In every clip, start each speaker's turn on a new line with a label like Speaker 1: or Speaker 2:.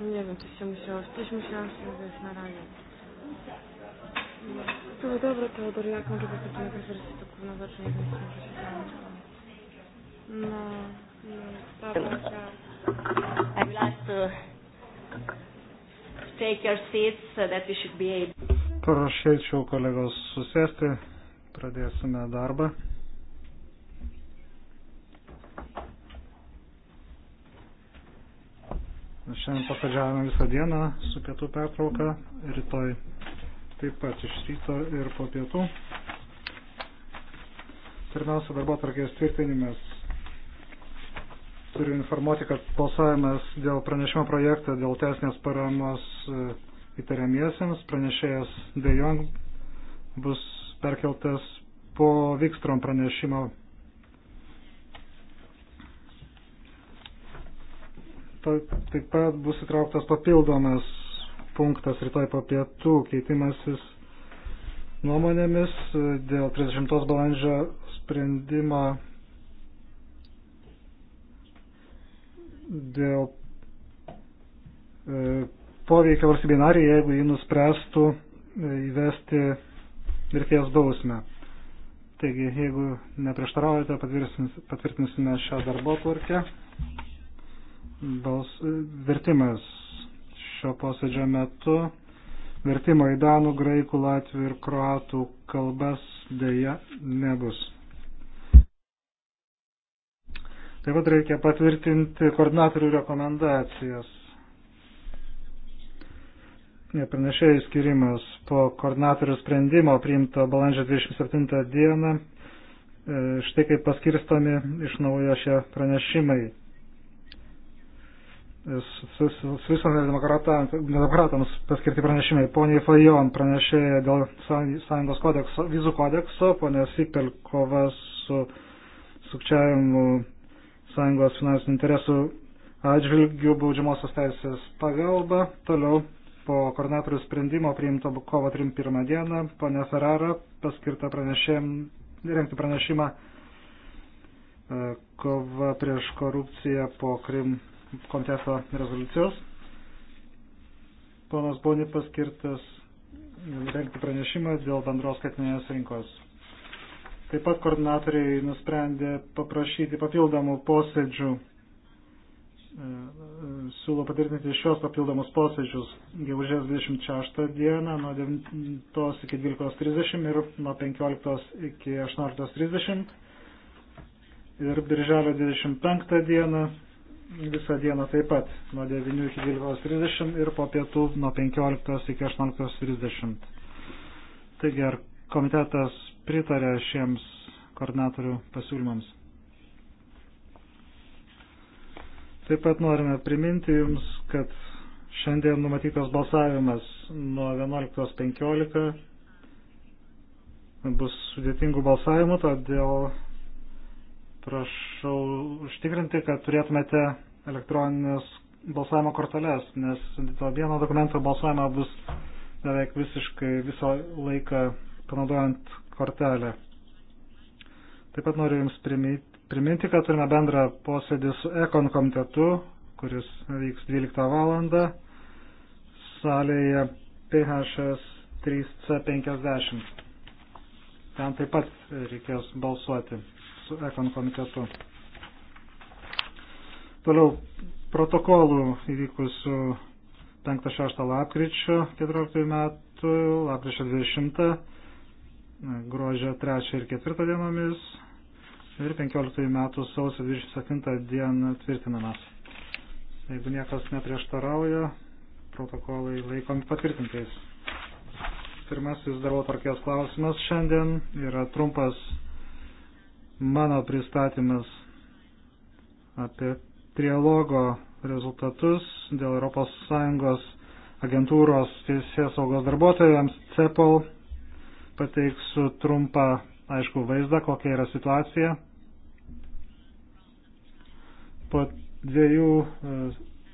Speaker 1: Nie wiem, coś się musiało, coś musiało się wiesz, na razie.
Speaker 2: No dobra, Teodor, jak może być taka jakaś wersja, to kurna zacznie, więc może się
Speaker 3: tam... No, no, dobra, I would like to take your seats so that we should be able...
Speaker 4: Prašyčiau kolegos susėsti, pradėsime darbą. Šiandien pasardžiavome visą dieną su pietų pertrauka, rytoj taip pat iš ryto ir po pietų. Pirmiausia, darbo tarkės tvirtinimas. Turiu informuoti, kad balsavimas dėl pranešimo projekto dėl teisinės paramos e, įtariamiesiems pranešėjas Dejong bus perkeltas po Vikstrom pranešimo taip pat bus įtrauktas papildomas punktas rytoj po pietų keitimasis nuomonėmis dėl 30 balandžio sprendimo dėl e, poveikio valstybei nariai, jeigu jį nuspręstų e, įvesti mirties bausmę. Taigi, jeigu neprieštaraujate, patvirtinsime šią darbo tvarkę bals, vertimas šio posėdžio metu. Vertimo į danų, graikų, latvių ir kroatų kalbas dėja nebus. Taip pat reikia patvirtinti koordinatorių rekomendacijas. Pranešėjų skirimas po koordinatorių sprendimo priimto balandžio 27 dieną. E, štai kaip paskirstami iš naujo šie pranešimai socialdemokratams paskirti pranešimai. Poniai Fajon pranešė dėl sąjungos kodekso, vizų kodekso, ponė Sipel kova su sukčiavimu sąjungos finansinių interesų atžvilgių baudžiamosios teisės pagalba. Toliau po koordinatorių sprendimo priimto kovo 31 dieną, ponė Ferrara paskirta pranešėm, rengti pranešimą e, kova prieš korupciją po Krim konteksto rezoliucijos. Ponas Boni paskirtas rengti pranešimą dėl bendros skaitminės rinkos. Taip pat koordinatoriai nusprendė paprašyti papildomų posėdžių, e, e, siūlo patvirtinti šios papildomus posėdžius gegužės 26 dieną nuo 9 iki 12.30 ir nuo 15 iki 18.30 ir birželio 25 dieną visą dieną taip pat nuo 9 iki 12.30 ir po pietų nuo 15 iki 18.30. Taigi ar komitetas pritarė šiems koordinatorių pasiūlymams? Taip pat norime priminti Jums, kad šiandien numatytas balsavimas nuo 11.15 bus sudėtingų balsavimų, todėl prašau užtikrinti, kad turėtumėte elektroninės balsavimo korteles, nes to vieno dokumento balsavimo bus beveik visiškai visą laiką panaudojant kortelę. Taip pat noriu Jums priminti, kad turime bendrą posėdį su Ekon komitetu, kuris vyks 12 valandą salėje PHS 3C50. Ten taip pat reikės balsuoti su Ekon komitetu. Toliau protokolų įvykusių 5-6 lapkričio 14 metų, lapkričio 20, gruodžio 3 ir 4 dienomis ir 15 metų sausio 27 dieną tvirtinamas. Jeigu niekas neprieštarauja, protokolai laikomi patvirtintais. Pirmasis darbo tvarkės klausimas šiandien yra trumpas mano pristatymas apie trialogo rezultatus dėl ES agentūros teisės saugos darbuotojams CEPOL. Pateiksiu trumpą, aišku, vaizdą, kokia yra situacija. Po dviejų e,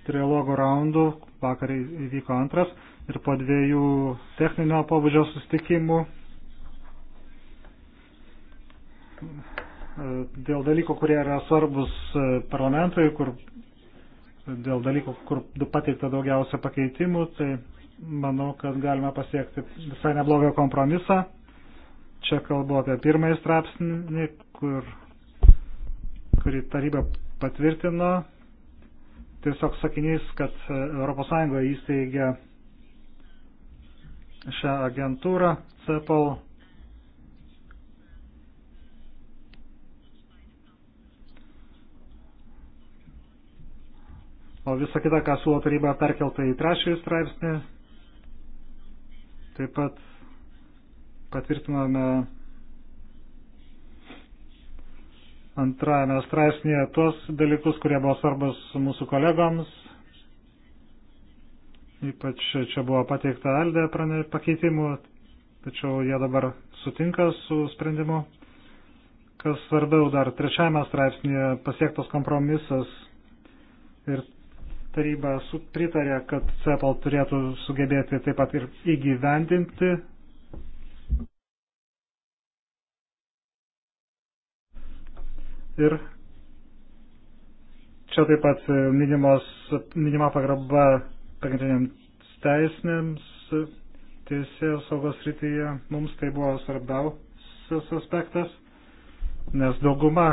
Speaker 4: trialogo raundų, vakar įvyko antras, ir po dviejų techninio pobūdžio sustikimų dėl dalykų, kurie yra svarbus e, parlamentui, kur dėl dalykų, kur pateikta daugiausia pakeitimų, tai manau, kad galima pasiekti visai neblogą kompromisą. Čia kalbu apie pirmąjį straipsnį, kur, kurį taryba patvirtino. Tiesiog sakinys, kad ES įsteigia šią agentūrą CEPOL O visa kita, ką siūlo taryba perkelta į trečiąjį straipsnį. Taip pat patvirtinome antrajame straipsnėje tuos dalykus, kurie buvo svarbus mūsų kolegoms. Ypač čia buvo pateikta Aldė pakeitimų, tačiau jie dabar sutinka su sprendimu. Kas svarbiau, dar trečiajame straipsnėje pasiektas kompromisas ir taryba pritarė, kad CEPAL turėtų sugebėti taip pat ir įgyvendinti. Ir čia taip pat minimos, minima pagraba pagrindiniams teisinėms teisėjos saugos rytyje. Mums tai buvo svarbiausias aspektas, nes dauguma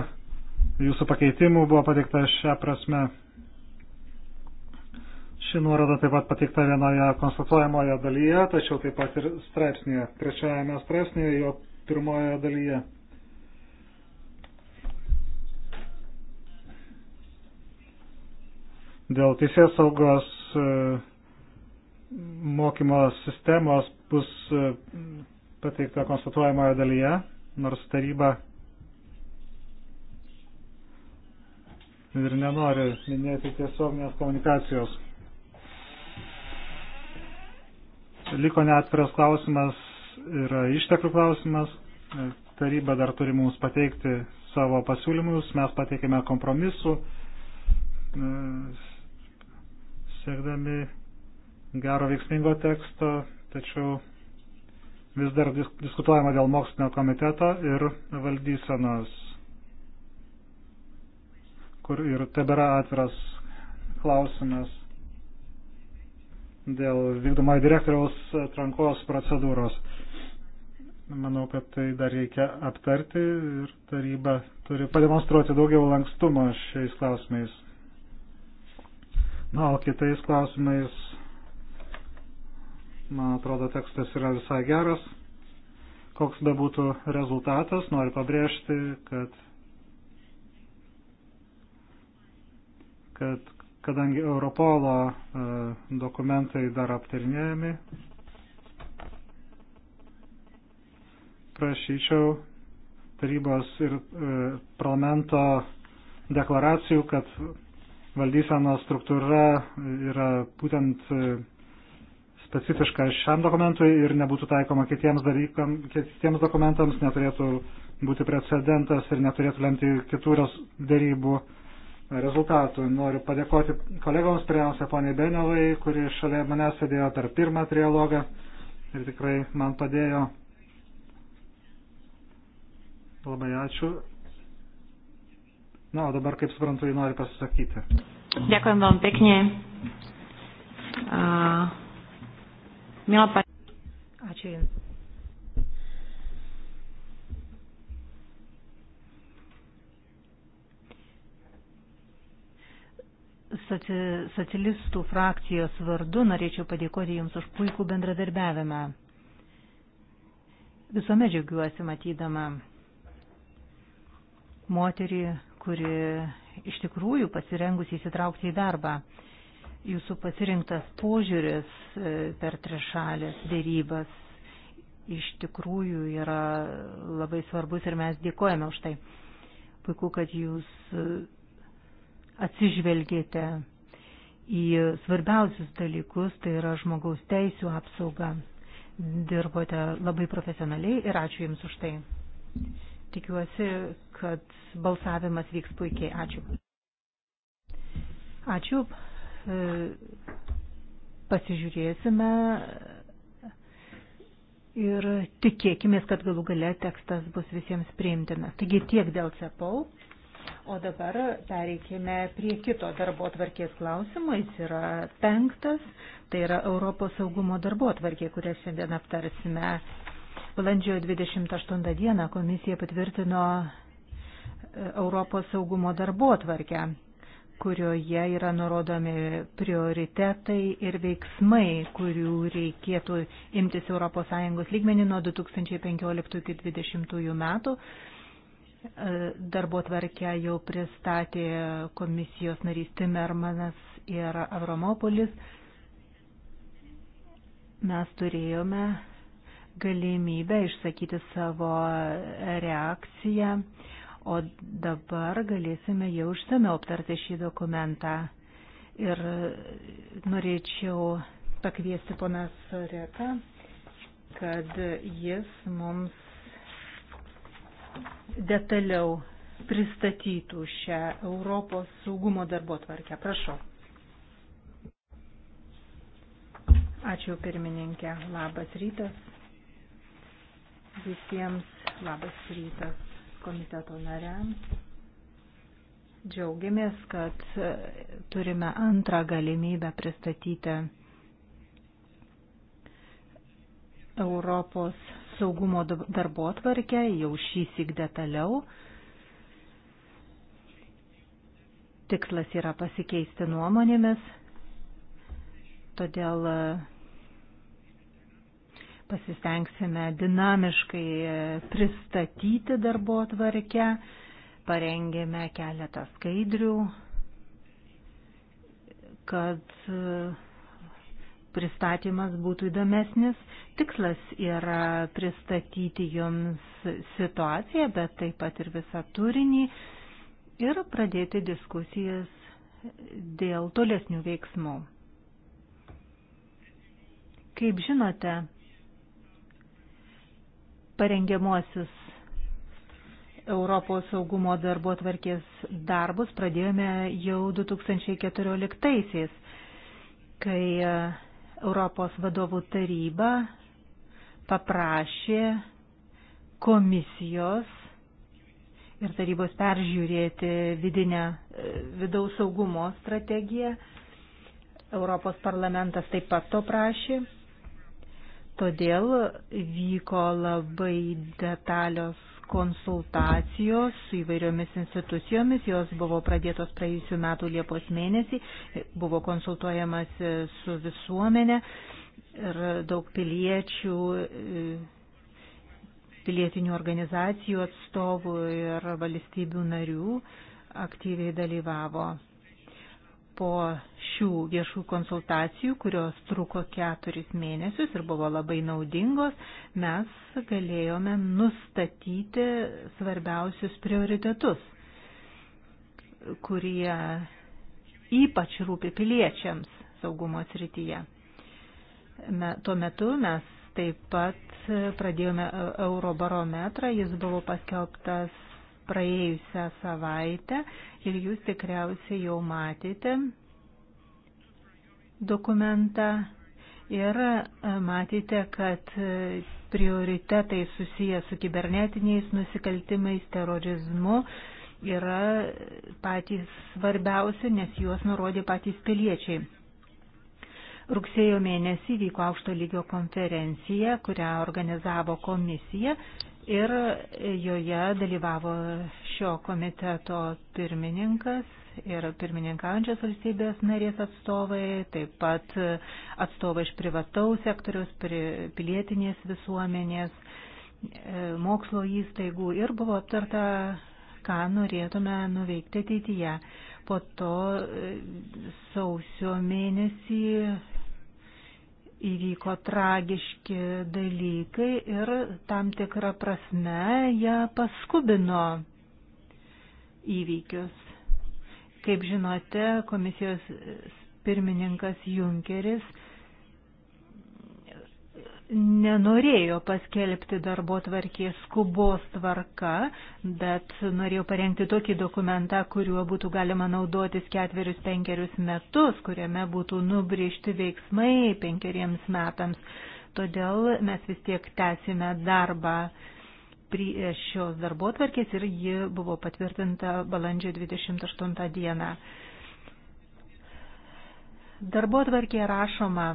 Speaker 4: jūsų pakeitimų buvo pateikta šią prasme. Ši nuoroda taip pat pateikta vienoje konstatuojamoje dalyje, tačiau taip pat ir straipsnėje, trečiajame straipsnėje, jo pirmojoje dalyje. Dėl teisės saugos e, mokymo sistemos bus e, pateikta konstatuojamoje dalyje, nors taryba ir nenori minėti tiesioginės komunikacijos. liko neatviras klausimas yra išteklių klausimas. Taryba dar turi mums pateikti savo pasiūlymus, mes pateikėme kompromisų, e, siekdami gero veiksmingo teksto, tačiau vis dar diskutuojama dėl mokslinio komiteto ir valdysenos, kur ir tebėra atviras klausimas dėl vykdomojo direktoriaus atrankos procedūros. Manau, kad tai dar reikia aptarti ir taryba turi pademonstruoti daugiau lankstumo šiais klausimais. Na, o kitais klausimais, man atrodo, tekstas yra visai geras. Koks bebūtų rezultatas, noriu pabrėžti, kad kad kadangi Europolo e, dokumentai dar aptarinėjami, prašyčiau tarybos ir e, parlamento deklaracijų, kad valdyseno struktūra yra būtent e, specifiška šiam dokumentui ir nebūtų taikoma kitiems, dalykam, kitiems dokumentams, neturėtų būti precedentas ir neturėtų lemti kitų darybų rezultatų. Noriu padėkoti kolegoms, pirmiausia, poniai Benovai, kuri šalia manęs sėdėjo per pirmą trialogą ir tikrai man padėjo. Labai ačiū. Na, o dabar, kaip suprantu, jį nori pasisakyti.
Speaker 3: Ďakujem veľmi pekne. Uh, milá pani... Ačiū Jums. socialistų frakcijos vardu norėčiau padėkoti Jums už puikų bendradarbiavimą. Visuomet džiaugiuosi matydama moterį, kuri iš tikrųjų pasirengusi įsitraukti į darbą. Jūsų pasirinktas požiūris e, per trišalės dėrybas iš tikrųjų yra labai svarbus ir mes dėkojame už tai. Puiku, kad jūs atsižvelgėte į svarbiausius dalykus, tai yra žmogaus teisų apsauga. Dirbote labai profesionaliai ir ačiū Jums už tai. Tikiuosi, kad balsavimas vyks puikiai. Ačiū. Ačiū. E, pasižiūrėsime ir tikėkime, kad galų gale tekstas bus visiems priimtinas. Taigi tiek dėl CEPAU. O dabar pereikime prie kito darbo atvarkės klausimo. Jis yra penktas, tai yra Europos saugumo darbo atvarkė, kurią šiandien aptarsime. Balandžio 28 dieną komisija patvirtino e, Europos saugumo darbo atvarkę kurioje yra nurodomi prioritetai ir veiksmai, kurių reikėtų imtis ES lygmenį nuo 2015 iki 2020 metų, E, darbo tvarkę jau pristatė komisijos narys Timermanas ir Avromopolis. Mes turėjome galimybę išsakyti savo reakciją, o dabar galėsime jau išsameu aptarti šį dokumentą. Ir norėčiau pakviesti ponas Reka, kad jis mums detaliau pristatytų šią Europos saugumo darbo tvarkę. Prašau. Ačiū pirmininkė. Labas rytas. Visiems labas rytas komiteto nariams. Džiaugiamės, kad turime antrą galimybę pristatyti Europos saugumo darbo tvarkę, jau šį sik detaliau. Tikslas yra pasikeisti nuomonėmis, todėl e, pasistengsime dinamiškai e, pristatyti darbo tvarkę, parengėme keletą skaidrių, kad e, pristatymas būtų įdomesnis. Tikslas yra pristatyti jums situaciją, bet taip pat ir visą turinį ir pradėti diskusijas dėl tolesnių veiksmų. Kaip žinote, parengiamuosius Europos saugumo darbo tvarkės darbus pradėjome jau 2014-aisiais, kai Europos vadovų taryba paprašė komisijos ir tarybos peržiūrėti vidinę e, vidaus saugumo strategiją. Europos parlamentas taip pat to prašė. Todėl vyko labai detalios konsultacijos su įvairiomis institucijomis, jos buvo pradėtos praėjusiu metu Liepos mėnesį, buvo konsultuojamas e, su visuomenė ir daug piliečių, e, pilietinių organizacijų atstovų ir valstybių narių aktyviai dalyvavo po šių viešų konsultacijų, kurios truko keturis mėnesius ir buvo labai naudingos, mes galėjome nustatyti svarbiausius prioritetus, kurie ypač rūpi piliečiams saugumo srityje. Tuo metu mes taip pat pradėjome e, Eurobarometrą, jis buvo paskelbtas praėjusią savaitę ir jūs tikriausiai jau matėte dokumentą ir e, matėte, kad e, prioritetai susiję su kibernetiniais nusikaltimais, terorizmu yra patys svarbiausi, nes juos nurodė patys piliečiai. Rugsėjo mėnesį vyko aukšto lygio konferencija, kurią organizavo komisija ir joje dalyvavo šio komiteto pirmininkas ir pirmininkaujančios valstybės narės atstovai, taip pat atstovai iš privataus sektoriaus, pilietinės visuomenės, e, mokslo įstaigų ir buvo aptarta, ką norėtume nuveikti ateityje. Po to e, sausio mėnesį įvyko tragiški dalykai ir tam tikrą prasme ją paskubino įvykius. Kaip žinote, komisijos pirmininkas Junkeris nenorėjo paskelbti darbo tvarkės skubos tvarka, bet norėjau parengti tokį dokumentą, kuriuo būtų galima naudotis ketverius penkerius metus, kuriame būtų nubriežti veiksmai penkeriems metams. Todėl mes vis tiek tęsime darbą prie šios darbo tvarkės ir ji buvo patvirtinta balandžio 28 dieną. Darbo tvarkė rašoma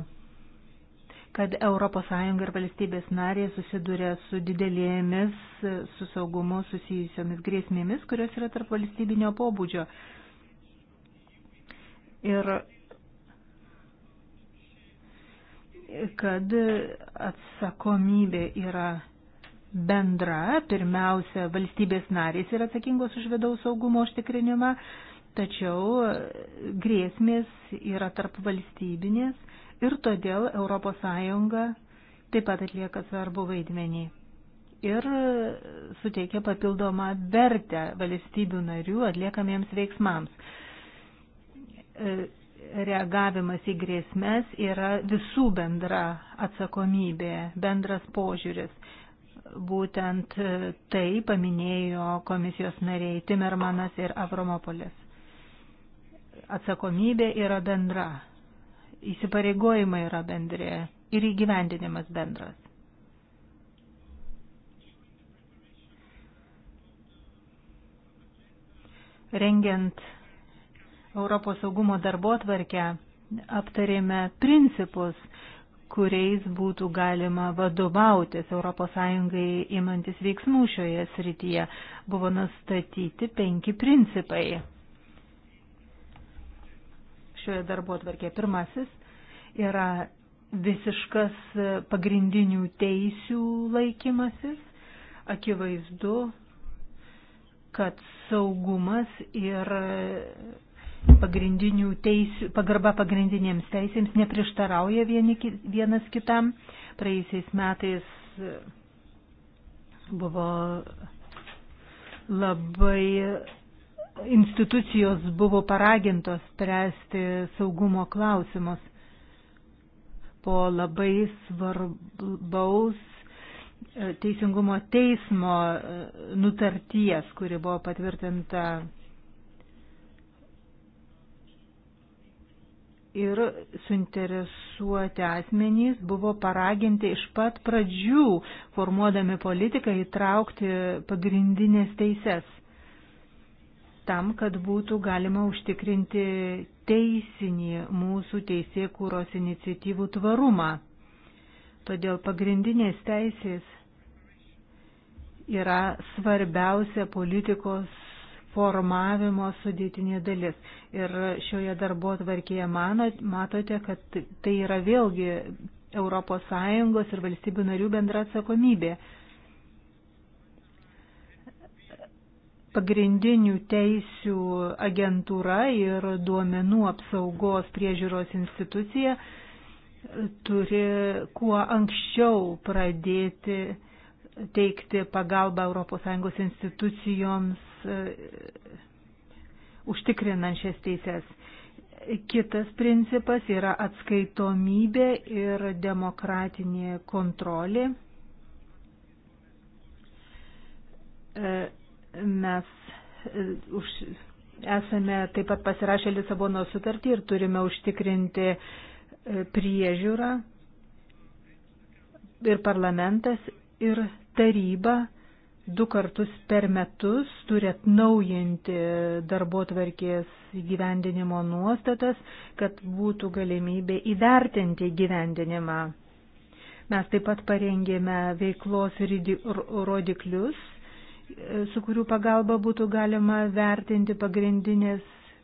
Speaker 3: kad ES ir valstybės narės susiduria su didelėmis e, su saugumu susijusiomis grėsmėmis, kurios yra tarp valstybinio pobūdžio. Ir kad atsakomybė yra bendra, pirmiausia, valstybės narės yra atsakingos už vidaus saugumo užtikrinimą, tačiau grėsmės yra tarp valstybinės ir todėl ES taip pat atlieka svarbu vaidmenį ir suteikia papildomą vertę valstybių narių atliekamiems veiksmams. E, reagavimas į grėsmės yra visų bendra atsakomybė, bendras požiūris. Būtent e, tai paminėjo komisijos nariai Timermanas ir Avromopolis atsakomybė yra bendra įsipareigojimai yra bendri ir įgyvendinimas bendras. Rengiant Europos saugumo darbo tvarkę, aptarėme principus, kuriais būtų galima vadovautis ES imantis veiksmų šioje srityje. Buvo nustatyti penki principai šioje darbo atvarkėje. Pirmasis yra visiškas pagrindinių teisių laikymasis. Akivaizdu, kad saugumas ir pagrindinių teisių, pagarba pagrindinėms teisėms neprieštarauja vieni, vienas kitam. Praėjusiais metais buvo labai institucijos buvo paragintos spręsti saugumo klausimus po labai svarbaus e, teisingumo teismo e, nutarties, kuri buvo patvirtinta ir suinteresuoti asmenys buvo paraginti iš pat pradžių, formuodami politiką, įtraukti pagrindinės teises tam, kad būtų galima užtikrinti teisinį mūsų teisėkūros iniciatyvų tvarumą. Todėl pagrindinės teisės yra svarbiausia politikos formavimo sudėtinė dalis. Ir šioje darbo tvarkėje matote, kad tai yra vėlgi ES ir valstybių narių bendra atsakomybė. pagrindinių teisių agentūra ir duomenų apsaugos priežiūros institucija turi kuo anksčiau pradėti teikti pagalbą ES institucijoms e, užtikrinant šias teises. Kitas principas yra atskaitomybė ir demokratinė kontrolė e, Mes e, už, esame taip pat pasirašę Lisabono sutartį ir turime užtikrinti e, priežiūrą ir parlamentas ir taryba du kartus per metus turi atnaujinti darbo tvarkės įgyvendinimo nuostatas, kad būtų galimybė įvertinti įgyvendinimą. Mes taip pat parengėme veiklos rodiklius su kurių pagalba būtų galima vertinti pagrindinės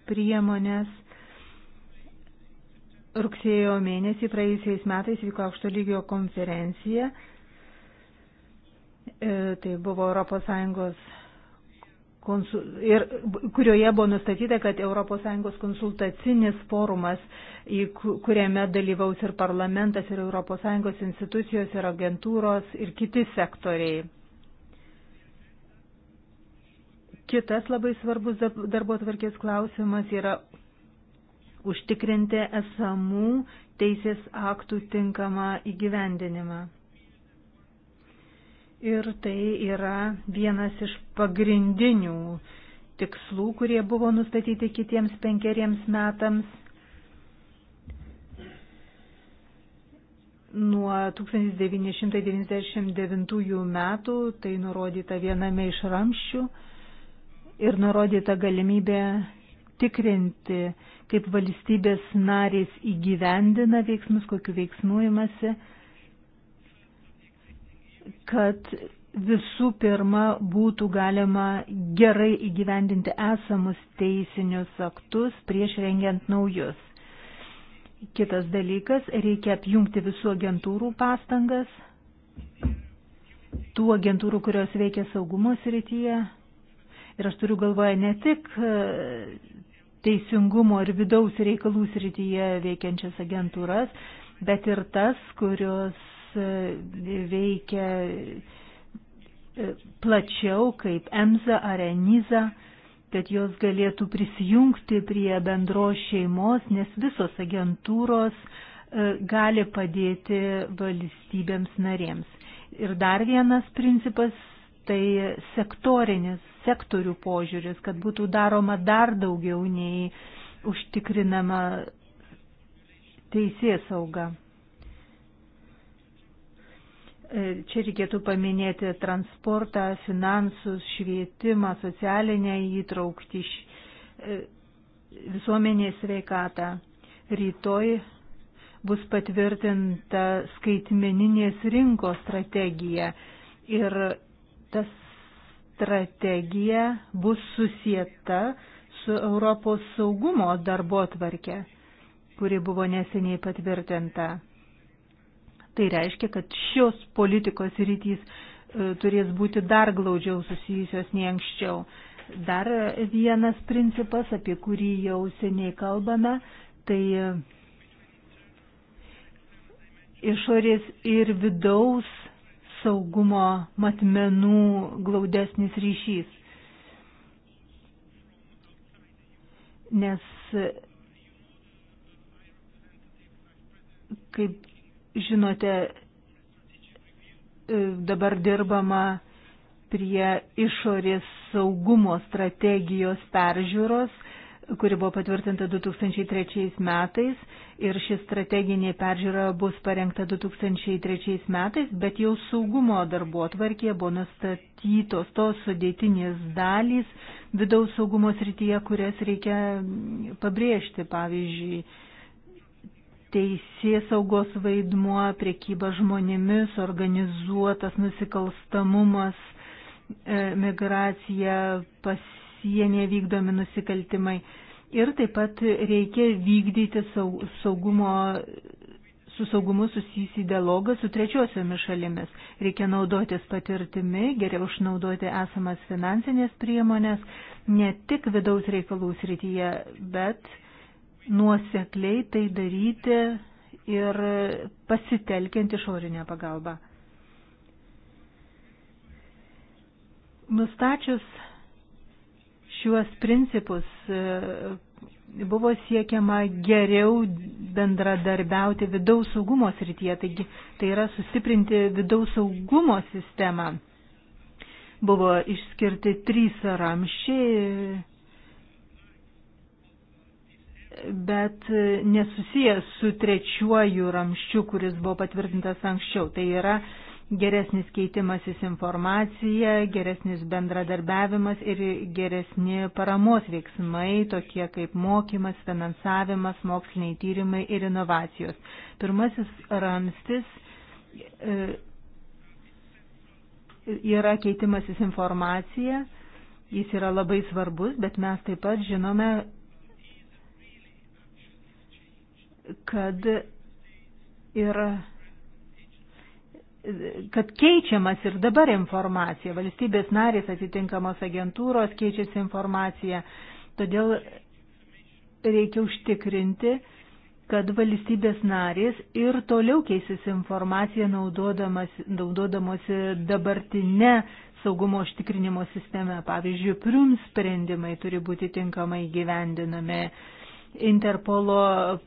Speaker 3: priemonės. Rugsėjo mėnesį praėjusiais metais vyko aukšto lygio konferencija. E, tai buvo ES konsul... ir kurioje buvo nustatyta, kad ES konsultacinis forumas, kuriame dalyvaus ir parlamentas, ir ES institucijos, ir agentūros, ir kiti sektoriai Kitas labai svarbus darbo tvarkės klausimas yra užtikrinti esamų teisės aktų tinkamą įgyvendinimą. Ir tai yra vienas iš pagrindinių tikslų, kurie buvo nustatyti kitiems penkeriems metams nuo 1999 metų, tai nurodyta viename iš ramščių ir nurodyta galimybė tikrinti, kaip valstybės narės įgyvendina veiksmus, kokiu veiksmu imasi, kad visų pirma būtų galima gerai įgyvendinti esamus teisinius aktus prieš rengiant naujus. Kitas dalykas, reikia apjungti visų agentūrų pastangas, tų agentūrų, kurios veikia saugumo srityje, Ir aš turiu galvoje ne tik e, teisingumo ir vidaus reikalų srityje veikiančias agentūras, bet ir tas, kurios e, veikia e, plačiau kaip EMSA ar ENISA, kad jos galėtų prisijungti prie bendros šeimos, nes visos agentūros gali padėti valstybėms narėms. Ir dar vienas principas tai sektorinis, sektorių požiūris, kad būtų daroma dar daugiau nei užtikrinama teisės sauga. E, čia reikėtų paminėti transportą, finansus, švietimą, socialinę įtraukti, e, visuomenės sveikatą. Rytoj bus patvirtinta skaitmeninės rinkos strategija ir ta strategija bus susieta su Europos saugumo darbo tvarkė, kuri buvo neseniai patvirtinta. Tai reiškia, kad šios politikos rytys e, turės būti dar glaudžiau susijusios nei anksčiau. Dar vienas principas, apie kurį jau seniai kalbame, tai išorės ir vidaus saugumo matmenų glaudesnis ryšys. Nes, kaip žinote, e, dabar dirbama prie išorės saugumo strategijos peržiūros kuri buvo patvirtinta 2003 metais ir ši strateginė peržiūra bus parengta 2003 metais, bet jau saugumo darbo atvarkė buvo nustatytos tos sudėtinės dalys vidaus saugumo srityje, kurias reikia pabrėžti, pavyzdžiui, teisės saugos vaidmuo, priekyba žmonėmis, organizuotas nusikalstamumas, e, migracija, pasiekti pasienyje vykdomi nusikaltimai. Ir taip pat reikia vykdyti saugumo, su saugumu susijusi dialogą su trečiosiomis šalimis. Reikia naudotis patirtimi, geriau išnaudoti esamas finansinės priemonės, ne tik vidaus reikalų srityje, bet nuosekliai tai daryti ir pasitelkiant išorinę pagalbą. Nustačius šiuos principus e, buvo siekiama geriau bendradarbiauti vidaus saugumo srityje, taigi tai yra sustiprinti vidaus saugumo sistemą. Buvo išskirti trys ramšiai, bet nesusijęs su trečiuoju ramščiu, kuris buvo patvirtintas anksčiau. Tai yra geresnis keitimasis informacija, geresnis bendradarbiavimas ir geresni paramos veiksmai, tokie kaip mokymas, finansavimas, moksliniai tyrimai ir inovacijos. Pirmasis ramstis e, yra keitimasis informacija, jis yra labai svarbus, bet mes taip pat žinome, kad yra kad keičiamas ir dabar informacija, valstybės narės atitinkamos agentūros keičiasi informacija, todėl reikia užtikrinti, kad valstybės narės ir toliau keisis informacija naudodamosi dabartinę saugumo užtikrinimo sistemą. Pavyzdžiui, prium sprendimai turi būti tinkamai gyvendinami. Interpolo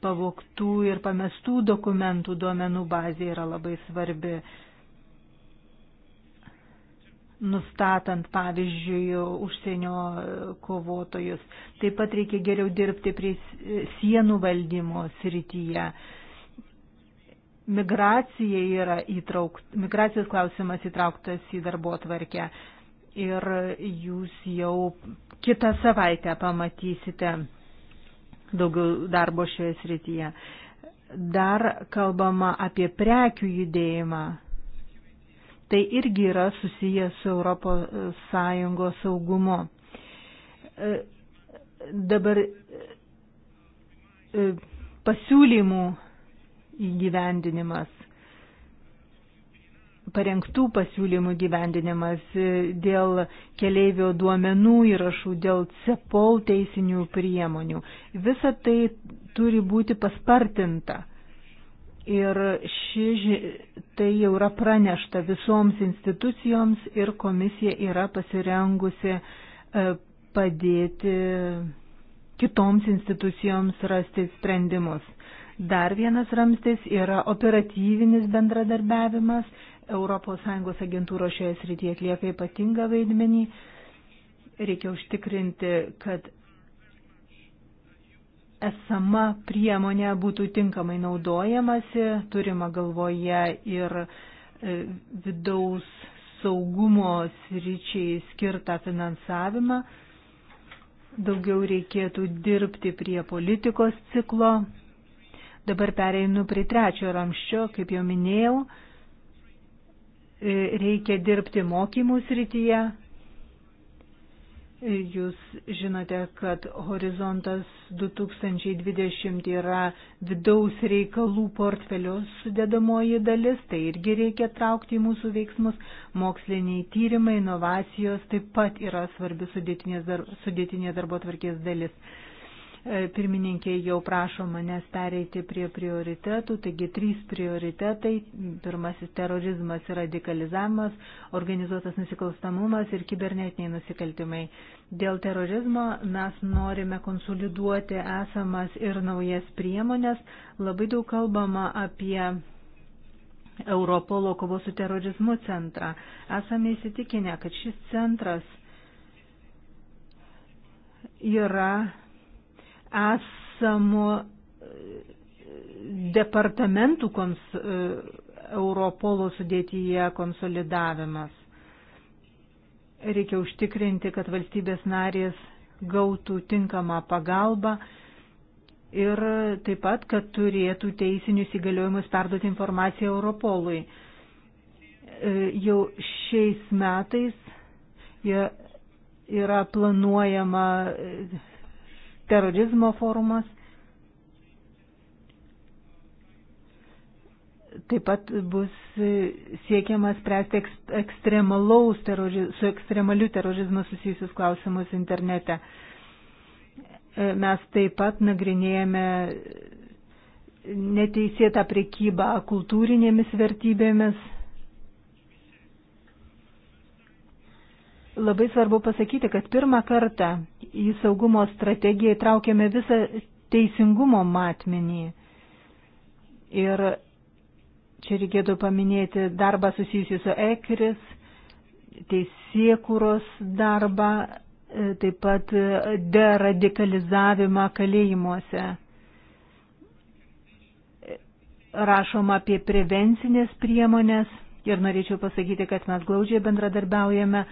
Speaker 3: pavoktų ir pamestų dokumentų duomenų bazė yra labai svarbi nustatant, pavyzdžiui, užsienio kovotojus. Taip pat reikia geriau dirbti prie sienų valdymo srityje. Migracija yra įtraukt, migracijos klausimas įtrauktas į darbo tvarkę ir jūs jau kitą savaitę pamatysite daugiau darbo šioje srityje. Dar kalbama apie prekių judėjimą tai irgi yra susiję su ES saugumu. E, dabar e, pasiūlymų įgyvendinimas, parengtų pasiūlymų įgyvendinimas dėl keleivio duomenų įrašų, dėl CEPOL teisinių priemonių. Visa tai turi būti paspartinta. Ir ši, tai jau yra pranešta visoms institucijoms ir komisija yra pasirengusi e, padėti kitoms institucijoms rasti sprendimus. Dar vienas ramstis yra operatyvinis bendradarbiavimas. ES agentūros šioje srityje atlieka ypatingą vaidmenį. Reikia užtikrinti, kad esama priemonė būtų tinkamai naudojamasi, turima galvoje ir e, vidaus saugumo sričiai skirtą finansavimą. Daugiau reikėtų dirbti prie politikos ciklo. Dabar pereinu prie trečio ramščio, kaip jau minėjau. E, reikia dirbti mokymų srityje, Jūs žinote, kad horizontas 2020 yra vidaus reikalų portfelio sudėdamoji dalis, tai irgi reikia traukti į mūsų veiksmus. Moksliniai tyrimai, inovacijos taip pat yra svarbi sudėtinė darbo tvarkės dalis. E, pirmininkė jau prašo manęs pereiti prie prioritetų, taigi trys prioritetai. Pirmasis - terorizmas ir radikalizavimas, organizuotas nusikalstamumas ir kibernetiniai nusikaltimai. Dėl terorizmo mes norime konsoliduoti esamas ir naujas priemonės. Labai daug kalbama apie Europolo kovos su terorizmu centrą. Esame įsitikinę, kad šis centras yra esamų e, departamentų kons, e, Europolo sudėtyje konsolidavimas. Reikia užtikrinti, kad valstybės narės gautų tinkamą pagalbą ir taip pat, kad turėtų teisinius įgaliojimus perduoti informaciją Europolui. E, jau šiais metais yra planuojama terorizmo forumas. Taip pat bus siekiama spręsti ekstremalaus teroriz, su ekstremaliu terorizmu susijusius klausimus internete. E, mes taip pat nagrinėjame neteisėtą prekybą kultūrinėmis vertybėmis Labai svarbu pasakyti, kad pirmą kartą į saugumo strategiją įtraukėme visą teisingumo matmenį. Ir čia reikėtų paminėti darbą susijusiu su ekris, teisėkūros darbą, e, taip pat e, deradikalizavimą kalėjimuose. Rašoma apie prevencinės priemonės ir norėčiau pasakyti, kad mes glaudžiai bendradarbiaujame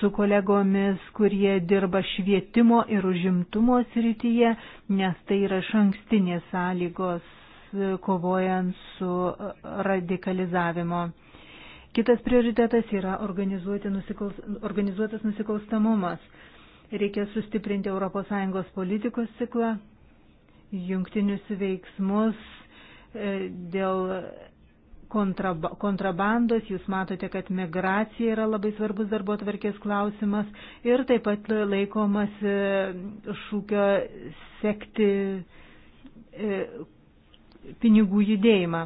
Speaker 3: su kolegomis, kurie dirba švietimo ir užimtumo srityje, nes tai yra šankstinės sąlygos e, kovojant su e, radikalizavimo. Kitas prioritetas yra nusikals, organizuotas nusikalstamumas. Reikia sustiprinti ES politikos ciklą, jungtinius veiksmus e, dėl kontrab kontrabandos, jūs matote, kad migracija yra labai svarbus darbo atvarkės klausimas ir taip pat laikomas e, šūkio sekti e, pinigų judėjimą.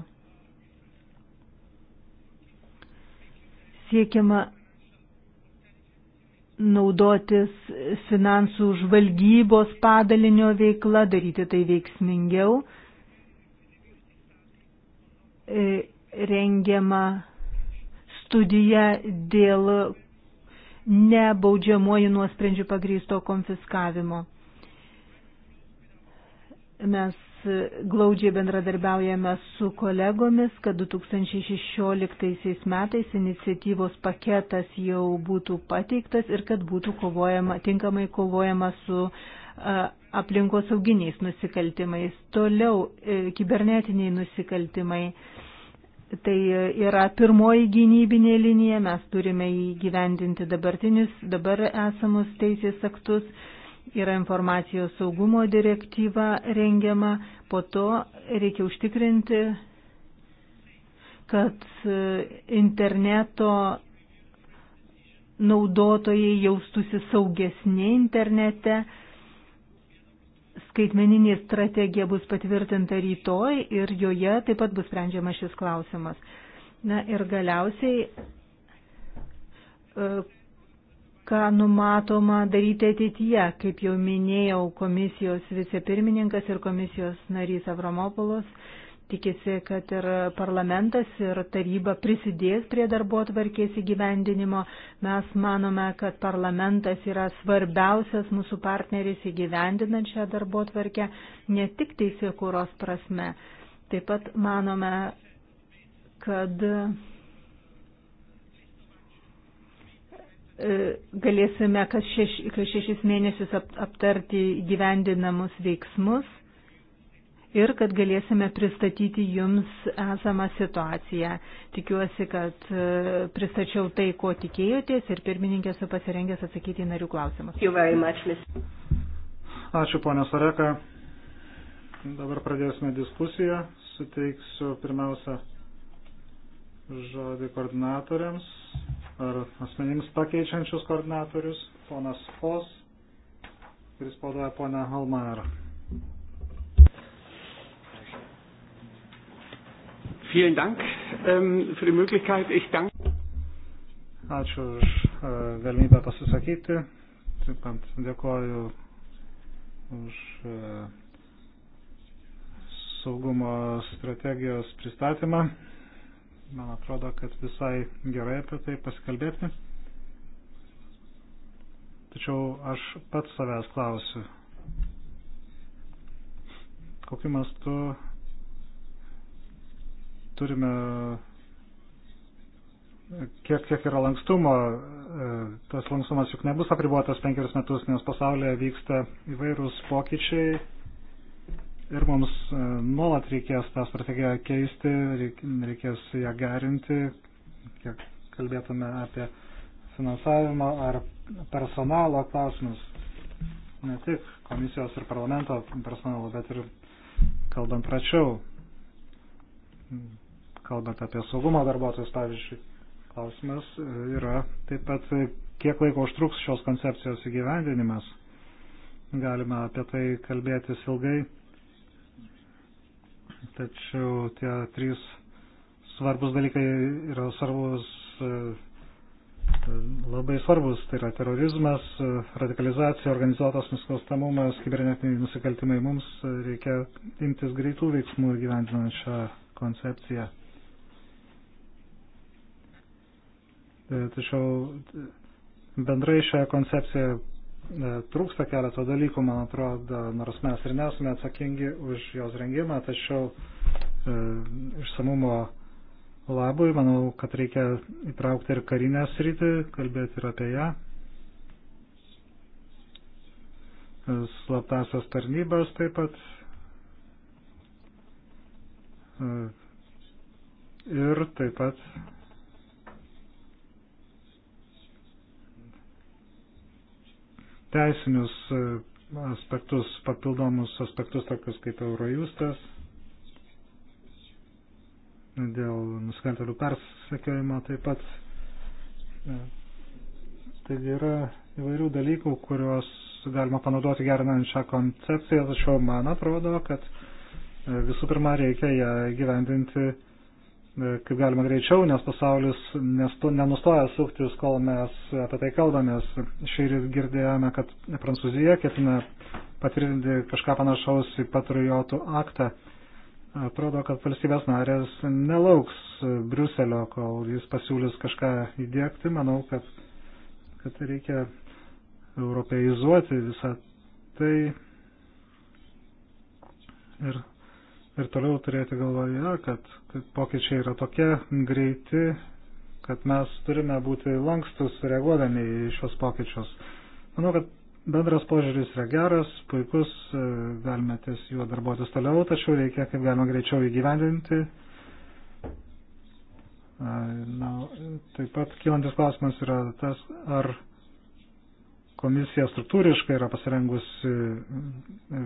Speaker 3: Siekiama naudotis finansų žvalgybos padalinio veikla, daryti tai veiksmingiau e, rengiama studija dėl nebaudžiamuoju nuosprendžiu pagrįsto konfiskavimo. Mes glaudžiai bendradarbiaujame su kolegomis, kad 2016 metais iniciatyvos paketas jau būtų pateiktas ir kad būtų kovojama, tinkamai kovojama su aplinkosauginiais nusikaltimais. Toliau e, kibernetiniai nusikaltimai. Tai yra pirmoji gynybinė linija, mes turime įgyvendinti dabartinius, dabar esamus teisės aktus, yra informacijos saugumo direktyva rengiama, po to reikia užtikrinti, kad interneto naudotojai jaustųsi saugesni internete, Skaitmeninė strategija bus patvirtinta rytoj ir joje taip pat bus sprendžiama šis klausimas. Na ir galiausiai, e, ką numatoma daryti ateityje, kaip jau minėjau, komisijos vicepirmininkas ir komisijos narys Avramopolos tikisi, kad ir parlamentas, ir taryba prisidės prie darbo atvarkės įgyvendinimo. Mes manome, kad parlamentas yra svarbiausias mūsų partneris įgyvendinant šią darbo atvarkę, ne tik teisėkūros prasme. Taip pat manome, kad e, galėsime kas, šeš, kas šešis mėnesius aptarti gyvendinamus veiksmus ir kad galėsime pristatyti jums esamą situaciją. Tikiuosi, kad e, pristačiau tai, ko tikėjotės ir pirmininkė su pasirengęs atsakyti į narių klausimus.
Speaker 4: Ačiū, ponė Sareka. Dabar pradėsime diskusiją. Suteiksiu pirmiausia žodį koordinatoriams ar asmenims pakeičiančius koordinatorius, ponas Fos, kuris padoja ponę Halmarą. Vielen Dank ähm, für die Möglichkeit. Ich danke. Ačiū už äh, galimybę pasisakyti. Taip pat dėkoju už äh, saugumo strategijos pristatymą. Man atrodo, kad visai gerai apie tai pasikalbėti. Tačiau aš pats savęs klausiu, kokiu mastu turime, kiek, kiek yra lankstumo, e, tas lankstumas juk nebus apribuotas penkerius metus, nes pasaulyje vyksta įvairūs pokyčiai ir mums e, nuolat reikės tą strategiją keisti, reikės ją gerinti, kiek kalbėtume apie finansavimo ar personalo klausimus. Ne tik komisijos ir parlamento personalo, bet ir kalbant pračiau kalbant apie saugumo darbuotojus, pavyzdžiui. Klausimas yra taip pat, kiek laiko užtruks šios koncepcijos įgyvendinimas. Galima apie tai kalbėtis ilgai, tačiau tie trys svarbus dalykai yra svarbus, labai svarbus, tai yra terorizmas, radikalizacija, organizuotas nusikalstamumas, kibernetiniai nusikaltimai. Mums reikia imtis greitų veiksmų gyvendinant šią koncepciją. E, tačiau bendrai šią koncepciją e, trūksta keleto dalykų, man atrodo, nors mes ir nesame atsakingi už jos rengimą, tačiau e, išsamumo labui, manau, kad reikia įtraukti ir karinę sritį, kalbėti ir apie ją. Slaptasios tarnybos taip pat. Ir taip pat teisinius e, aspektus, papildomus aspektus, tokius kaip Eurojustas, dėl nusikaltelių persekiojimo taip pat. E, taigi yra įvairių dalykų, kuriuos galima panaudoti gerinant šią koncepciją, tačiau man atrodo, kad e, visų pirma reikia ją gyvendinti E, kaip galima greičiau, nes pasaulis nestu, nenustoja suktis, kol mes apie tai kalbamės. Šįryt girdėjome, kad Prancūzija ketina patvirtinti kažką panašaus į patriotų aktą. Atrodo, kad valstybės narės nelauks Briuselio, kol jis pasiūlys kažką įdėkti. Manau, kad, kad reikia europeizuoti visą tai ir ir toliau turėti galvoje, kad pokyčiai yra tokie greiti, kad mes turime būti lankstus reaguodami į šios pokyčius. Manau, kad bendras požiūris yra geras, puikus, galime ties juo darbuotis toliau, tačiau reikia kaip galima greičiau įgyvendinti. Na, taip pat kilantis klausimas yra tas, ar komisija struktūriškai yra pasirengusi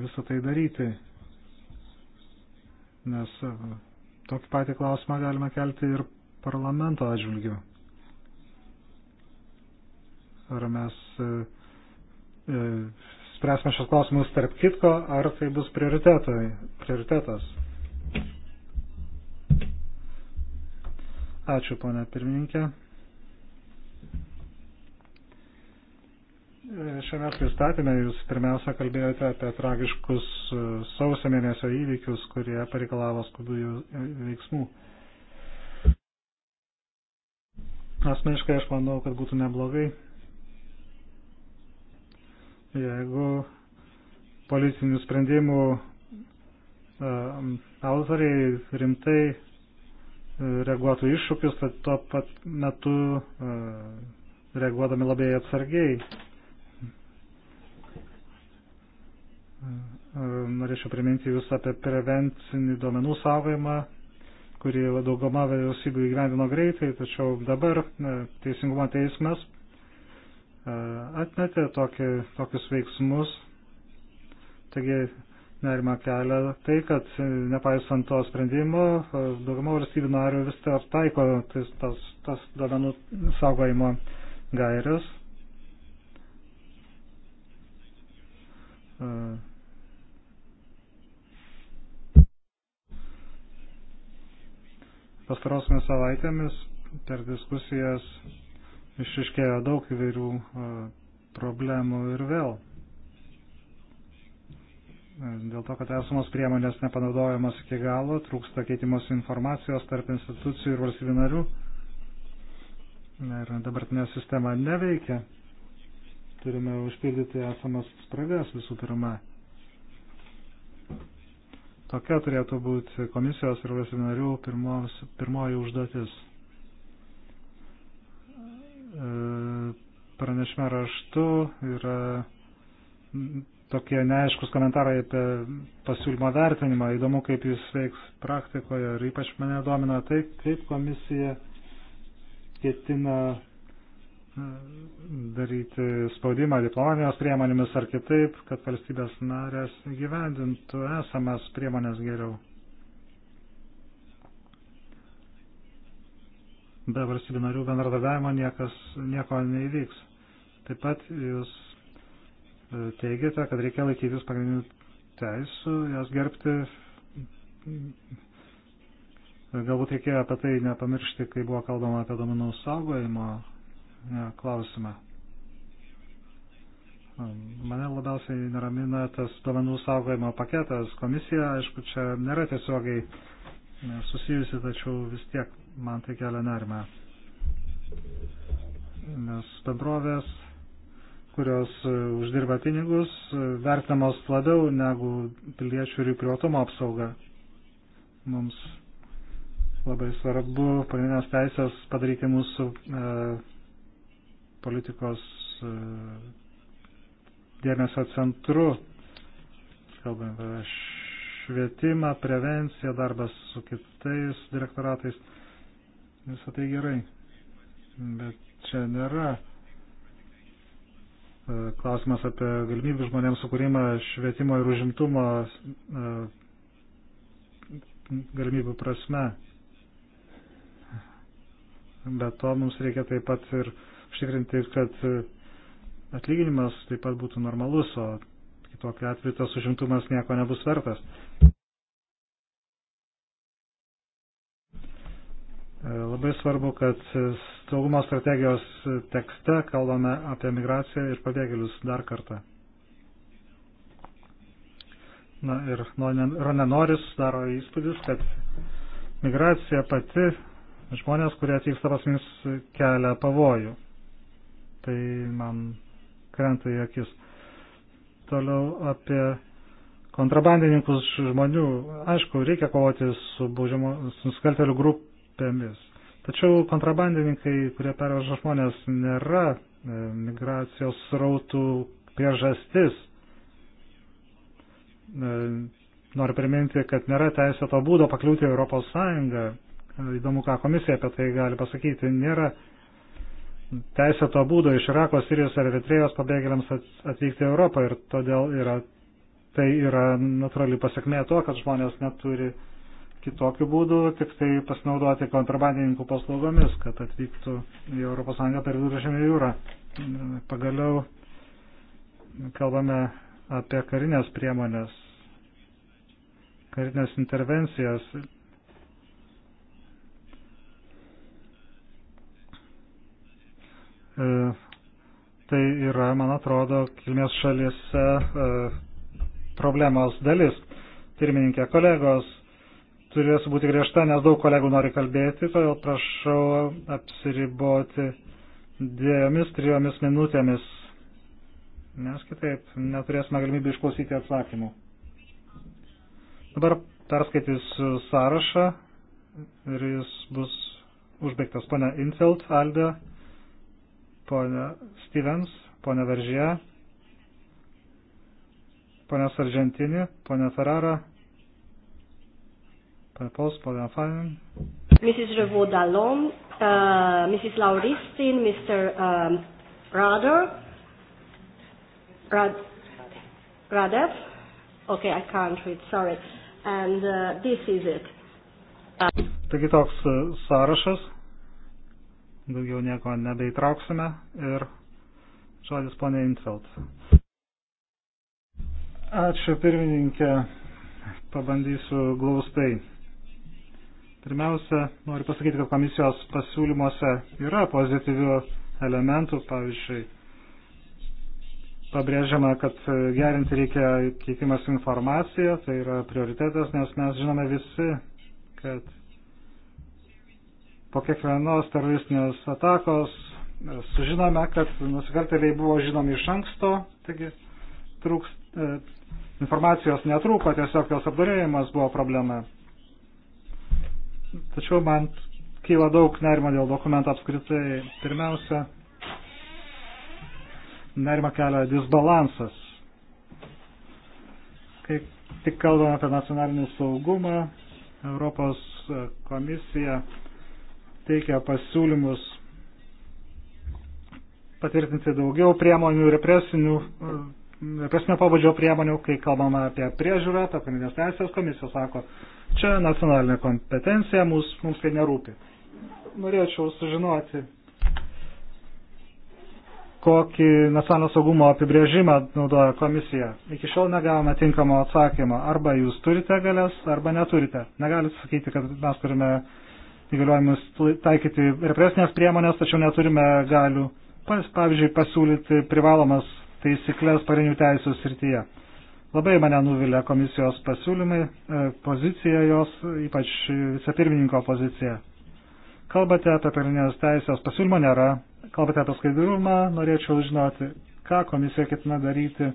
Speaker 4: visą tai daryti nes e, tokį patį klausimą galima kelti ir parlamento atžvilgiu. Ar mes e, e spręsime šios klausimus tarp kitko, ar tai bus prioritetas. Ačiū, ponė pirmininkė. šiame pristatymė jūs pirmiausia kalbėjote apie tragiškus e, sausio mėnesio įvykius, kurie pareikalavo skubių e, veiksmų. Asmeniškai aš manau, kad būtų neblogai, jeigu politinių sprendimų e, autoriai rimtai reaguotų iššūkius, tad tuo pat metu reaguodami labai atsargiai norėčiau priminti Jūs apie prevencinį duomenų saugojimą, kurį dauguma vyriausybių įgyvendino greitai, tačiau dabar e, Teisingumo teismas e, atmetė tokį, tokius veiksmus. Taigi nerima kelia tai, kad nepaisant to sprendimo, e, dauguma valstybių narių vis dar taiko tas, tas, tas duomenų saugojimo gairias. Uh pastarosiamis savaitėmis per diskusijas išriškėjo daug įvairių e, problemų ir vėl. E, dėl to, kad esamos priemonės nepanaudojamos iki galo, trūksta keitimos informacijos tarp institucijų ir valstybių narių. Ir dabartinė sistema neveikia. Turime užpildyti esamas spragas visų pirma. Tokia turėtų būti komisijos ir valstybinarių pirmoji užduotis. E, pranešime raštu yra tokie neaiškus komentarai apie pasiūlymo vertinimą. Įdomu, kaip jis veiks praktikoje ir ypač mane domina tai, kaip komisija ketina daryti spaudimą diplomatijos priemonėmis ar kitaip, kad valstybės narės gyvendintų esamas priemonės geriau. Be valstybių narių bendradavimo niekas nieko neįvyks. Taip pat jūs e, teigiate, kad reikia laikytis pagrindinių teisų, jas gerbti. Galbūt reikėjo apie tai nepamiršti, kai buvo kalbama apie domenų saugojimo klausimą. Mane labiausiai neramina tas duomenų saugojimo paketas. Komisija, aišku, čia nėra tiesiogiai susijusi, tačiau vis tiek man tai kelia nerimą. Nes bendrovės, kurios uždirba pinigus, vertinamos labiau negu piliečių ir privatumo apsauga. Mums labai svarbu pagrindinės teisės padaryti mūsų e, politikos e, dėmesio centru, kalbant apie švietimą, prevenciją, darbas su kitais direktoratais. Visą tai gerai. Bet čia nėra e, klausimas apie galimybių žmonėms sukūrimą švietimo ir užimtumo e, galimybių prasme. Bet to mums reikia taip pat ir uh, užtikrinti, kad e, atlyginimas taip pat būtų normalus, o kitokiu atveju tas užimtumas nieko nebus vertas. E, labai svarbu, kad saugumo strategijos tekste kalbame apie migraciją ir pabėgėlius dar kartą. Na ir Ronenoris daro įspūdis, kad migracija pati žmonės, kurie atvyksta pas mus, kelia pavojų tai man krenta į akis. Toliau apie kontrabandininkus žmonių. Aišku, reikia kovoti su, būžimo, su nusikaltelių grupėmis. Tačiau kontrabandininkai, kurie perveža žmonės, nėra e, migracijos srautų priežastis. E, noriu priminti, kad nėra teisėto būdo pakliūti Europos Sąjungą. E, įdomu, ką komisija apie tai gali pasakyti. Nėra teisėto būdo iš Irako, Sirijos ar Eritrejos pabėgėliams atvykti į Europą ir todėl yra, tai yra natūrali pasiekmė to, kad žmonės neturi kitokių būdų, tik tai pasinaudoti kontrabandininkų paslaugomis, kad atvyktų į ES per viduržėmį jūrą. Pagaliau kalbame apie karinės priemonės, karinės intervencijas E, tai yra, man atrodo, kilmės šalise e, problemos dalis. Pirmininkė, kolegos, turės būti griežta, nes daug kolegų nori kalbėti, todėl prašau apsiriboti dviejomis, trijomis minutėmis, nes kitaip neturėsime galimybę išklausyti atsakymų. Dabar perskaitysiu sąrašą ir jis bus užbaigtas. Pane Infeld, Alde, ponia Stevens, ponia Veržė, ponia Sargentini, ponia Ferrara, ponia Pols, ponia Fanin.
Speaker 3: Mrs. Revaud Dallon, uh, Mrs. Lauristin, Mr. Um, Rader, Rad, Radev, okay, I can't read, sorry, and uh, this is it.
Speaker 4: Uh, Taigi toks uh, sąrašas daugiau nieko nebeįtrauksime ir žodis ponė Infeld. Ačiū pirmininkė, pabandysiu glaustai. Pirmiausia, noriu pasakyti, kad komisijos pasiūlymuose yra pozityvių elementų, pavyzdžiui, pabrėžiama, kad gerinti reikia keitimas informaciją, tai yra prioritetas, nes mes žinome visi, kad po kiekvienos teroristinės atakos sužinome, kad nusikaltėliai buvo žinomi iš anksto, taigi trūks, e, informacijos netrūko, tiesiog jos apdarėjimas buvo problema. Tačiau man kyla daug nerimo dėl dokumento apskritai. Pirmiausia, nerima kelia disbalansas. Kai tik kalbame apie nacionalinį saugumą, Europos e, komisija teikia pasiūlymus patvirtinti daugiau priemonių, represinių, represinio pabudžio priemonių, kai kalbama apie priežiūrą, apie pagrindinės teisės komisija sako, čia nacionalinė kompetencija, mums, mums tai nerūpi. Norėčiau sužinoti, kokį nacionalinio saugumo apibrėžimą naudoja komisija. Iki šiol negavome tinkamo atsakymo. Arba jūs turite galės, arba neturite. Negalite sakyti, kad mes turime uh, įgaliojimus taikyti represinės priemonės, tačiau neturime galių, pas, pavyzdžiui, pasiūlyti privalomas taisyklės parinių teisų srityje. Labai mane nuvilia komisijos pasiūlymai, e, pozicija jos, ypač vicepirmininko pozicija. Kalbate apie parinės teisės pasiūlymo nėra, kalbate apie skaidrumą, norėčiau žinoti, ką komisija ketina daryti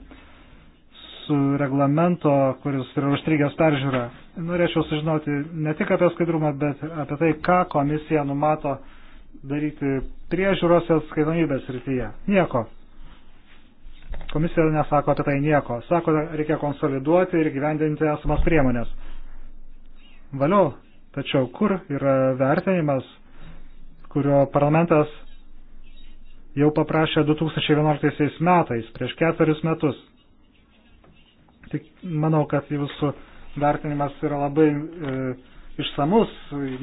Speaker 4: su reglamento, kuris yra užstrigęs peržiūrą Norėčiau sužinoti ne tik apie skaidrumą, bet apie tai, ką komisija numato daryti priežiūros ir skaitomybės rytyje. Nieko. Komisija nesako apie tai nieko. Sako, reikia konsoliduoti ir gyvendinti esamas priemonės. Valiau, tačiau kur yra vertinimas, kurio parlamentas jau paprašė 2011 metais, prieš ketverius metus. Tik manau, kad jūsų vertinimas yra labai e, išsamus,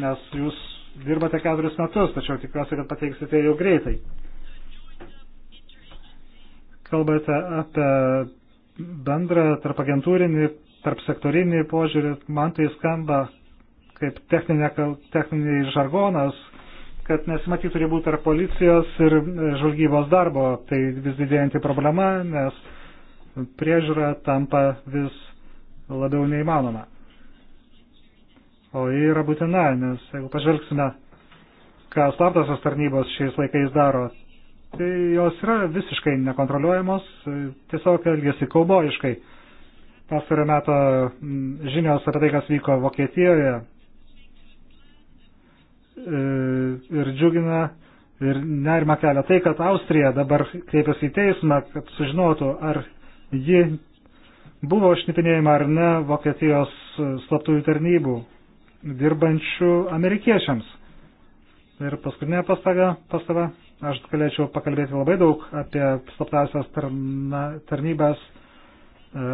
Speaker 4: nes jūs dirbate keturis metus, tačiau tikiuosi, kad pateiksite jau greitai. Kalbate apie bendrą tarp agentūrinį, tarp sektorinį požiūrį, man tai skamba kaip techninė, techninė žargonas, kad nesimatytų ribų tarp policijos ir e, žvalgybos darbo. Tai vis didėjanti problema, nes priežiūra tampa vis labiau neįmanoma. O jie yra būtina, nes jeigu pažvelgsime, ką slaptosios tarnybos šiais laikais daro, tai jos yra visiškai nekontroliuojamos, tiesiog elgesi kaubojiškai. Pastario meto žinios apie tai, kas vyko Vokietijoje e, ir džiugina ir nerima kelia tai, kad Austrija dabar kreipiasi į teismą, kad sužinotų, ar ji Buvo šnipinėjama ar ne Vokietijos slaptųjų tarnybų dirbančių amerikiečiams. Ir paskutinė pastaba, pastaba. Aš galėčiau pakalbėti labai daug apie slaptasias tarnybas, e,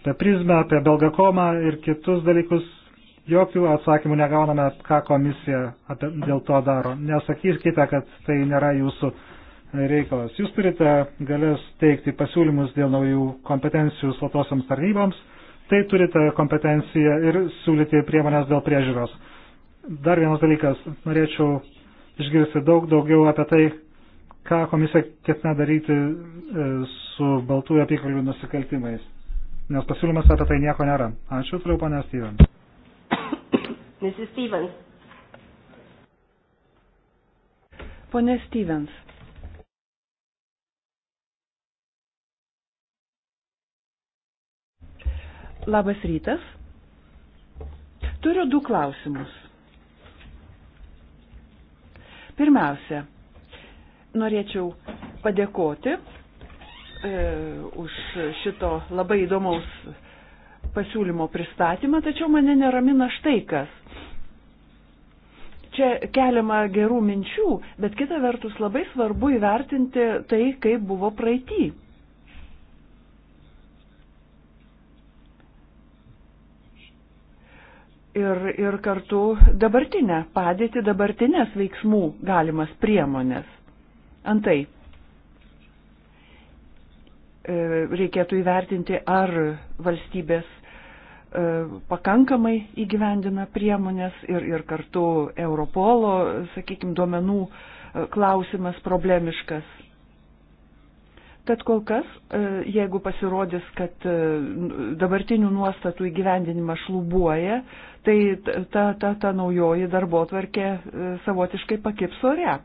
Speaker 4: apie prizmę, apie belgakomą ir kitus dalykus. Jokių atsakymų negauname, ką komisija apie, dėl to daro. Nesakykite, kad tai nėra jūsų uh, reikalas. Jūs turite galės teikti pasiūlymus dėl naujų kompetencijų slatosioms tarnyboms, tai turite kompetenciją ir siūlyti priemonės dėl priežiūros. Dar vienas dalykas, norėčiau išgirsti daug daugiau apie tai, ką komisija ketina daryti e, su baltųjų apykalių nusikaltimais, nes pasiūlymas apie tai nieko nėra. Ačiū, turiu ponę Stevens.
Speaker 3: Mrs. Stevens. Pone Stevens.
Speaker 1: Labas rytas. Turiu du klausimus. Pirmiausia, norėčiau padėkoti e, už šito labai įdomaus pasiūlymo pristatymą, tačiau mane neramina štai kas. Čia keliama gerų minčių, bet kita vertus labai svarbu įvertinti tai, kaip buvo praeitį. ir, ir kartu dabartinę padėtį, dabartinės veiksmų galimas priemonės. Antai, e, reikėtų įvertinti, ar valstybės e, pakankamai įgyvendina priemonės ir, ir kartu Europolo, sakykime, duomenų e, klausimas problemiškas. Tad kol kas, jeigu pasirodys, kad dabartinių nuostatų įgyvendinimas šlubuoja, tai ta, ta, ta naujoji darbo tvarkė e, savotiškai pakips ore.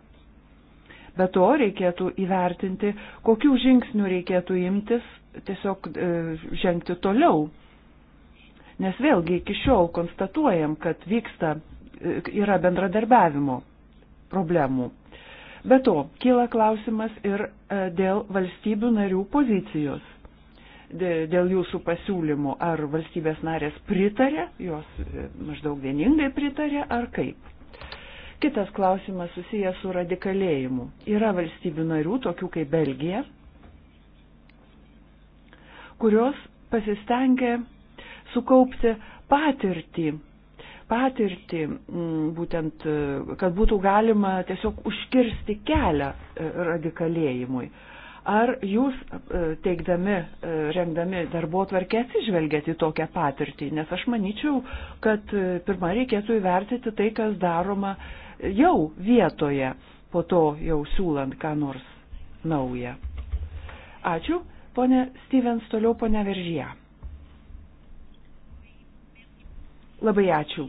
Speaker 1: Be to reikėtų įvertinti, kokių žingsnių reikėtų imtis tiesiog e, žengti toliau. Nes vėlgi iki šiol konstatuojam, kad vyksta, e, yra bendradarbiavimo problemų. Be to, kyla klausimas ir e, dėl valstybių narių pozicijos dėl jūsų pasiūlymų, ar valstybės narės pritarė, jos e, maždaug vieningai pritarė, ar kaip. Kitas klausimas susijęs su radikalėjimu. Yra valstybių narių, tokių kaip Belgija, kurios pasistengė sukaupti patirtį patirtį, būtent, e, kad būtų galima tiesiog užkirsti kelią e, radikalėjimui. Ar jūs e, teikdami, e, rengdami darbo tvarkę atsižvelgėte į tokią patirtį? Nes aš manyčiau, kad e, pirmą reikėtų įvertyti tai, kas daroma jau vietoje, po to jau siūlant ką nors naują. Ačiū, ponė Stevens, toliau ponė Veržyje. Labai ačiū.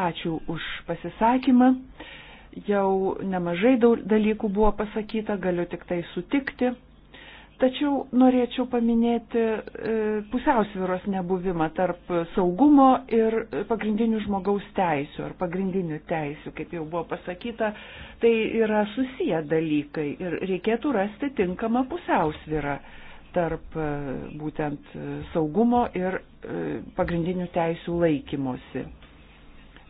Speaker 1: Ačiū už pasisakymą jau nemažai dalykų buvo pasakyta, galiu tik tai sutikti. Tačiau norėčiau paminėti e, pusiausviros nebuvimą tarp saugumo ir pagrindinių žmogaus teisių ar pagrindinių teisių, kaip jau buvo pasakyta, tai yra susiję dalykai ir reikėtų rasti tinkamą pusiausvirą tarp e, būtent e, saugumo ir pagrindinių teisių laikymosi.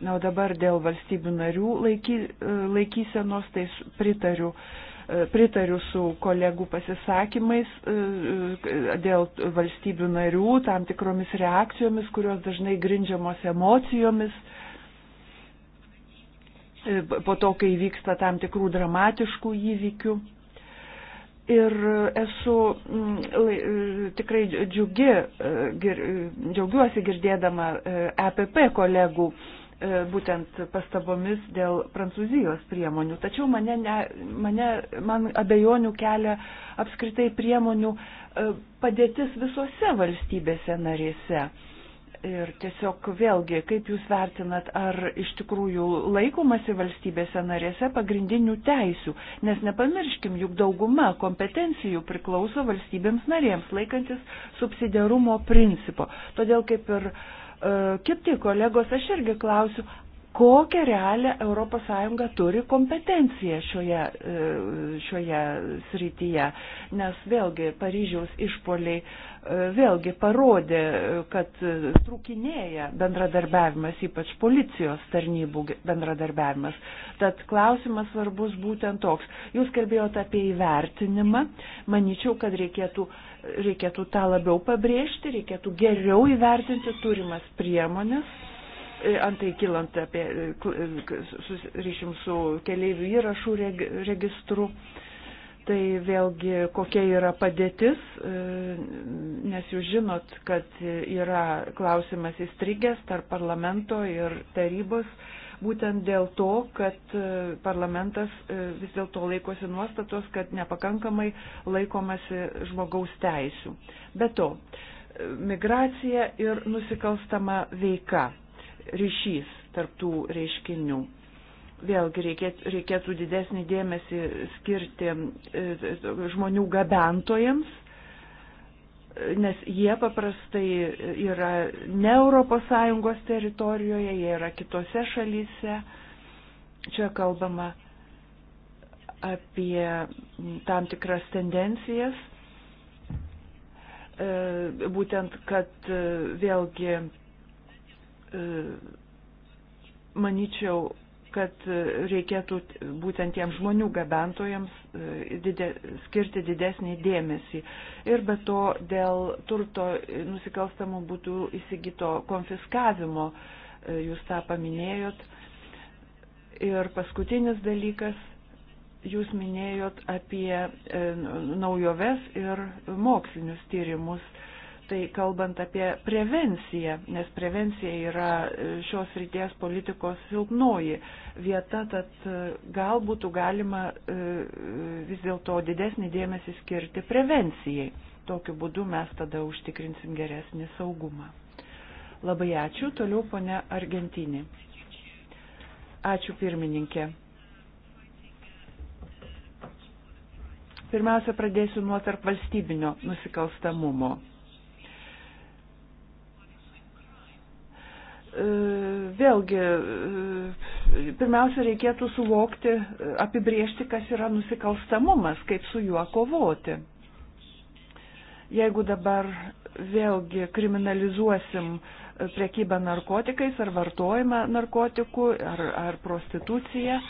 Speaker 1: Na, o dabar dėl valstybių narių laiky, e, laikysenos, tai pritariu e, pritariu su kolegų pasisakymais e, dėl valstybių narių, tam tikromis reakcijomis, kurios dažnai grindžiamos emocijomis. Po to, kai vyksta tam tikrų dramatiškų įvykių. Ir esu mm, tikrai džiugi, džiaugiuosi girdėdama EPP kolegų E, būtent pastabomis dėl Prancūzijos priemonių. Tačiau mane ne, mane, man abejonių kelia apskritai priemonių e, padėtis visose valstybėse narėse. Ir tiesiog vėlgi, kaip Jūs vertinat, ar iš tikrųjų laikomasi valstybėse narėse pagrindinių teisių, nes nepamirškim, juk dauguma kompetencijų priklauso valstybėms narėms, laikantis subsidiarumo principo. Todėl kaip ir uh, kiti kolegos, aš irgi klausiu, kokią realią ES turi kompetenciją šioje, e, šioje srityje. Nes vėlgi Paryžiaus išpoliai e, vėlgi parodė, kad trūkinėja bendradarbiavimas, ypač policijos tarnybų bendradarbiavimas. Tad klausimas svarbus būtent toks. Jūs kalbėjote apie įvertinimą. Manyčiau, kad reikėtų, reikėtų tą labiau pabrėžti, reikėtų geriau įvertinti turimas priemonės E, antai kilant apie ryšim e, e, su keliaivių įrašų registru, tai vėlgi kokia yra padėtis, nes jūs žinot, kad yra klausimas įstrigęs tarp parlamento ir tarybos. Būtent dėl to, kad parlamentas vis dėlto laikosi nuostatos, kad nepakankamai laikomasi žmogaus teisų. Be to, migracija ir nusikalstama veika ryšys tarptų reiškinių. Vėlgi reikėtų, reikėtų didesnį dėmesį skirti e, e, žmonių gabentojams, nes jie paprastai yra ne ES teritorijoje, jie yra kitose šalyse. Čia kalbama apie tam tikras tendencijas, e, būtent, kad vėlgi E, manyčiau, kad reikėtų būtent tiems žmonių gabentojams e, didė, skirti didesnį dėmesį. Ir be to dėl turto nusikalstamų būtų įsigyto konfiskavimo, e, jūs tą paminėjot. Ir paskutinis dalykas, jūs minėjot apie naujoves ir mokslinius tyrimus tai kalbant apie prevenciją, nes prevencija yra e, šios ryties politikos silpnoji vieta, tad e, gal būtų galima e, vis dėlto didesnį dėmesį skirti prevencijai. Tokiu būdu mes tada užtikrinsim geresnį saugumą. Labai ačiū, toliau ponia Argentinė. Ačiū pirmininkė. Pirmiausia, pradėsiu nuo tarp valstybinio nusikalstamumo E, vėlgi, e, pirmiausia, reikėtų suvokti, e, apibriežti, kas yra nusikalstamumas, kaip su juo kovoti. Jeigu dabar vėlgi kriminalizuosim priekybą narkotikais ar vartojimą narkotikų ar, ar prostituciją,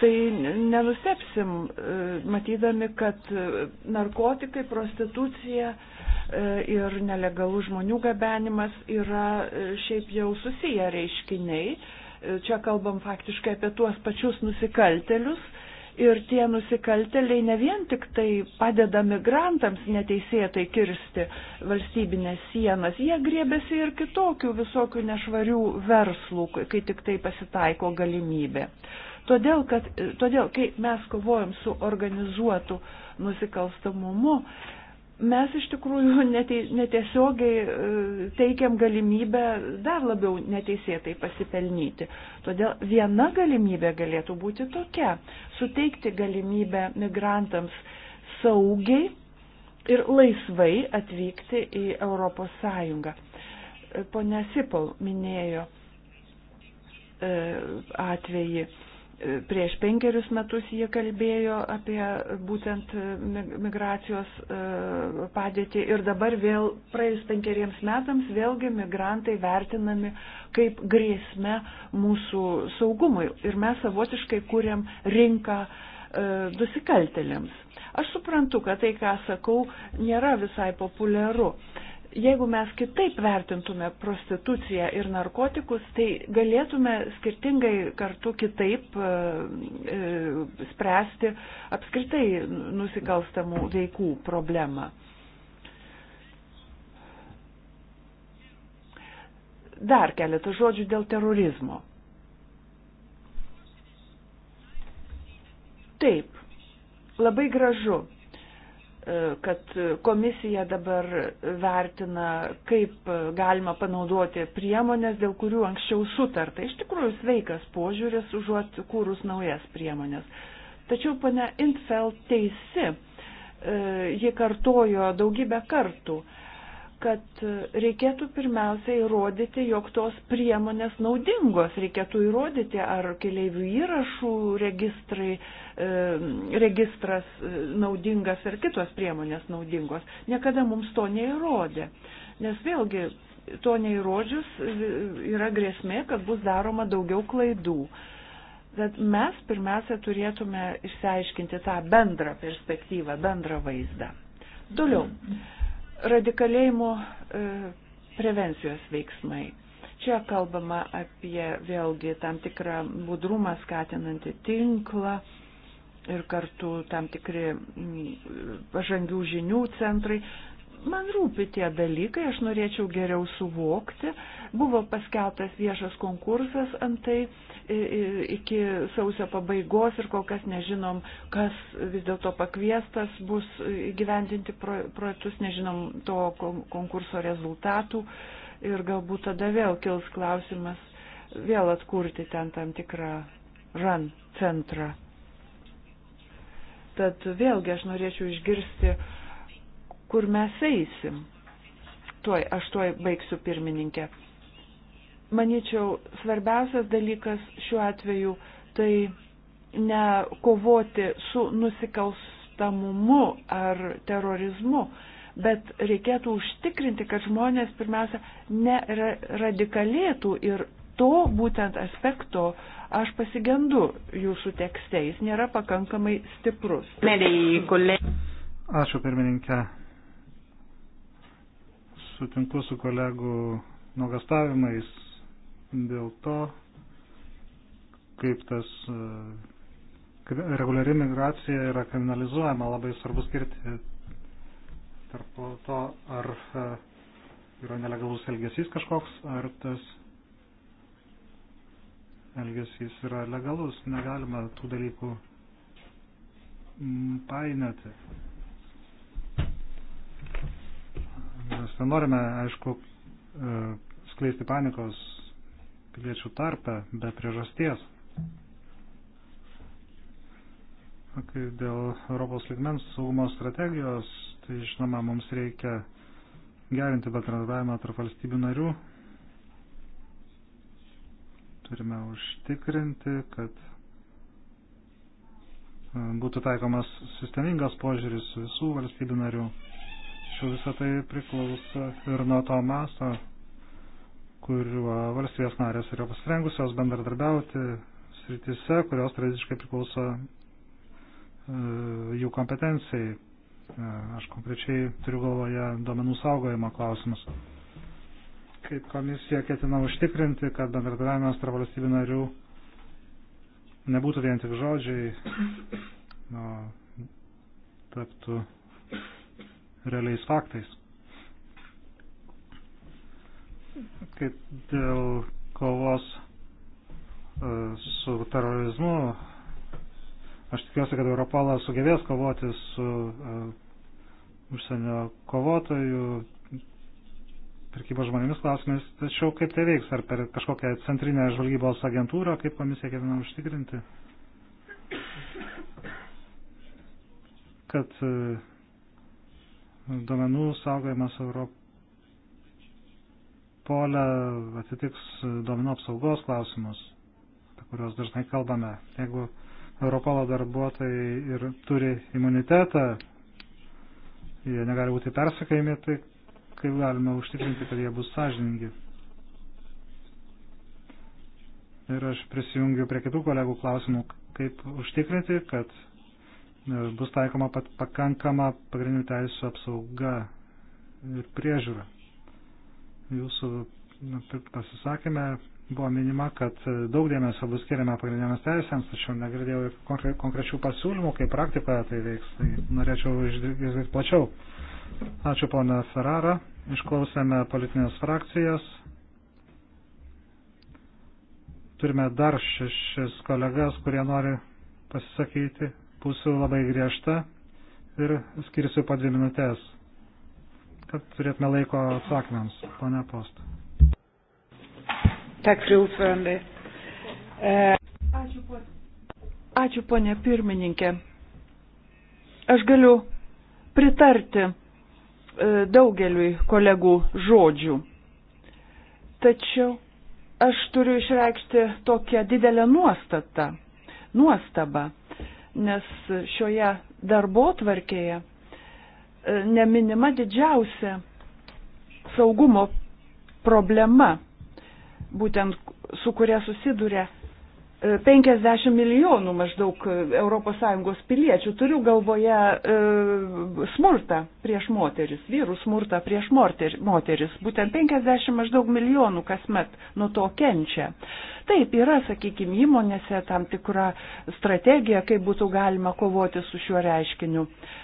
Speaker 1: Tai nenustepsim, e, matydami, kad e, narkotikai, prostitucija e, ir nelegalų žmonių gabenimas yra šiaip jau susiję reiškiniai. Čia kalbam faktiškai apie tuos pačius nusikaltelius. Ir tie nusikalteliai ne vien tik tai padeda migrantams neteisėtai kirsti valstybinės sienas, jie grėbėsi ir kitokių visokių nešvarių verslų, kai tik tai pasitaiko galimybė. Uh, Todėl, kad, todėl kai mes kovojam su organizuotu nusikalstamumu, mes iš tikrųjų netiesiogiai e, teikiam galimybę dar labiau neteisėtai pasipelnyti. Todėl viena galimybė galėtų būti tokia - suteikti galimybę migrantams saugiai ir laisvai atvykti į Europos Sąjungą. E, Pone Sipol minėjo e, atvejį Prieš penkerius metus jie kalbėjo apie būtent migracijos e, padėtį ir dabar vėl praėjus penkeriems metams vėlgi migrantai vertinami kaip grėsme mūsų saugumui ir mes savotiškai kūrėm rinką e, nusikaltelėms. Aš suprantu, kad tai, ką sakau, nėra visai populiaru, jeigu mes kitaip vertintume prostituciją ir narkotikus, tai galėtume skirtingai kartu kitaip e, e, spręsti apskritai nusikalstamų veikų problemą. Dar keletą žodžių dėl terorizmo. Taip, labai gražu, kad komisija dabar vertina, kaip galima panaudoti priemonės, dėl kurių anksčiau sutarta. Iš tikrųjų sveikas požiūris, užuot kūrus naujas priemonės. Tačiau pane Intfeld teisi, e, ji kartojo daugybę kartų, kad reikėtų pirmiausia įrodyti, jog tos priemonės naudingos, reikėtų įrodyti, ar keliaivių įrašų registrai, e, registras e, naudingas ar kitos priemonės naudingos. Niekada mums to neįrodė, nes vėlgi to neįrodžius e, yra grėsmė, kad bus daroma daugiau klaidų. Bet mes pirmiausia turėtume išsiaiškinti tą bendrą perspektyvą, bendrą vaizdą. Toliau. Mm -hmm Radikalėjimo e, prevencijos veiksmai. Čia kalbama apie vėlgi tam tikrą budrumą skatinantį tinklą ir kartu tam tikri pažangių žinių centrai. Man rūpi tie dalykai, aš norėčiau geriau suvokti. Buvo paskeltas viešas konkursas antai iki sausio pabaigos ir kol kas nežinom, kas vis dėlto pakviestas bus gyvendinti projektus, nežinom to konkurso rezultatų ir galbūt tada vėl kils klausimas vėl atkurti ten tam tikrą RAN centrą. Tad vėlgi aš norėčiau išgirsti, kur mes eisim. Tuoj, aš tuoj baigsiu pirmininkę. Maničiau, svarbiausias dalykas šiuo atveju tai ne kovoti su nusikalstamumu ar terorizmu, bet reikėtų užtikrinti, kad žmonės pirmiausia neradikalėtų ir to būtent aspekto aš pasigendu jūsų tekste, jis nėra pakankamai stiprus.
Speaker 4: Ačiū pirmininkė sutinku su kolegų nuogastavimais dėl to, kaip tas e, reguliari migracija yra kriminalizuojama, labai svarbu skirti tarp to, ar e, yra nelegalus elgesys kažkoks, ar tas elgesys yra legalus, negalima tų dalykų mm, painioti. Mes nenorime, aišku, e, skleisti panikos piliečių tarpę be priežasties. Kai dėl Europos ligmens saugumo strategijos, tai žinoma, mums reikia gerinti bendradarbiavimą tarp valstybių narių. Turime užtikrinti, kad e, būtų taikomas sistemingas požiūris visų valstybių narių. Tačiau visą tai priklauso ir nuo to masto, kuriuo valstybės narės yra pasirengusios bendradarbiauti srityse, kurios tradiciškai priklauso e, jų kompetencijai. E, aš konkrečiai turiu galvoje duomenų saugojimo klausimus. Kaip komisija ketina užtikrinti, kad bendradarbiavimas tarp valstybių narių nebūtų vien tik žodžiai, o taptų realiais faktais. Kaip dėl kovos e, su terorizmu, aš tikiuosi, kad Europolas sugebės kovoti su e, užsienio kovotojų pirkybos žmonėmis klausimais, tačiau kaip tai veiks, ar per kažkokią centrinę žvalgybos agentūrą, kaip komisija ketina užtikrinti, kad e, duomenų saugojimas Europolė atitiks duomenų apsaugos klausimus, apie kuriuos dažnai kalbame. Jeigu Europolo darbuotojai ir turi imunitetą, jie negali būti persekėjami, tai kaip galima užtikrinti, kad jie bus sąžiningi. Ir aš prisijungiu prie kitų kolegų klausimų, kaip užtikrinti, kad bus taikoma pat pakankama pagrindinių teisų apsauga ir priežiūra. Jūsų pasisakėme buvo minima, kad daug dėmesio bus skiriama pagrindinėms teisėms, tačiau negirdėjau konkrečių pasiūlymų, kaip praktikoje tai veiks. Tai norėčiau išgirsti plačiau. Ačiū pana Ferrara. Išklausėme politinės frakcijas. Turime dar šešis kolegas, kurie nori pasisakyti būsiu labai griežta ir skirsiu po dvi minutės, kad turėtume laiko atsakymams, pane Post.
Speaker 1: Ačiū, ponė pirmininkė. Aš galiu pritarti e, daugeliui kolegų žodžių. Tačiau aš turiu išreikšti tokią didelę nuostatą, nuostabą nes šioje darbo tvarkėje e, neminima didžiausia saugumo problema, būtent su kuria susiduria 50 milijonų maždaug ES piliečių, turiu galvoje e, smurtą prieš moteris, vyrų smurtą prieš moteris, būtent 50 maždaug milijonų kasmet nuo to kenčia. Taip, yra, sakykime, įmonėse tam tikra strategija, kaip būtų galima kovoti su šiuo reiškiniu. E,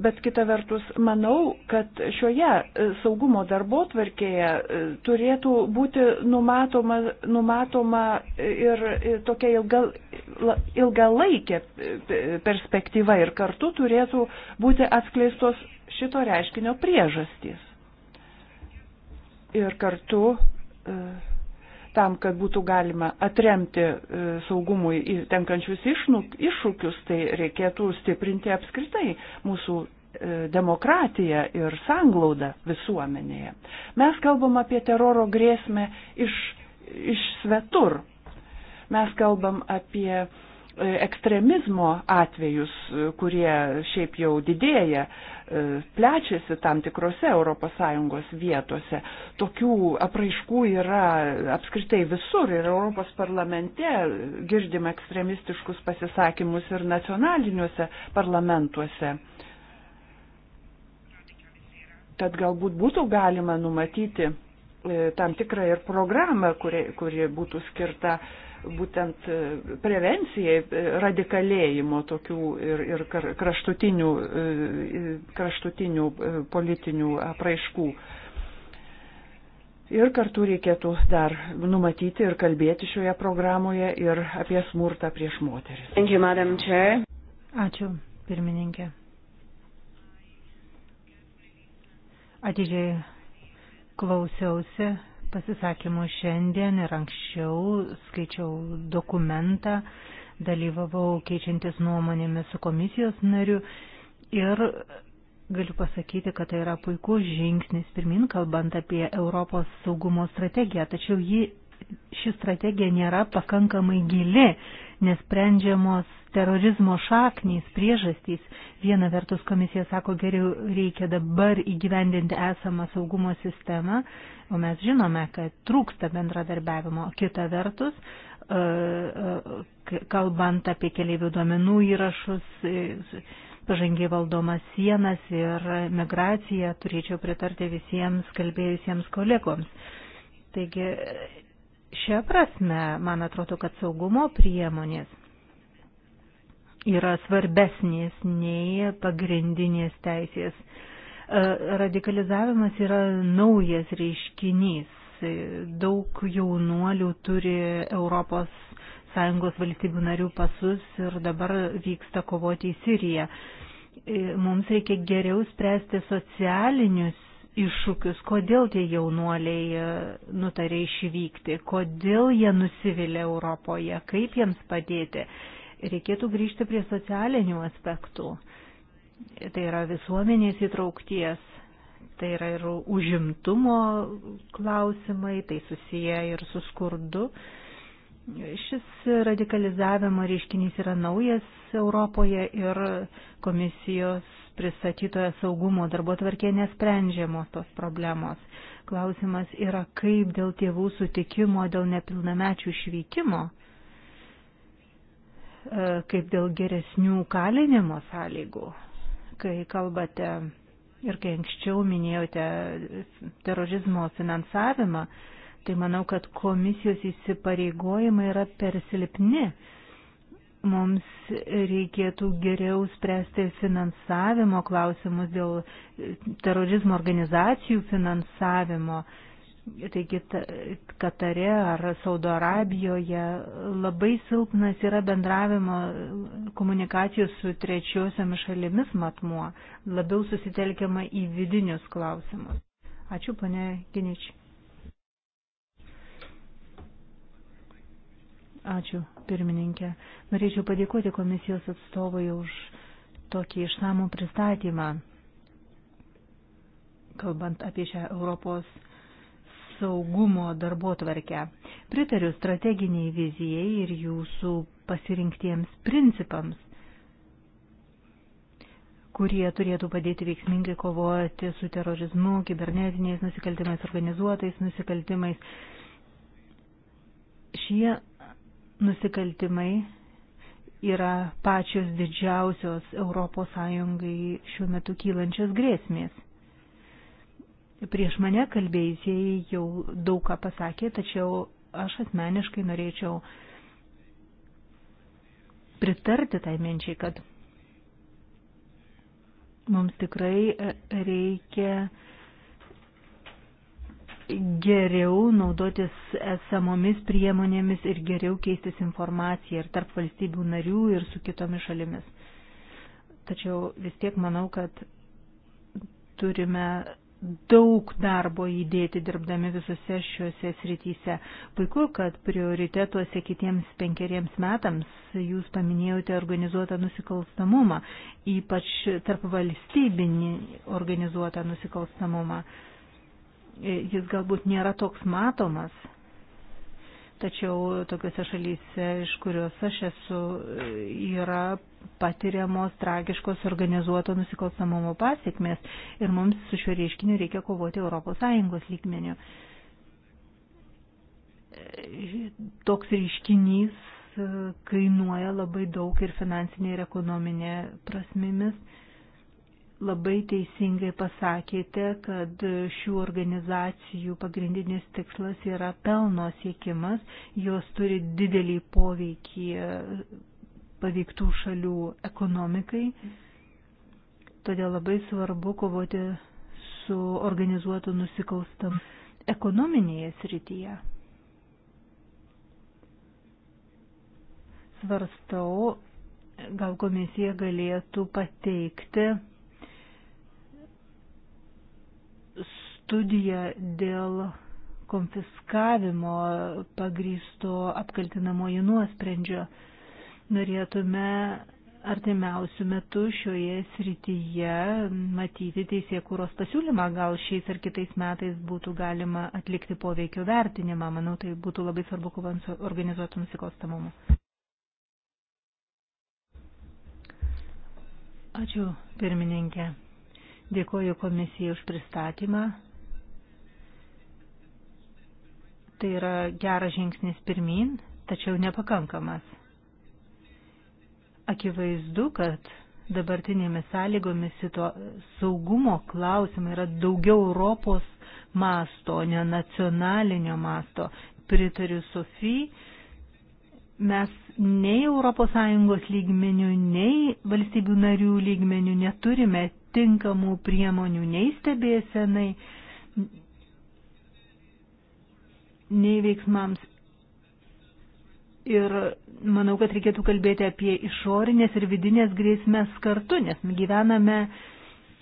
Speaker 1: Bet kita vertus, manau, kad šioje e, saugumo darbo tvarkėje e, turėtų būti numatoma, numatoma e, ir tokia ilga, ilgalaikė perspektyva ir kartu turėtų būti atskleistos šito reiškinio priežastys. Ir kartu. Uh, tam, kad būtų galima atremti e, saugumui tenkančius iššūkius, tai reikėtų stiprinti apskritai mūsų e, demokratiją ir sanglaudą visuomenėje. Mes kalbam apie teroro grėsmę iš, iš svetur. Mes kalbam apie E, ekstremizmo atvejus, e, kurie šiaip jau didėja, e, plečiasi tam tikrose ES vietose. Tokių apraiškų yra apskritai visur ir Europos parlamente girdim ekstremistiškus pasisakymus ir nacionaliniuose parlamentuose. Tad galbūt būtų galima numatyti tam tikrą ir programą, kuri, kuri būtų skirta uh, būtent e, prevencijai e, radikalėjimo tokių ir, ir kraštutinių, e, kraštutinių politinių apraiškų. Ir kartu reikėtų dar numatyti ir kalbėti šioje programoje ir apie smurtą prieš
Speaker 3: moteris. Ačiū, pirmininkė. Atidžiai klausiausi pasisakymų šiandien ir anksčiau, skaičiau dokumentą, dalyvavau keičiantis nuomonėmis su komisijos nariu ir galiu pasakyti, kad tai yra puikus žingsnis pirmin, kalbant apie Europos saugumo strategiją, tačiau ji, ši strategija nėra pakankamai gili, nesprendžiamos terorizmo šaknys, priežastys. Viena vertus komisija sako, geriau reikia dabar įgyvendinti esamą saugumo sistemą, o mes žinome, kad trūksta bendradarbiavimo. Kita vertus, e, e, kalbant apie keliaivių duomenų įrašus, e, pažangiai valdomas sienas ir migraciją, turėčiau pritarti visiems kalbėjusiems kolegoms. Taigi Šia prasme, man atrodo, kad saugumo priemonės yra svarbesnės nei pagrindinės teisės. E, radikalizavimas yra naujas reiškinys. Daug jaunuolių turi Europos Sąjungos valstybių narių pasus ir dabar vyksta kovoti į Siriją. E, mums reikia geriau spręsti socialinius iššūkius, kodėl tie jaunuoliai e, nutarė išvykti, kodėl jie nusivylė Europoje, kaip jiems padėti. Reikėtų grįžti prie socialinių aspektų. Tai yra visuomenės įtraukties, tai yra ir užimtumo klausimai, tai susiję ir su skurdu. Šis radikalizavimo reiškinys yra naujas Europoje ir komisijos pristatytoje saugumo darbo tvarkė nesprendžiamos tos problemos. Klausimas yra, kaip dėl tėvų sutikimo, dėl nepilnamečių išvykimo, e, kaip dėl geresnių kalinimo sąlygų, kai kalbate ir kai anksčiau minėjote terorizmo finansavimą, tai manau, kad komisijos įsipareigojimai yra persilipni mums reikėtų geriau spręsti finansavimo klausimus dėl e, terorizmo organizacijų finansavimo. Taigi Katare ar Saudo Arabijoje labai silpnas yra bendravimo komunikacijos su trečiosiomis šalimis matmuo, labiau susitelkiama į vidinius klausimus. Ačiū, ponė Giničiai. Ačiū, pirmininkė. Norėčiau padėkoti komisijos atstovui už tokį išsamų pristatymą, kalbant apie šią Europos saugumo darbo tvarkę. Pritariu strateginiai vizijai ir jūsų pasirinktiems principams, kurie turėtų padėti veiksmingai kovoti su terorizmu, kibernetiniais nusikaltimais, organizuotais nusikaltimais. Šie nusikaltimai yra pačios didžiausios ES šiuo metu kylančios grėsmės. Prieš mane kalbėjusiai jau daug ką pasakė, tačiau aš asmeniškai norėčiau pritarti tai minčiai, kad mums tikrai reikia geriau naudotis esamomis priemonėmis ir geriau keistis informaciją ir tarp valstybių narių ir su kitomis šalimis. Tačiau vis tiek manau, kad turime daug darbo įdėti dirbdami visose šiuose srityse. Puiku, kad prioritetuose kitiems penkeriems metams jūs paminėjote organizuotą nusikalstamumą, ypač tarp valstybinį organizuotą nusikalstamumą. Uh, jis galbūt nėra toks matomas, tačiau tokiuose šalyse, iš kurios aš esu, yra patiriamos tragiškos organizuoto nusikalstamumo pasiekmes ir mums su šiuo reiškiniu reikia kovoti ES lygmeniu. Toks reiškinys kainuoja labai daug ir finansinė ir ekonominė prasmėmis labai teisingai pasakėte, kad šių organizacijų pagrindinis tikslas yra pelno siekimas, jos turi didelį poveikį paveiktų šalių ekonomikai, todėl labai svarbu kovoti su organizuotu nusikalstam ekonominėje srityje. Svarstau, gal komisija galėtų pateikti studiją dėl konfiskavimo pagrysto apkaltinamojo nuosprendžio. Norėtume artimiausių metų šioje srityje matyti teisėkūros pasiūlymą. Gal šiais ar kitais metais būtų galima atlikti poveikio vertinimą. Manau, tai būtų labai svarbu kovant su organizuotų nusikalstamumu. Ačiū, pirmininkė. Dėkoju komisijai už pristatymą. Tai yra geras žingsnis pirmin, tačiau nepakankamas. Akivaizdu, kad dabartinėmis sąlygomis situ... saugumo klausimai yra daugiau Europos masto, ne nacionalinio masto. Pritariu Sofijai, mes nei ES lygmenių, nei valstybių narių lygmenių neturime tinkamų priemonių nei stebėsenai, nei veiksmams. Ir manau, kad reikėtų kalbėti apie išorinės ir vidinės grėsmės kartu, nes gyvename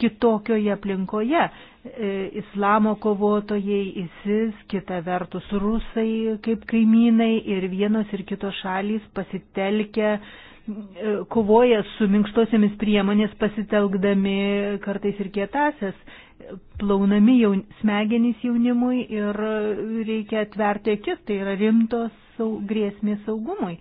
Speaker 3: kitokioje aplinkoje. E, islamo kovotojai, ISIS, kita vertus rusai kaip kaimynai ir vienos ir kitos šalys pasitelkia, e, kovoja su minkštosiamis priemonės pasitelkdami kartais ir kietasias plaunami jaun, smegenys jaunimui ir reikia atverti akis, tai yra rimtos sau, grėsmės saugumui.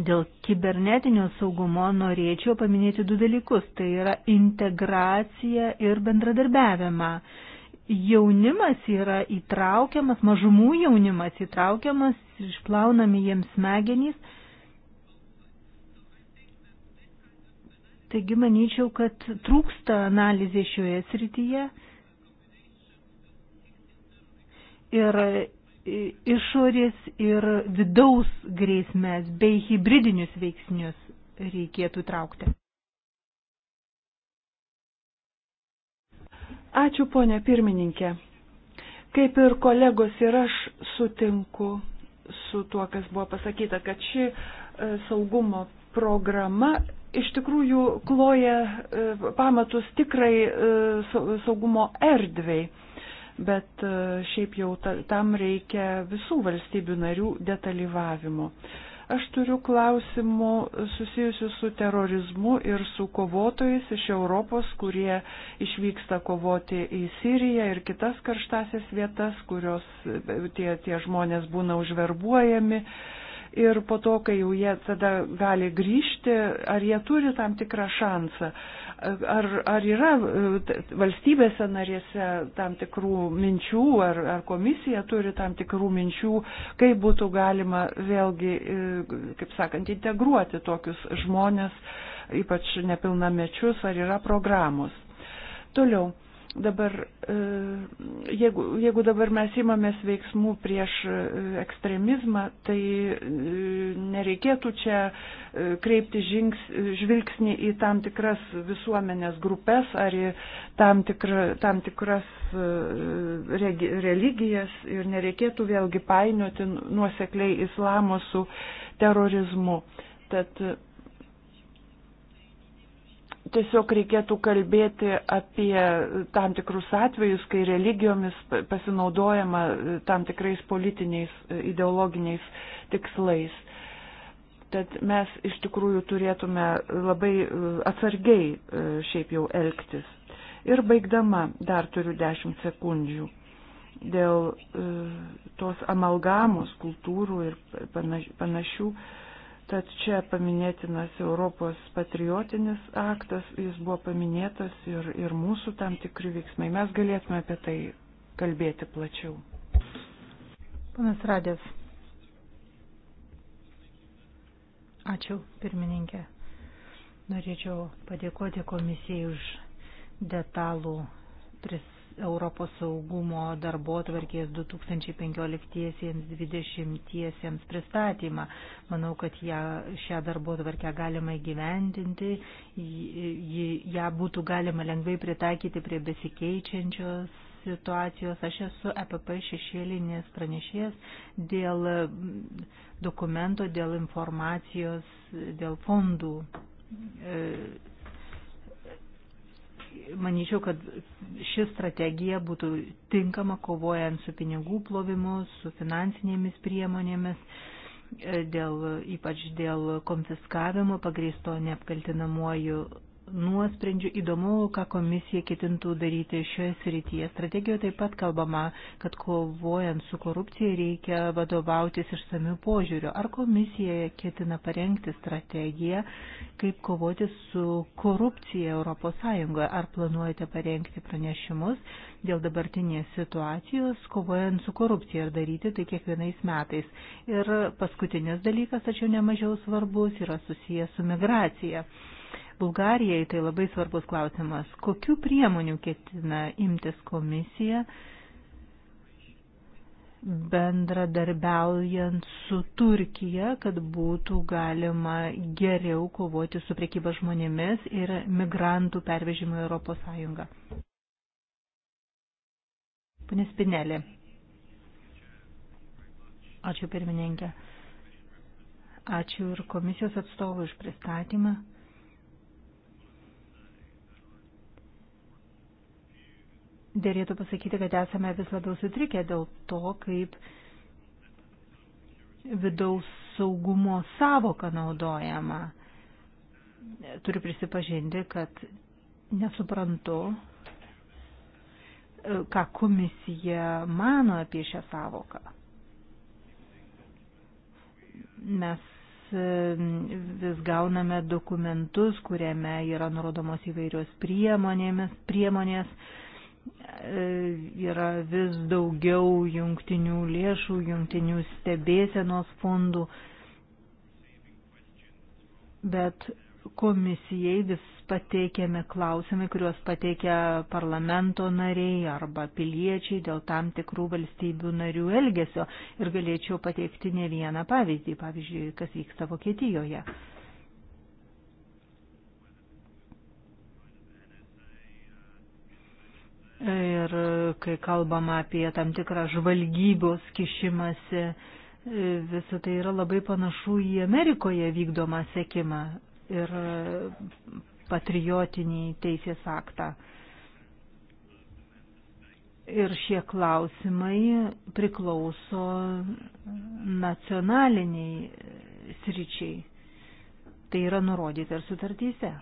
Speaker 3: Dėl kibernetinio saugumo norėčiau paminėti du dalykus - tai yra integracija ir bendradarbiavimą. Jaunimas yra įtraukiamas, mažumų jaunimas įtraukiamas, išplaunami jiems smegenys Taigi manyčiau, kad trūksta analizė šioje srityje ir išorės ir vidaus grėsmės bei hybridinius veiksnius reikėtų traukti.
Speaker 1: Ačiū, ponė pirmininkė. Kaip ir kolegos ir aš sutinku su tuo, kas buvo pasakyta, kad ši e, saugumo programa iš tikrųjų kloja e, pamatus tikrai e, saugumo erdvei, bet e, šiaip jau tam reikia visų valstybių narių detalyvavimo. Aš turiu klausimų susijusių su terorizmu ir su kovotojais iš Europos, kurie išvyksta kovoti į Siriją ir kitas karštasias vietas, kurios tie, tie žmonės būna užverbuojami. Uh, ir po to, kai jau jie tada gali grįžti, ar jie turi tam tikrą šansą, ar, ar yra e, valstybėse narėse tam tikrų minčių, ar, ar komisija turi tam tikrų minčių, kaip būtų galima vėlgi, e, kaip sakant, integruoti tokius žmonės, ypač nepilnamečius, ar yra programos. Toliau Dabar, e, jeigu, jeigu dabar mes įmamės veiksmų prieš e, ekstremizmą, tai e, nereikėtų čia kreipti žings, žvilgsnį į tam tikras visuomenės grupės ar į tam, tikra, tam tikras regi, religijas ir nereikėtų vėlgi painioti nuosekliai islamo su terorizmu. Tad tiesiog reikėtų kalbėti apie tam tikrus atvejus, kai religijomis pasinaudojama e, tam tikrais politiniais e, ideologiniais tikslais. Tad mes iš tikrųjų turėtume labai e, atsargiai šiaip jau elgtis. Ir baigdama, dar turiu 10 sekundžių, dėl tos amalgamos kultūrų ir panašių. panašių Tad čia paminėtinas Europos patriotinis aktas, jis buvo paminėtas ir, ir mūsų tam tikri veiksmai. Mes galėtume apie tai kalbėti plačiau.
Speaker 3: Panas Radės. Ačiū, pirmininkė. Norėčiau padėkoti komisijai už detalų pristatymą Europos saugumo darbo tvarkės 2015-2020 pristatymą. Manau, kad ją, šią darbo tvarkę galima įgyvendinti, ją būtų galima lengvai pritaikyti prie besikeičiančios situacijos. Aš esu EPP šešėlinės pranešėjas dėl mm, dokumento, dėl informacijos, dėl fondų e, manyčiau, kad ši strategija būtų tinkama kovojant su pinigų plovimu, su finansinėmis priemonėmis, e, dėl, ypač dėl konfiskavimo pagreisto neapkaltinamuoju nuosprendžių. Įdomu, ką komisija ketintų daryti šioje srityje. Strategijoje taip pat kalbama, kad kovojant su korupcija reikia vadovautis išsamių požiūrių. Ar komisija ketina parengti strategiją, kaip kovoti su korupcija ES? Ar planuojate parengti pranešimus dėl dabartinės situacijos, kovojant su korupcija ir daryti tai kiekvienais metais? Ir paskutinis dalykas, tačiau nemažiau svarbus, yra susijęs su migracija. Bulgarijai tai labai svarbus klausimas. Kokių priemonių ketina imtis komisija bendradarbiaujant su Turkija, kad būtų galima geriau kovoti su priekyba žmonėmis ir migrantų pervežimu į Europos Sąjungą? Pane Spinelė. Ačiū pirmininkė. Ačiū ir komisijos atstovui už pristatymą. dėlėtų pasakyti, kad esame vis labiau sutrikę dėl to, kaip vidaus saugumo savoka naudojama. Turiu prisipažinti, kad nesuprantu, ką komisija mano apie šią savoką. Mes e, vis gauname dokumentus, kuriame yra nurodomos įvairios priemonės, priemonės E, yra vis daugiau jungtinių lėšų, jungtinių stebėsenos fondų, bet komisijai vis pateikiami klausimai, kuriuos pateikia parlamento nariai arba piliečiai dėl tam tikrų valstybių narių elgesio. Ir galėčiau pateikti ne vieną pavyzdį, pavyzdžiui, kas vyksta Vokietijoje. Ir kai kalbama apie tam tikrą žvalgybos kišimąsi, visą tai yra labai panašu į Amerikoje vykdomą sekimą ir patriotinį teisės aktą. Ir šie klausimai priklauso nacionaliniai sričiai. Tai yra nurodyta ir sutartyse.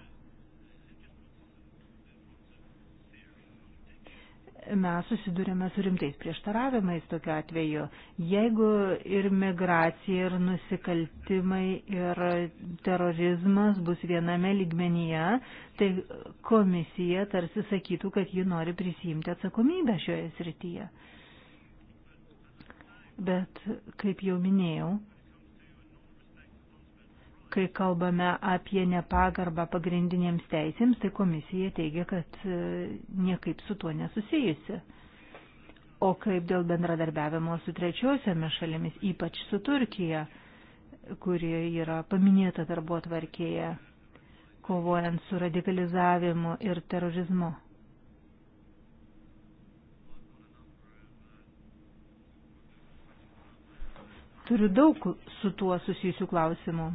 Speaker 3: mes susidurėme su rimtais prieštaravimais tokiu atveju. Jeigu ir migracija, ir nusikaltimai, ir terorizmas bus viename lygmenyje, tai komisija tarsi sakytų, kad ji nori prisijimti atsakomybę šioje srityje. Bet, kaip jau minėjau, kai kalbame apie nepagarbą pagrindinėms teisėms, tai komisija teigia, kad e, niekaip su tuo nesusijusi. O kaip dėl bendradarbiavimo su trečiosiomis šalimis, ypač su Turkija, kuri yra paminėta darbo tvarkėje, kovojant su radikalizavimu ir terorizmu. Turiu daug su tuo susijusių klausimų.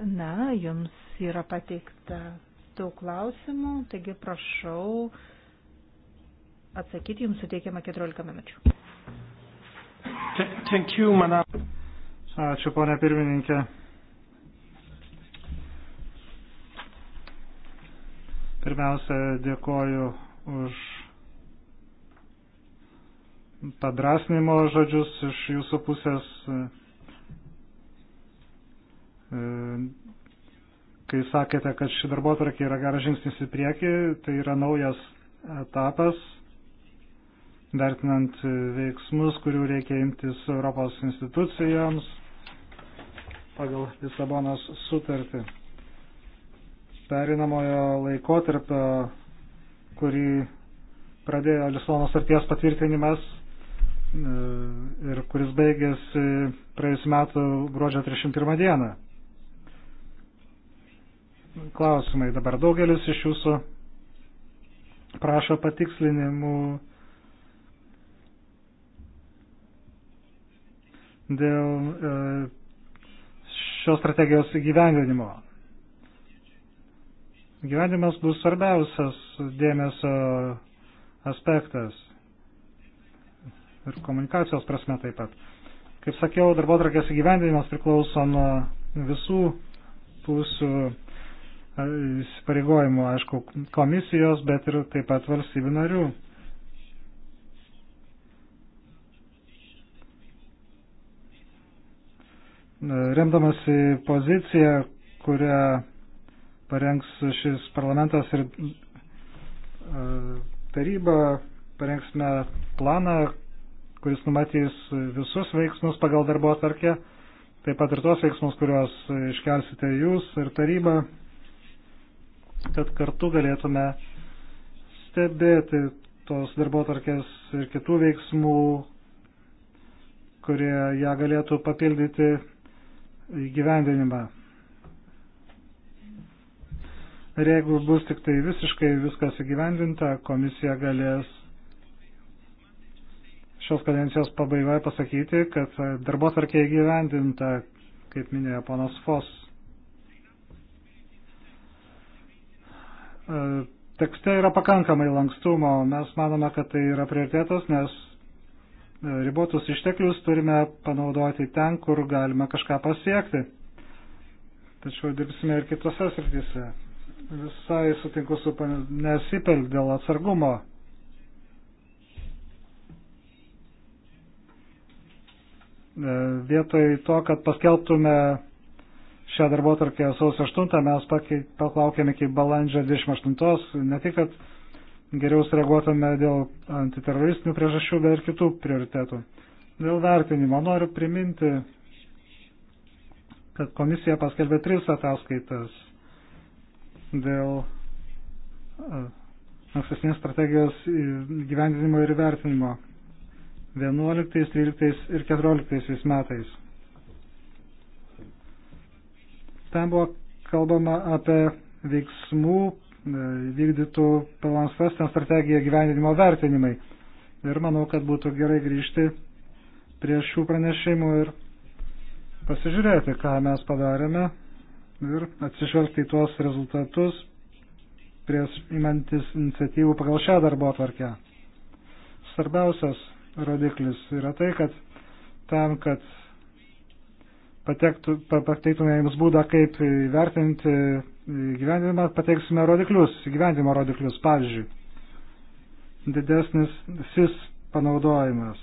Speaker 3: Na, jums yra pateikta daug klausimų, taigi prašau atsakyti, jums suteikiama 14 minučių.
Speaker 4: Thank you, madam. Ačiū, ponė pirmininkė. Pirmiausia, dėkoju už padrasnimo žodžius iš jūsų pusės E, kai sakėte, kad ši darbo tvarkė yra geras žingsnis į priekį, tai yra naujas etapas, vertinant veiksmus, kurių reikia imtis Europos institucijoms pagal Lisabonos sutartį. Perinamojo laikotarpio, kurį pradėjo Lisabonos sutarties patvirtinimas e, ir kuris baigėsi praėjusiu metu gruodžio 31 dieną klausimai dabar. Daugelis iš jūsų prašo patikslinimų dėl e, šios strategijos įgyvendinimo. Gyvenimas bus svarbiausias dėmesio aspektas ir komunikacijos prasme taip pat. Kaip sakiau, darbo trakės įgyvendinimas priklauso nuo visų pusių įsipareigojimų, aišku, komisijos, bet ir taip pat valstybių narių. Remdamasi poziciją, kurią parengs šis parlamentas ir e, taryba, parengsime planą, kuris numatys visus veiksmus pagal darbo atvarkę, taip pat ir tos veiksmus, kuriuos iškelsite jūs ir taryba kad kartu galėtume stebėti tos darbotarkės ir kitų veiksmų, kurie ją galėtų papildyti įgyvendinimą. Ir jeigu bus tik tai visiškai viskas įgyvendinta, komisija galės šios kadencijos pabaigoje pasakyti, kad darbo tvarkė įgyvendinta, kaip minėjo ponas Fos. E, tekste yra pakankamai lankstumo. Mes manome, kad tai yra prioritetas, nes e, ribotus išteklius turime panaudoti ten, kur galime kažką pasiekti. Tačiau dirbsime ir kitose srityse. Visai sutinku su nesipel dėl atsargumo. E, vietoj to, kad paskelbtume šią darbo tarkę sausio 8 mes paklaukėme iki balandžio 28, ne tik, kad geriau sureaguotume dėl antiteroristinių priežasčių, bet ir kitų prioritetų. Dėl vertinimo noriu priminti, kad komisija paskelbė tris ataskaitas dėl ankstesnės strategijos gyvendinimo ir vertinimo 11, 13 ir 14 metais. Ten buvo kalbama apie veiksmų e, vykdytų Pelams Western strategiją gyvenimo vertinimai. Ir manau, kad būtų gerai grįžti prie šių pranešimų ir pasižiūrėti, ką mes padarėme ir atsižvelgti į tuos rezultatus prieš imantis iniciatyvų pagal šią darbo atvarkę. Svarbiausias rodiklis yra tai, kad tam, kad patektų, pateiktume jums būdą, kaip vertinti e, gyvendinimą, pateiksime rodiklius, gyvendimo rodiklius, pavyzdžiui, didesnis SIS panaudojimas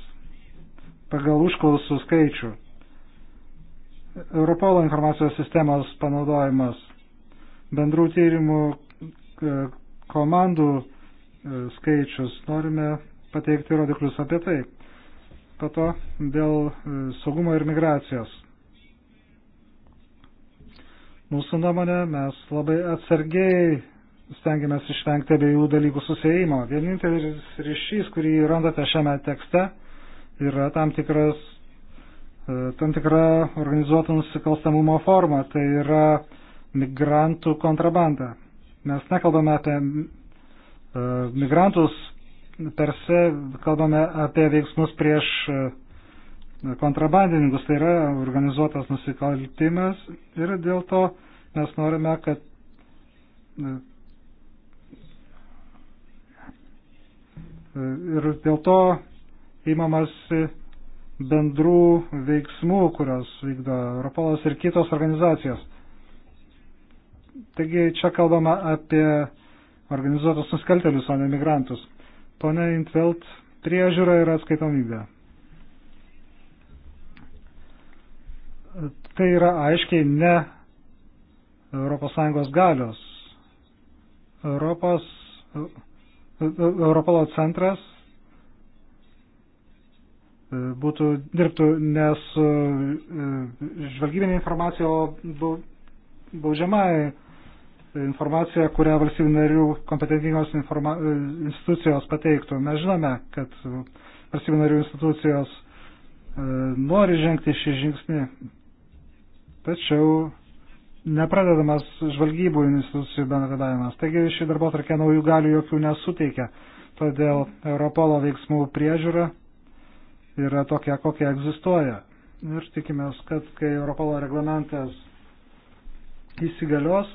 Speaker 4: pagal užklausų skaičių, Europolo informacijos sistemos panaudojimas, bendrų tyrimų e, komandų e, skaičius, norime pateikti rodiklius apie tai. Po to dėl saugumo ir migracijos. Mūsų nuomonė, mes labai atsargiai stengiamės išvengti abiejų dalykų susėjimo. Vienintelis ryšys, kurį randate šiame tekste, yra tam, tikras, e, tam tikra organizuoto nusikalstamumo forma. Tai yra migrantų kontrabanda. Mes nekalbame apie e, migrantus per se, kalbame apie veiksmus prieš e, kontrabandininkus, tai yra organizuotas nusikaltimas ir dėl to mes norime, kad e, ir dėl to įmamas bendrų veiksmų, kurios vykdo Europolas ir kitos organizacijos. Taigi čia kalbama apie organizuotus nusikaltelius, o ne migrantus. Pone Intvelt, priežiūra ir atskaitomybė. Tai yra aiškiai ne ES galios. Europos, Europolo centras būtų dirbtų ne su e, žvalgybinė informacija, o baudžiamai informacija, kurią valstybių narių kompetentingos informa... E, institucijos pateiktų. Mes žinome, kad valstybių narių institucijos e, nori žengti šį žingsnį, tačiau nepradedamas žvalgybų institucijų bendradavimas. Taigi ši darbo tarkė naujų galių jokių nesuteikia. Todėl Europolo veiksmų priežiūra yra tokia, kokia egzistuoja. Ir tikimės, kad kai Europolo reglamentas įsigalios,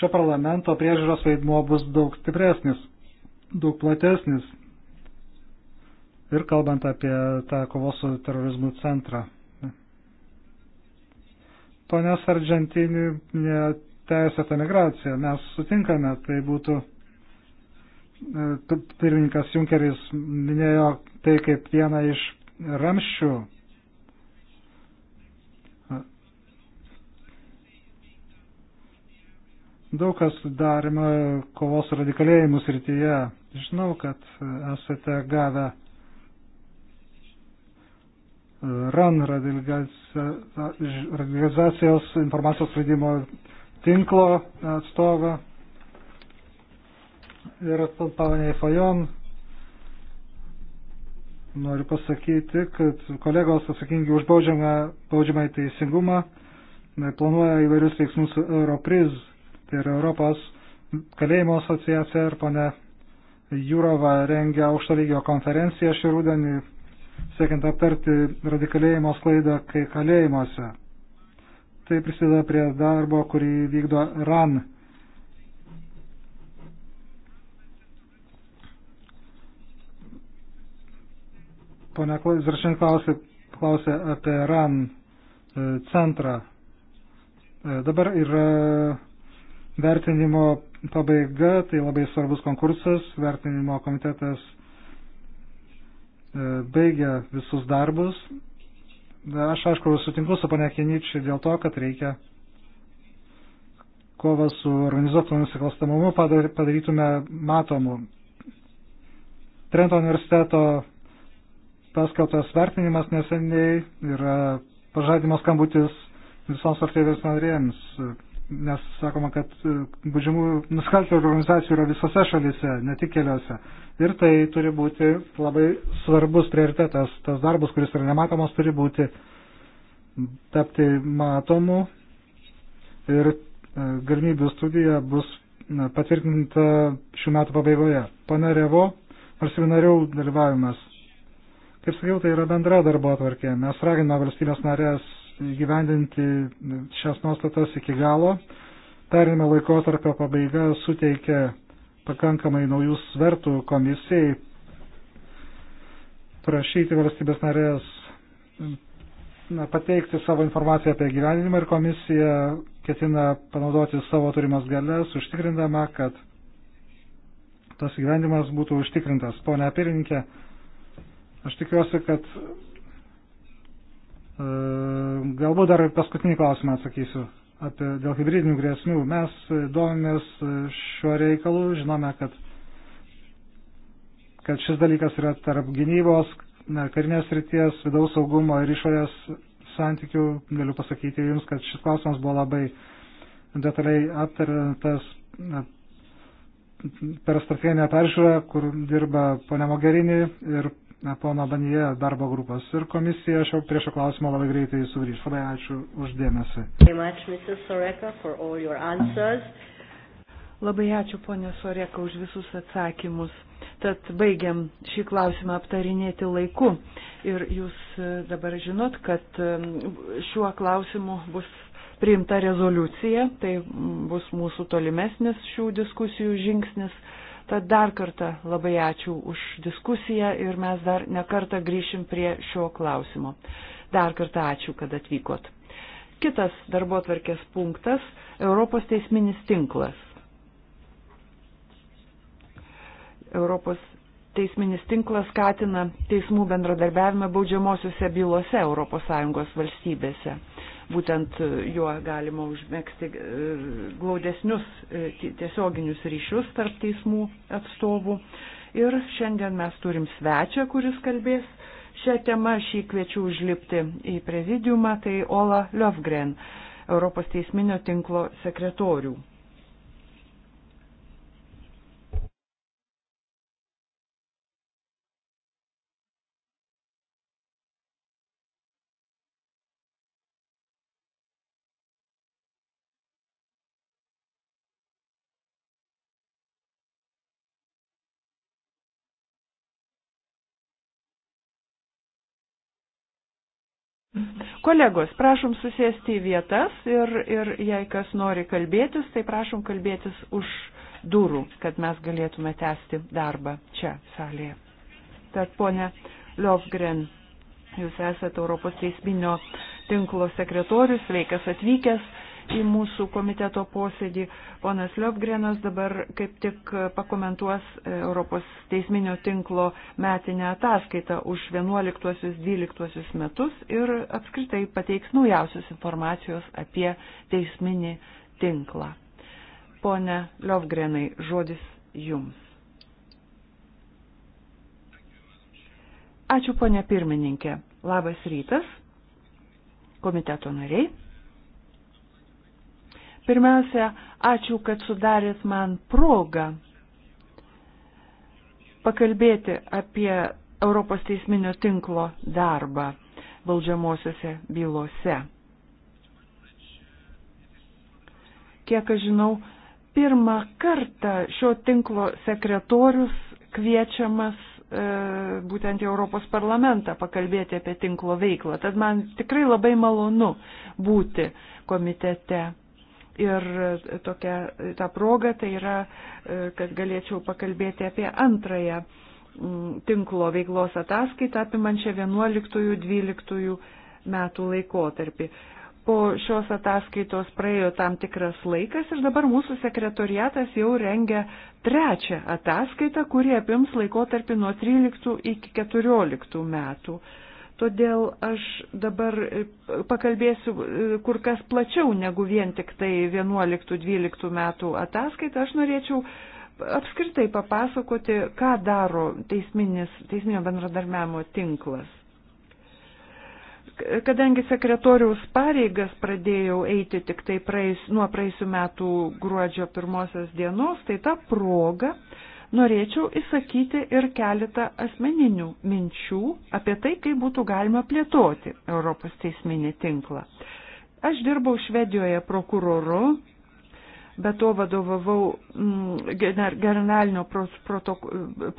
Speaker 4: šio parlamento priežiūros vaidmuo bus daug stipresnis, daug platesnis. Ir kalbant apie tą kovos su terorizmu centrą ponios Argentinį teisėtą migraciją. Mes sutinkame, tai būtų, e, pirmininkas Junkeris minėjo tai kaip vieną iš ramščių. Daug kas darima kovos radikalėjimus rytyje. Žinau, kad esate gavę RAN radikalizacijos informacijos leidimo tinklo atstovą ir pavaniai Fajon. Noriu pasakyti, kad kolegos atsakingi už baudžiamą į teisingumą planuoja įvairius veiksmus Europriz, tai yra Europos kalėjimo asociacija ir pone Jūrova rengia aukšto lygio konferenciją šį rudenį siekiant aptarti radikalėjimo sklaidą kai kalėjimuose. Tai prisideda prie darbo, kurį vykdo RAN. Pone Zrašin klausė, klausė apie RAN e, centrą. E, dabar yra vertinimo pabaiga, tai labai svarbus konkursas, vertinimo komitetas E, baigia visus darbus. Aš, aišku, sutinku su pane Kenyčiai dėl to, kad reikia kovą su organizuotu nusikalstamumu padarytume matomu. Trento universiteto paskelbtas vertinimas neseniai yra pažadimas skambutis visoms valstybės narėms nes sakoma, kad e, baudžiamų nusikaltėlių organizacijų yra visose šalise, ne tik keliose. Ir tai turi būti labai svarbus prioritetas, tas darbas, kuris yra nematomas, turi būti tapti matomu ir e, galimybių studija bus patvirtinta šių metų pabaigoje. Pane Revo, valstybinarių dalyvavimas. Kaip sakiau, tai yra bendra darbo atvarkė. Mes raginame valstybės narės gyvendinti šias nuostatas iki galo. Perinimo laikotarpio pabaiga suteikia pakankamai naujų svertų komisijai prašyti valstybės narės na, pateikti savo informaciją apie gyvenimą ir komisija ketina panaudoti savo turimas galės, užtikrindama, kad tas gyvenimas būtų užtikrintas. Pone apirinkė, aš tikiuosi, kad E, galbūt dar paskutinį klausimą atsakysiu apie, dėl hybridinių grėsmių. Mes e, domimės e, šiuo reikalu, žinome, kad, kad šis dalykas yra tarp gynybos, karinės ryties, vidaus saugumo ir išorės santykių. Galiu pasakyti Jums, kad šis klausimas buvo labai detaliai aptarintas per strateginę peržiūrą, kur dirba ponia Mogherini ir pono Banije darbo grupos. Ir komisija aš jau prie šio klausimo labai greitai sugrįžtų. Labai ačiū uždėmesi.
Speaker 1: Labai ačiū, ponė Soreka, už visus atsakymus. Tad baigiam šį klausimą aptarinėti laiku. Ir jūs e, dabar žinot, kad e, šiuo klausimu bus priimta rezoliucija, tai bus mūsų tolimesnis šių diskusijų žingsnis Tad dar kartą labai ačiū už diskusiją ir mes dar nekartą grįšim prie šio klausimo. Dar kartą ačiū, kad atvykot. Kitas darbo tvarkės punktas - Europos teisminis tinklas. Europos teisminis tinklas skatina teismų bendradarbiavimą baudžiamosiuose bylose ES valstybėse būtent juo galima užmėgsti e, glaudesnius e, tiesioginius ryšius tarp teismų atstovų. Ir šiandien mes turim svečią, kuris kalbės šią temą. Šį kviečiu užlipti į prezidiumą, tai Ola Liofgren, Europos teisminio tinklo sekretorių. Kolegos, prašom susėsti į vietas ir, ir jei kas nori kalbėtis, tai prašom kalbėtis už durų, kad mes galėtume tęsti darbą čia salėje. Tad ponė Lovgren, jūs esate Europos teisminio tinklo sekretorius, sveikas atvykęs į mūsų komiteto posėdį. Ponas Liopgrenas dabar kaip tik pakomentuos Europos teisminio tinklo metinę ataskaitą už 11-12 metus ir apskritai pateiks naujausios informacijos apie teisminį tinklą. Pone Liopgrenai, žodis jums. Ačiū, ponė pirmininkė. Labas rytas, komiteto nariai. Pirmiausia, ačiū, kad sudarėt man progą pakalbėti apie Europos teisminio tinklo darbą valdžiamosiose bylose. Kiek aš žinau, pirmą kartą šio tinklo sekretorius kviečiamas e, būtent į Europos parlamentą pakalbėti apie tinklo veiklą. Tad man tikrai labai malonu būti komitete. Ir e, tokia e, ta proga tai yra, e, kad galėčiau pakalbėti apie antrąją tinklo veiklos ataskaitą apimančią 11-12 metų laikotarpį. Po šios ataskaitos praėjo tam tikras laikas ir dabar mūsų sekretoriatas jau rengia trečią ataskaitą, kuri apims laikotarpį nuo 13 iki 14 metų. Todėl aš dabar e, pakalbėsiu e, kur kas plačiau negu vien tik tai 11-12 metų ataskaitą. Aš norėčiau apskritai papasakoti, ką daro teisminis, teisminio bendradarbiavimo tinklas. Kadangi sekretoriaus pareigas pradėjau eiti tik tai praeis, nuo praeisių metų gruodžio pirmosios dienos, tai ta proga uh, norėčiau įsakyti ir keletą asmeninių minčių apie tai, kaip būtų galima plėtoti Europos teisminį tinklą. Aš dirbau Švedijoje prokuroru, be to vadovavau mm, generalinio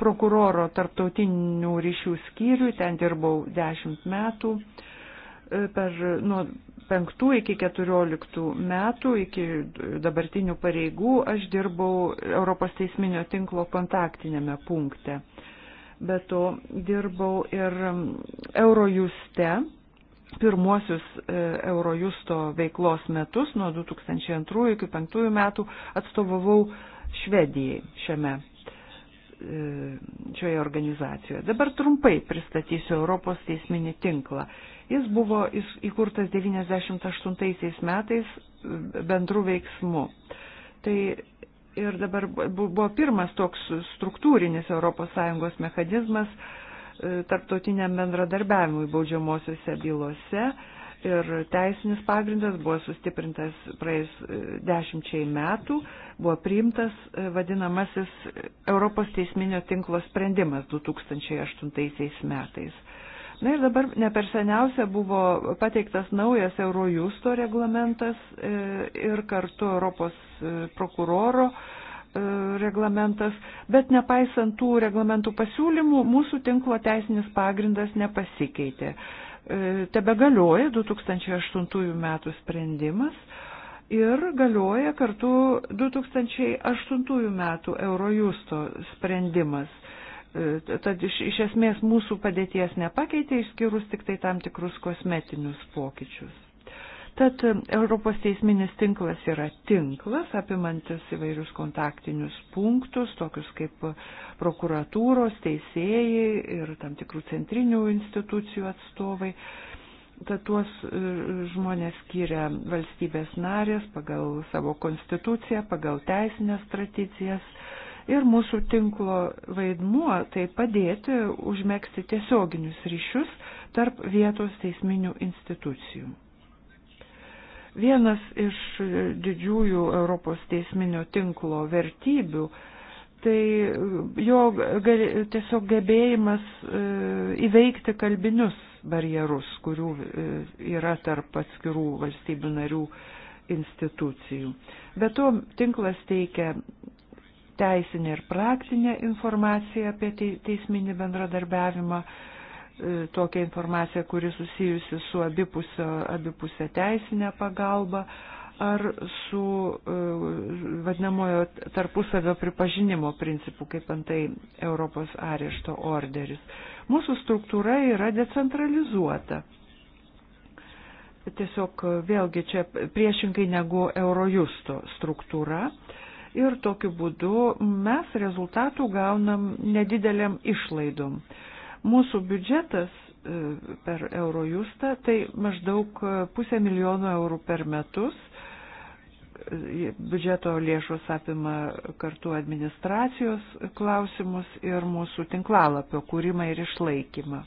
Speaker 1: prokuroro tarptautinių ryšių skyriui, ten dirbau dešimt metų per nuo 5 iki 14 metų, iki dabartinių pareigų, aš dirbau Europos teisminio tinklo kontaktinėme punkte. Be to dirbau ir um, Eurojuste, pirmuosius e, Eurojusto veiklos metus, nuo 2002 iki 2005 metų, atstovavau Švedijai šiame e, šioje organizacijoje. Dabar trumpai pristatysiu Europos teisminį tinklą. Jis buvo įkurtas 98 metais e, bendrų veiksmų. Tai ir dabar buvo pirmas toks struktūrinis ES mechanizmas e, tarptautiniam bendradarbiavimui baudžiamosiose bylose ir teisinis pagrindas buvo sustiprintas praėjus e, dešimčiai metų, buvo priimtas vadinamasis Europos teisminio tinklo sprendimas 2008 metais. Na ir dabar ne per seniausia buvo pateiktas naujas Eurojusto reglamentas e, ir kartu Europos e, prokuroro e, reglamentas, bet nepaisant tų reglamentų pasiūlymų, mūsų tinklo teisinis pagrindas nepasikeitė. Tebe galioja 2008 metų sprendimas ir galioja kartu 2008 metų Eurojusto sprendimas E, tad iš, iš esmės mūsų padėties nepakeitė, išskyrus tik tai tam tikrus kosmetinius pokyčius. Tad e, Europos teisminis tinklas yra tinklas, apimantis įvairius kontaktinius punktus, tokius kaip prokuratūros, teisėjai ir tam tikrų centrinių institucijų atstovai. Tad tuos e, žmonės skiria valstybės narės pagal savo konstituciją, pagal teisinės tradicijas Ir mūsų tinklo vaidmuo tai padėti užmėgsti tiesioginius ryšius tarp vietos teisminių institucijų. Vienas iš didžiųjų Europos teisminio tinklo vertybių tai jo gali, tiesiog gebėjimas e, įveikti kalbinius barjerus, kurių e, yra tarp atskirų valstybių narių institucijų. Be to, tinklas teikia teisinė ir praktinė informacija apie teisminį bendradarbiavimą, e, tokia informacija, kuri susijusi su abipusio, abipusio teisinė pagalba ar su e, vadinamojo tarpusavio pripažinimo principu, kaip antai Europos arešto orderis. Mūsų struktūra yra decentralizuota. Tiesiog vėlgi čia priešinkai negu Eurojusto struktūra ir tokiu būdu mes rezultatų gaunam nedideliam išlaidom. Mūsų biudžetas e, per Eurojustą tai maždaug pusę milijono eurų per metus. E, biudžeto lėšos apima kartu administracijos klausimus ir mūsų tinklalapio kūrimą ir išlaikymą.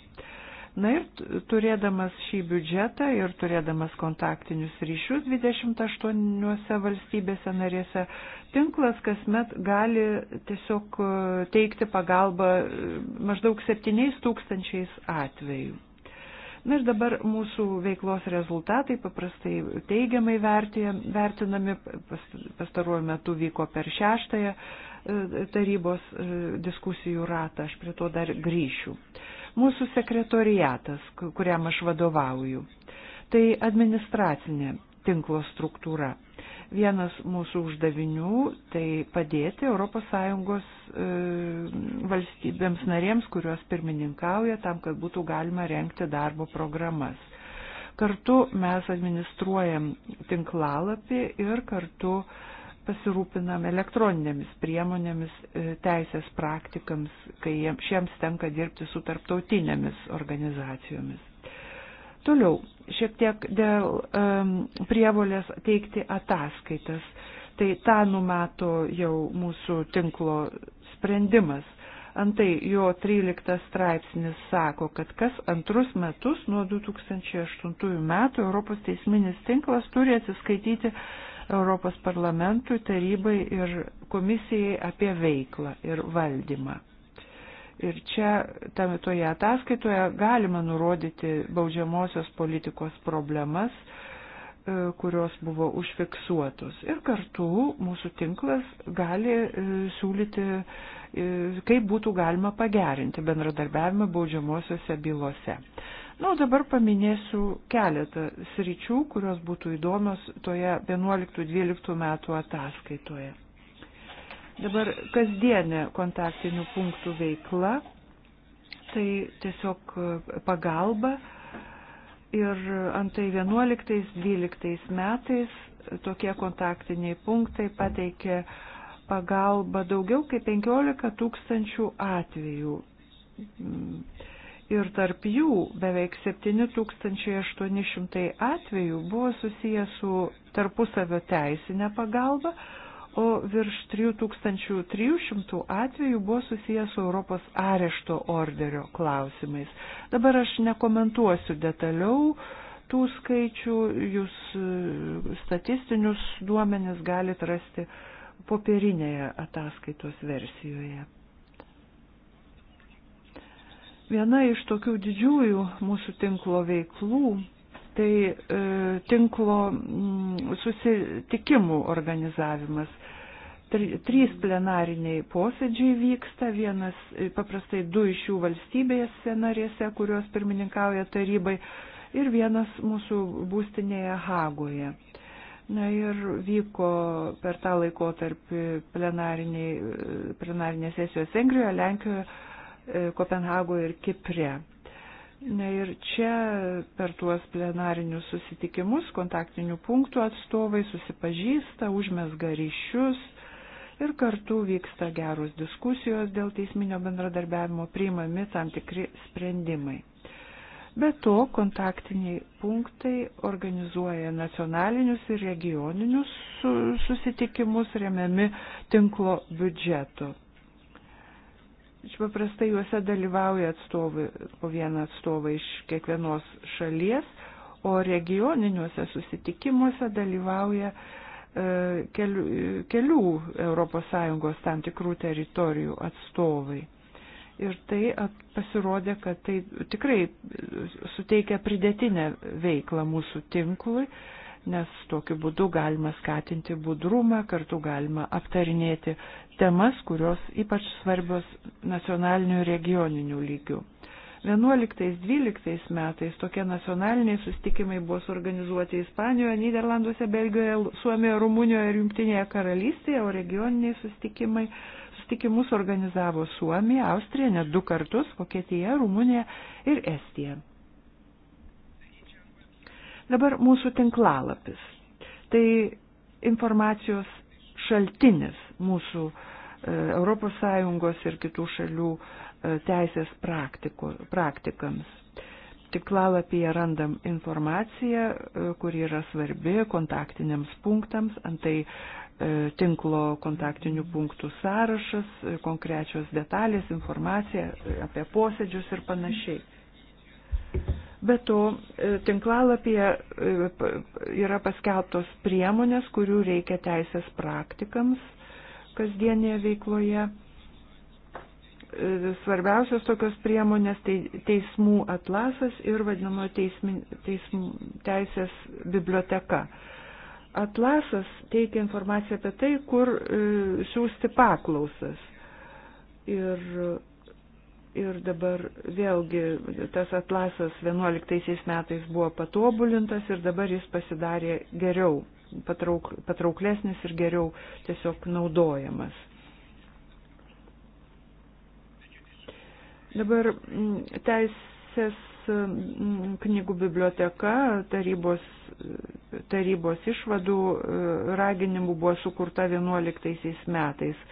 Speaker 1: Na ir turėdamas šį biudžetą ir turėdamas kontaktinius ryšius 28 valstybėse narėse, tinklas kasmet gali tiesiog e, teikti pagalbą e, maždaug 7 tūkstančiais atvejų. Na ir dabar mūsų veiklos rezultatai paprastai teigiamai vertinami, pastaruoju metu vyko per šeštąją e, tarybos diskusijų ratą, aš prie to dar grįšiu. Mūsų sekretoriatas, kuriam aš vadovauju, tai administracinė tinklo struktūra. Vienas mūsų uždavinių - tai padėti ES e, valstybėms narėms, kurios pirmininkauja, tam, kad būtų galima renkti darbo programas. Kartu mes administruojam tinklalapį ir kartu uh, pasirūpinam elektroninėmis priemonėmis e, teisės praktikams, kai šiems tenka dirbti su tarptautinėmis organizacijomis. Toliau, šiek tiek dėl um, prievolės teikti ataskaitas. Tai tą numato jau mūsų tinklo sprendimas. Antai jo 13 straipsnis sako, kad kas antrus metus nuo 2008 metų Europos teisminis tinklas turi atsiskaityti Europos parlamentui, tarybai ir komisijai apie veiklą ir valdymą. Ir čia tam, toje ataskaitoje galima nurodyti baudžiamosios politikos problemas, e, kurios buvo užfiksuotos. Ir kartu mūsų tinklas gali e, siūlyti, e, kaip būtų galima pagerinti bendradarbiavimą baudžiamosiose bylose. Na, nu, dabar paminėsiu keletą sričių, kurios būtų įdomios toje 11-12 metų ataskaitoje. Dabar kasdienė kontaktinių punktų veikla, tai tiesiog e, pagalba ir antai 11-12 metais tokie kontaktiniai punktai pateikė pagalbą daugiau kaip 15 tūkstančių atvejų ir tarp jų beveik 7800 atvejų buvo susiję su tarpusavio teisinė pagalba, o virš 3300 atvejų buvo susiję su Europos arešto orderio klausimais. Dabar aš nekomentuosiu detaliau tų skaičių, jūs e, statistinius duomenis galite rasti popierinėje ataskaitos versijoje. Viena iš tokių didžiųjų mūsų tinklo veiklų tai e, tinklo m, mm, susitikimų organizavimas. Trys plenariniai posėdžiai vyksta, vienas e, paprastai du iš jų valstybėse narėse, kurios pirmininkauja tarybai, ir vienas mūsų būstinėje Hagoje. Na ir vyko per tą laikotarpį e, plenarinės sesijos Vengrijoje, Lenkijoje, E, Kopenhagoje ir Kipre. Na ir čia per tuos plenarinius susitikimus kontaktinių punktų atstovai susipažįsta, užmesga ryšius ir kartu vyksta geros diskusijos dėl teisminio bendradarbiavimo priimami tam tikri sprendimai. Be to, kontaktiniai punktai organizuoja nacionalinius ir regioninius susitikimus remiami tinklo biudžetu. Paprastai juose dalyvauja atstovai, po vieną atstovą iš kiekvienos šalies, o regioniniuose susitikimuose dalyvauja e, kelių, kelių ES tam tikrų teritorijų atstovai. Ir tai pasirodė, kad tai tikrai suteikia pridėtinę veiklą mūsų tinklui, nes tokiu būdu galima skatinti budrumą, kartu galima aptarinėti temas, kurios ypač svarbios nacionalinių ir regioninių lygių. 11-12 metais tokie nacionaliniai sustikimai buvo suorganizuoti Ispanijoje, Niderlanduose, Belgijoje, Suomijoje, Rumunijoje ir Junktinėje karalystėje, o regioniniai sustikimai sustikimus organizavo Suomija, Austrija net du kartus, Vokietija, Rumunija ir Estija. Dabar mūsų tinklalapis. Tai informacijos šaltinis mūsų ES ir kitų šalių e, teisės praktikų, praktikams. Tiklalapyje randam informaciją, e, kuri yra svarbi kontaktiniams punktams, antai e, tinklo kontaktinių punktų sąrašas, konkrečios detalės, informacija apie posėdžius ir panašiai. Be to, e, tinklalapyje e, yra paskelbtos priemonės, kurių reikia teisės praktikams kasdienėje veikloje. E, svarbiausios tokios priemonės tai teismų atlasas ir vadinamo teismi, teism, teisės biblioteka. Atlasas teikia informaciją apie tai, kur e, siūsti paklausas. Ir e, Ir dabar vėlgi tas atlasas 11 metais buvo patobulintas ir dabar jis pasidarė geriau, patrauk, patrauklesnis ir geriau tiesiog naudojamas. Dabar mm, teisės mm, knygų biblioteka tarybos, tarybos išvadų mm, raginimų buvo sukurta 11 metais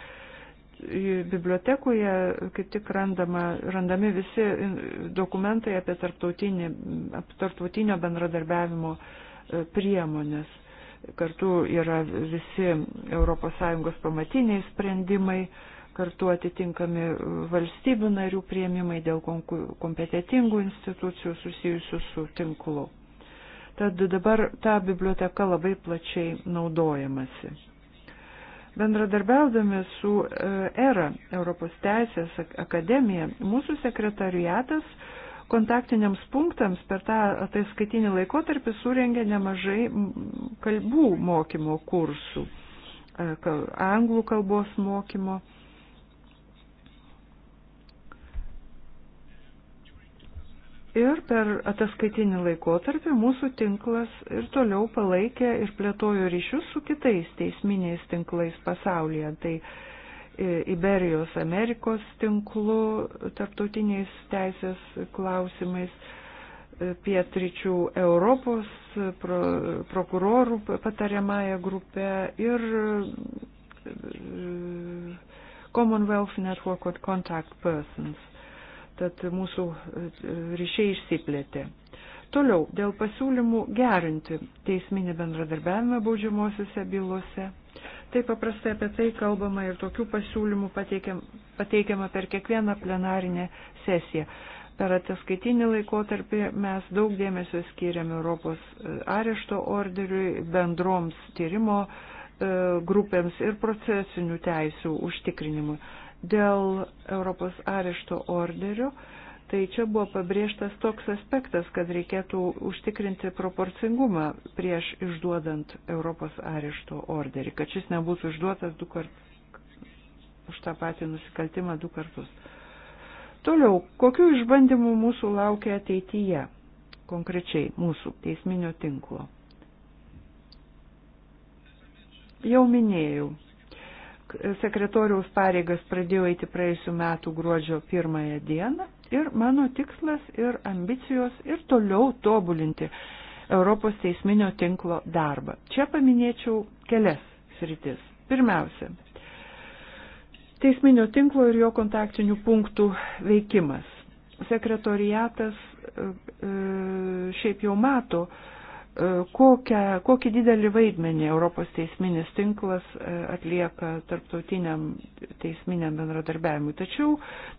Speaker 1: bibliotekoje kaip tik randama, randami visi dokumentai apie tarptautinio bendradarbiavimo e, priemonės. Kartu yra visi ES pamatiniai sprendimai, kartu atitinkami valstybių narių prieimimai dėl kompetitingų institucijų susijusių su tinklu. Tad dabar ta biblioteka labai plačiai naudojamasi. Bendradarbiaudami su e, ERA, Europos Teisės akademija, mūsų sekretariatas kontaktiniams punktams per tą ataiskaitinį laikotarpį surengė nemažai kalbų mokymo kursų, e, anglų kalbos mokymo kursų Ir per ataskaitinį laikotarpį mūsų tinklas ir toliau palaikė ir plėtojo ryšius su kitais teisminiais tinklais pasaulyje. Tai e, Iberijos Amerikos tinklu, tarptautiniais teisės klausimais, e, pietričių Europos e, pro, prokurorų patariamąją grupę ir Commonwealth Network of Contact Persons tad mūsų e, ryšiai išsiplėtė. Toliau, dėl pasiūlymų gerinti teisminį bendradarbiavimą baudžiamosiuose bylose. Taip paprastai apie tai kalbama ir tokių pasiūlymų pateikiama per kiekvieną plenarinę sesiją. Per ataskaitinį laikotarpį mes daug dėmesio skiriam Europos e, arešto orderiui, bendroms tyrimo e, grupėms ir procesinių teisų užtikrinimui. Dėl Europos arešto orderio, tai čia buvo pabrėžtas toks aspektas, kad reikėtų užtikrinti proporcingumą prieš išduodant Europos arešto orderį, kad šis nebūtų išduotas du kartus už tą patį nusikaltimą du kartus. Toliau, kokiu išbandymu mūsų laukia ateityje, konkrečiai mūsų teisminio tinklo? Jau minėjau, sekretoriaus pareigas pradėjau eiti praėjusiu metu gruodžio pirmąją dieną ir mano tikslas ir ambicijos ir toliau tobulinti Europos teisminio tinklo darbą. Čia paminėčiau kelias sritis. Pirmiausia, teisminio tinklo ir jo kontaktinių punktų veikimas. Sekretoriatas e, e, šiaip jau mato, E, kokią, kokį didelį vaidmenį Europos teisminis tinklas e, atlieka tarptautiniam teisminiam bendradarbiavimui. Tačiau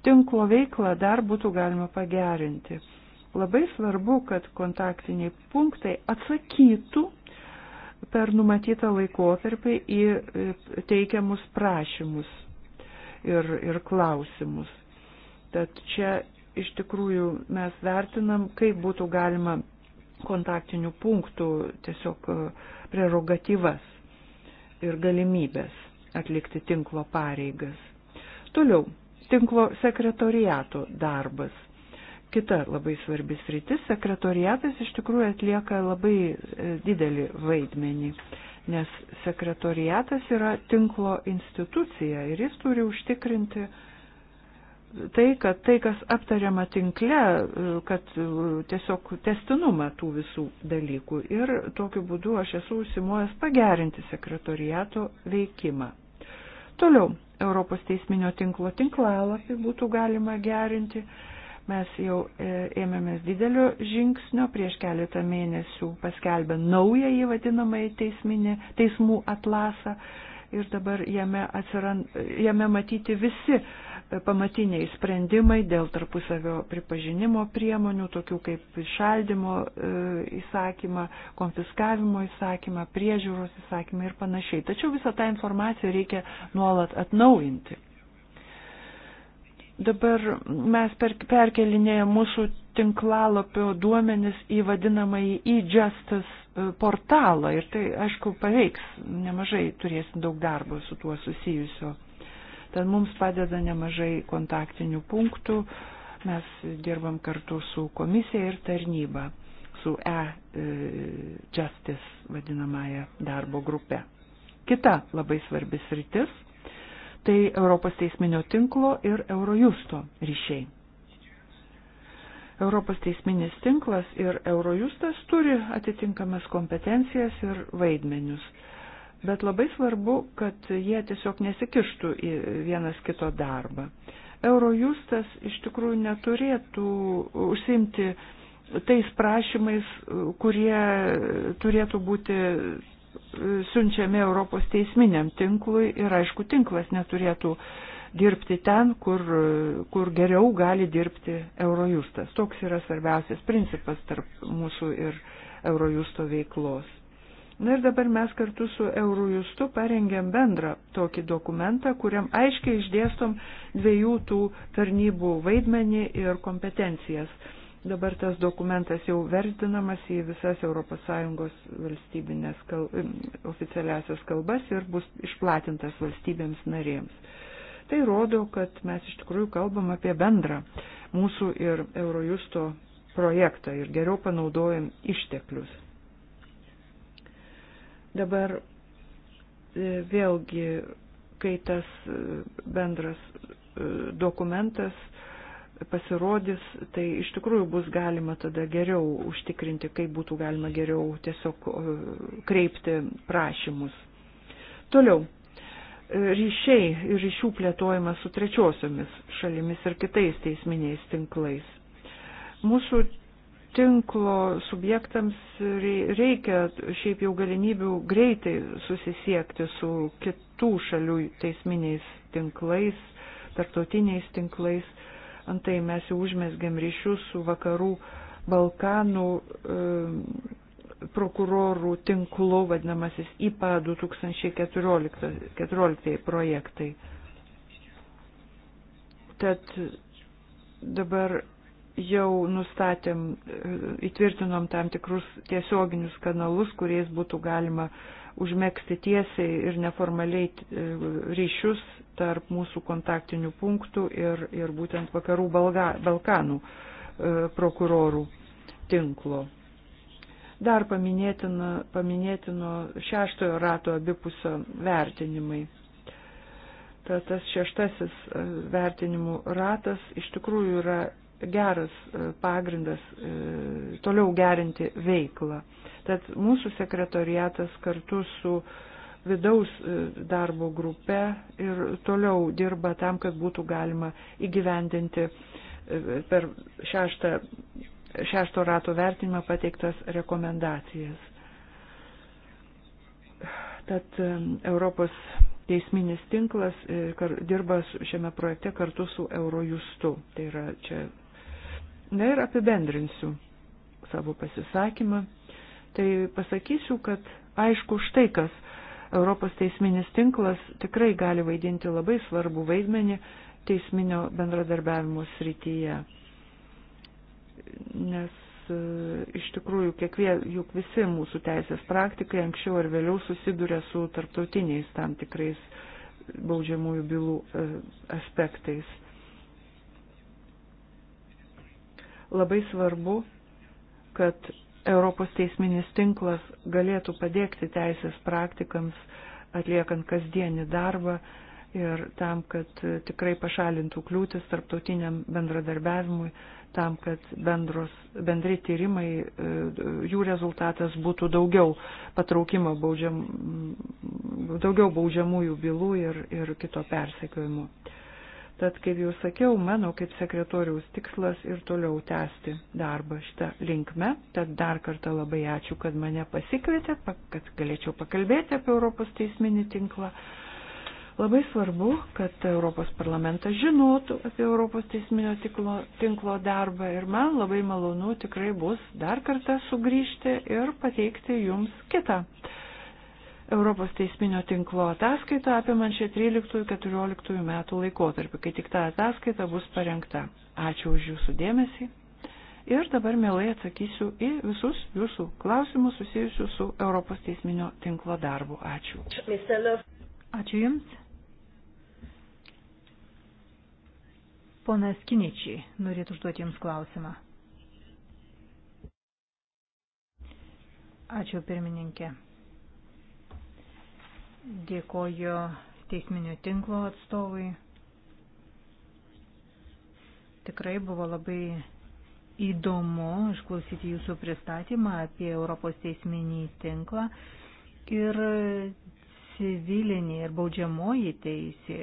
Speaker 1: tinklo veiklą dar būtų galima pagerinti. Labai svarbu, kad kontaktiniai punktai atsakytų per numatytą laikotarpį į e, teikiamus prašymus ir, ir klausimus. Tad čia iš tikrųjų mes vertinam, kaip būtų galima kontaktinių punktų tiesiog e, prerogatyvas ir galimybės atlikti tinklo pareigas. Toliau, tinklo sekretoriato darbas. Kita labai svarbis rytis, sekretoriatas iš tikrųjų atlieka labai e, didelį vaidmenį, nes sekretoriatas yra tinklo institucija ir jis turi užtikrinti uh, tai, kad tai, kas aptariama tinkle, kad e, tiesiog testinumą tų visų dalykų. Ir tokiu būdu aš esu užsimojęs pagerinti sekretoriato veikimą. Toliau, Europos teisminio tinklo tinklalapį būtų galima gerinti. Mes jau e, ėmėmės didelio žingsnio, prieš keletą mėnesių paskelbė naują įvadinamąjį teisminį teismų atlasą ir dabar jame, atsirand, jame matyti visi pamatiniai sprendimai dėl tarpusavio pripažinimo priemonių, tokių kaip šaldimo e, įsakymą, konfiskavimo įsakymą, priežiūros įsakymą ir panašiai. Tačiau visą tą informaciją reikia nuolat atnaujinti. Dabar mes per, perkelinėjame mūsų tinklalapio duomenis į vadinamąjį e-justice e, portalą ir tai, aišku, paveiks nemažai, turėsim daug darbo su tuo susijusio. Ten mums padeda nemažai kontaktinių punktų. Mes dirbam kartu su komisija ir tarnyba, su e-justice e, vadinamąją darbo grupę. Kita labai svarbi sritis - tai Europos teisminio tinklo ir Eurojusto ryšiai. Europos teisminis tinklas ir Eurojustas turi atitinkamas kompetencijas ir vaidmenius. Bet labai svarbu, kad jie tiesiog nesikištų į vienas kito darbą. Eurojustas iš tikrųjų neturėtų užsimti tais prašymais, kurie turėtų būti siunčiami Europos teisminiam tinklui ir aišku, tinklas neturėtų dirbti ten, kur, kur geriau gali dirbti Eurojustas. Toks yra svarbiausias principas tarp mūsų ir Eurojusto veiklos. Na ir dabar mes kartu su Eurojustu parengėm bendrą tokį dokumentą, kuriam aiškiai išdėstom dviejų tų tarnybų vaidmenį ir kompetencijas. Dabar tas dokumentas jau vertinamas į visas ES valstybinės kal... oficialiasias kalbas ir bus išplatintas valstybėms narėms. Tai rodo, kad mes iš tikrųjų kalbam apie bendrą mūsų ir Eurojusto projektą ir geriau panaudojam išteklius. Dabar e, vėlgi, kai tas e, bendras e, dokumentas pasirodys, tai iš tikrųjų bus galima tada geriau užtikrinti, kaip būtų galima geriau tiesiog kreipti prašymus. Toliau. Ryšiai ir ryšių plėtojimas su trečiosiomis šalimis ir kitais teisminiais tinklais. Mūsų tinklo subjektams reikia šiaip jau galimybių greitai susisiekti su kitų šalių teisminiais tinklais, tartotiniais tinklais. Antai mes jau užmesgėm ryšius su vakarų Balkanų e, prokurorų tinklu, vadinamasis IPA 2014 14 projektai. Tad dabar jau nustatėm, e, įtvirtinom tam tikrus tiesioginius kanalus, kuriais būtų galima užmėgsti tiesiai ir neformaliai e, ryšius tarp mūsų kontaktinių punktų ir, ir būtent vakarų Balga, Balkanų e, prokurorų tinklo. Dar paminėtino, paminėtino šeštojo rato abipusio vertinimai ta, tas šeštasis vertinimų ratas iš tikrųjų yra geras e, pagrindas e, toliau gerinti veiklą. Tad mūsų sekretoriatas kartu su vidaus e, darbo grupe ir toliau dirba tam, kad būtų galima įgyvendinti per šeštą, šešto rato vertinimą pateiktas rekomendacijas. Tad Europos teisminis tinklas dirba šiame projekte kartu su Eurojustu. Tai yra čia Na ir apibendrinsiu savo pasisakymą. Tai pasakysiu, kad aišku štai kas. Europos teisminis tinklas tikrai gali vaidinti labai svarbų vaidmenį teisminio bendradarbiavimo srityje. Nes e, iš tikrųjų kiekvien, juk visi mūsų teisės praktikai anksčiau ar vėliau susiduria su tarptautiniais tam tikrais baudžiamųjų bylų e, aspektais. Labai svarbu, kad Europos teisminis tinklas galėtų padėkti teisės praktikams atliekant kasdienį darbą ir tam, kad tikrai pašalintų kliūtis tarptautiniam bendradarbiavimui, tam, kad bendros, bendri tyrimai, e, jų rezultatas būtų daugiau patraukimo baudžiam, daugiau baudžiamųjų bylų ir, ir kito persekiojimo. Tad, kaip jau sakiau, mano kaip sekretoriaus tikslas ir toliau tęsti darbą šitą linkmę. Tad dar kartą labai ačiū, kad mane pasikvietė, kad galėčiau pakalbėti apie Europos teisminį tinklą. Labai svarbu, kad Europos parlamentas žinotų apie Europos teisminio tinklo, tinklo darbą ir man labai malonu tikrai bus dar kartą sugrįžti ir pateikti jums kitą Europos teisminio tinklo ataskaitą apimančią 13-14 metų laikotarpį, kai tik ta ataskaita bus parengta. Ačiū už Jūsų dėmesį ir dabar mielai atsakysiu į visus Jūsų klausimus susijusius su
Speaker 3: Europos teisminio tinklo darbu. Ačiū. Ačiū Jums. Ponas Kiniečiai norėtų užduoti Jums klausimą. Ačiū pirmininkė. Dėkoju teisminio tinklo atstovui. Tikrai buvo labai įdomu išklausyti jūsų pristatymą apie Europos teisminį tinklą ir civilinė ir baudžiamoji teisė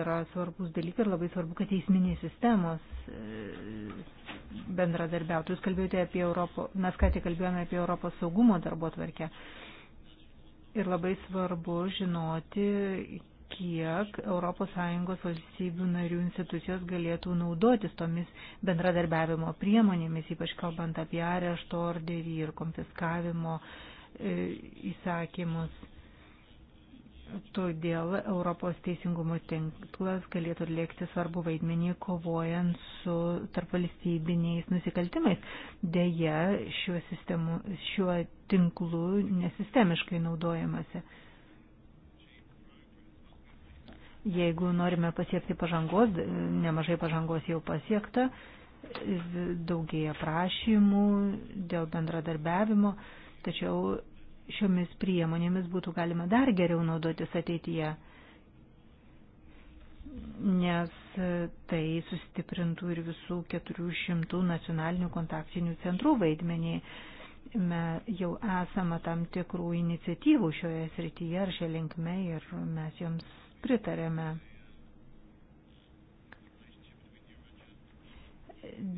Speaker 3: yra svarbus dalykas ir labai svarbu, kad teisminės sistemos e, bendradarbiautų. Jūs kalbėjote apie Europą, mes ką tik kalbėjome apie Europos saugumo darbo tvarkę ir labai svarbu žinoti, kiek ES valstybių narių institucijos galėtų naudotis tomis bendradarbiavimo priemonėmis, ypač kalbant apie arešto orderį ir konfiskavimo e, įsakymus. Todėl Europos teisingumo tinklas galėtų atliekti svarbu vaidmenį kovojant su tarpvalstybiniais nusikaltimais. Deja, šiuo, sistemu, šiuo tinklu nesistemiškai naudojamasi. Jeigu norime pasiekti pažangos, nemažai pažangos jau pasiekta, daugėja prašymų dėl bendradarbiavimo, tačiau šiomis priemonėmis būtų galima dar geriau naudotis ateityje, nes tai sustiprintų ir visų 400 nacionalinių kontaktinių centrų vaidmenį. Mes jau esame tam tikrų iniciatyvų šioje srityje ar šią linkme ir mes joms pritarėme.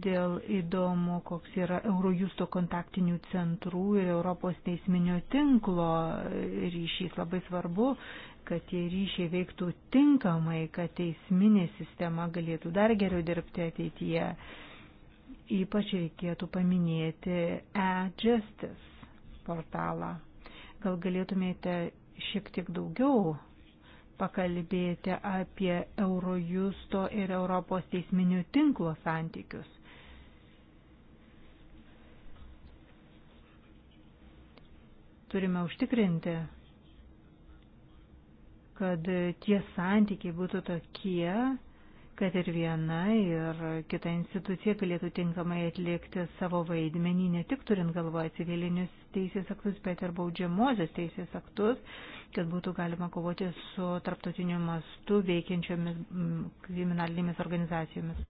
Speaker 3: dėl įdomu, koks yra Eurojusto kontaktinių centrų ir Europos teisminio tinklo ryšys. Labai svarbu, kad tie ryšiai veiktų tinkamai, kad teisminė sistema galėtų dar geriau dirbti ateityje. Ypač reikėtų paminėti e-justice portalą. Gal galėtumėte šiek tiek daugiau pakalbėti apie Eurojusto ir Europos teisminių tinklo santykius. Turime užtikrinti, kad tie santykiai būtų tokie, kad ir viena, ir kita institucija galėtų tinkamai atlikti savo vaidmenį, ne tik turint galvoje civilinius teisės aktus, bet ir baudžiamosios teisės aktus, kad būtų galima kovoti su tarptautiniu mastu veikiančiomis mm, kriminalinėmis organizacijomis.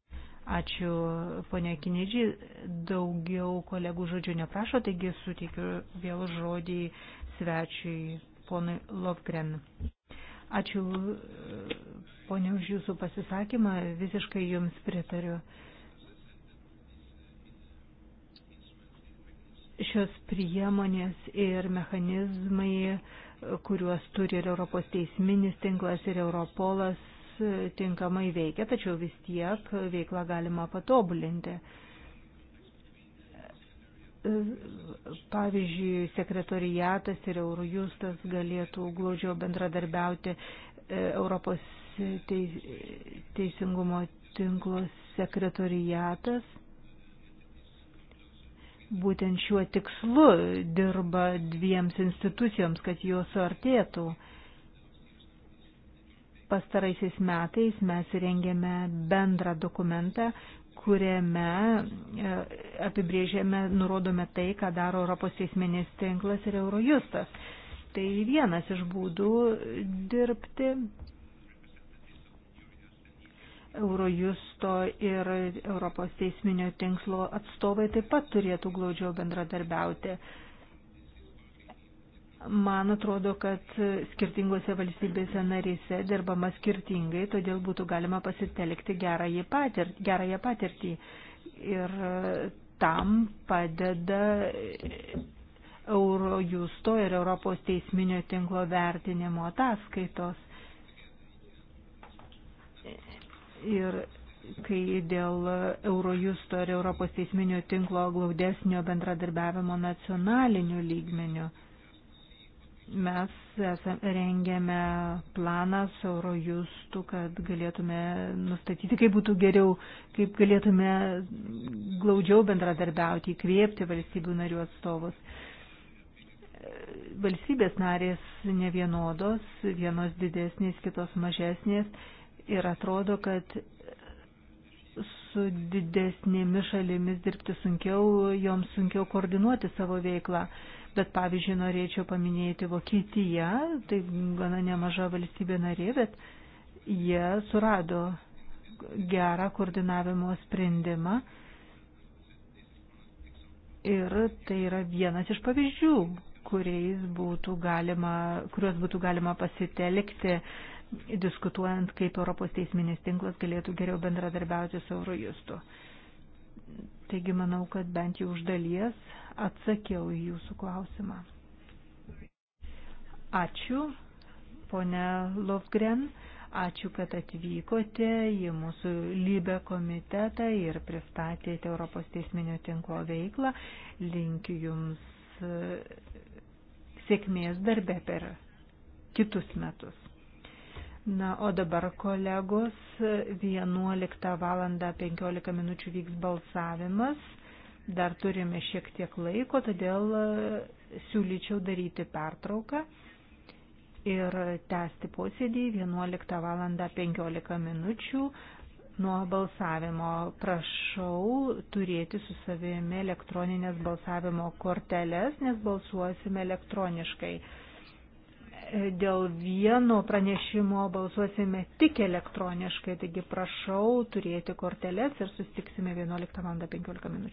Speaker 3: Ačiū, ponia Kinidžiai, daugiau kolegų žodžių neprašo, taigi suteikiu vėl žodį svečiui, ponui Lovgren. Ačiū, ponė, už jūsų pasisakymą. Visiškai jums pritariu. Šios priemonės ir mechanizmai, kuriuos turi ir Europos teisminis tinklas, ir Europolas, tinkamai veikia, tačiau vis tiek veiklą galima patobulinti pavyzdžiui, sekretorijatas ir Eurojustas galėtų glaudžiau bendradarbiauti e, Europos teisingumo tinklo sekretorijatas. Būtent šiuo tikslu dirba dviems institucijoms, kad jos suartėtų. Pastaraisiais metais mes rengėme bendrą dokumentą, kuriame e, apibrėžėme, nurodome tai, ką daro Europos teisminės tinklas ir Eurojustas. Tai vienas iš būdų dirbti Eurojusto ir Europos teisminio tinklo atstovai taip pat turėtų glaudžiau bendradarbiauti. Man atrodo, kad skirtingose valstybėse narėse dirbama skirtingai, todėl būtų galima pasitelkti gerąją patirtį, gerąją patirtį. Ir e, tam padeda Eurojusto ir Europos teisminio tinklo vertinimo ataskaitos. Ir kai dėl Eurojusto ir Europos teisminio tinklo glaudesnio bendradarbiavimo nacionaliniu lygmeniu Mes rengėme planą su Eurojustu, kad galėtume nustatyti, kaip būtų geriau, kaip galėtume glaudžiau bendradarbiauti, įkvėpti valstybių narių atstovus. Valstybės narės nevienodos, vienos didesnės, kitos mažesnės ir atrodo, kad su didesnėmis šalimis dirbti sunkiau, joms sunkiau koordinuoti savo veiklą bet pavyzdžiui norėčiau paminėti Vokietiją, tai gana nemaža valstybė narė, bet jie surado gerą koordinavimo sprendimą ir tai yra vienas iš pavyzdžių, kuriais būtų galima, kuriuos būtų galima pasitelkti diskutuojant, kaip Europos teisminis tinklas galėtų geriau bendradarbiauti su Eurojustu. Taigi manau, kad bent jau už dalies atsakiau į jūsų klausimą. Ačiū, ponia Lovgren, ačiū, kad atvykote į mūsų lybę komitetą ir pristatėte Europos teisminio tinklo veiklą. Linkiu Jums e, sėkmės darbe per kitus metus. Na, o dabar kolegos, 11 val. 15 minučių vyks balsavimas. Dar turime šiek tiek laiko, todėl e, siūlyčiau daryti pertrauką ir tęsti posėdį 11 val. 15 minučių nuo balsavimo. Prašau turėti su savimi elektroninės balsavimo korteles, nes balsuosime elektroniškai e, dėl vieno pranešimo balsuosime tik elektroniškai, taigi prašau turėti korteles ir susitiksime 11.15 min.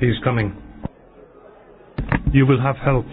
Speaker 4: He's coming. You will have help.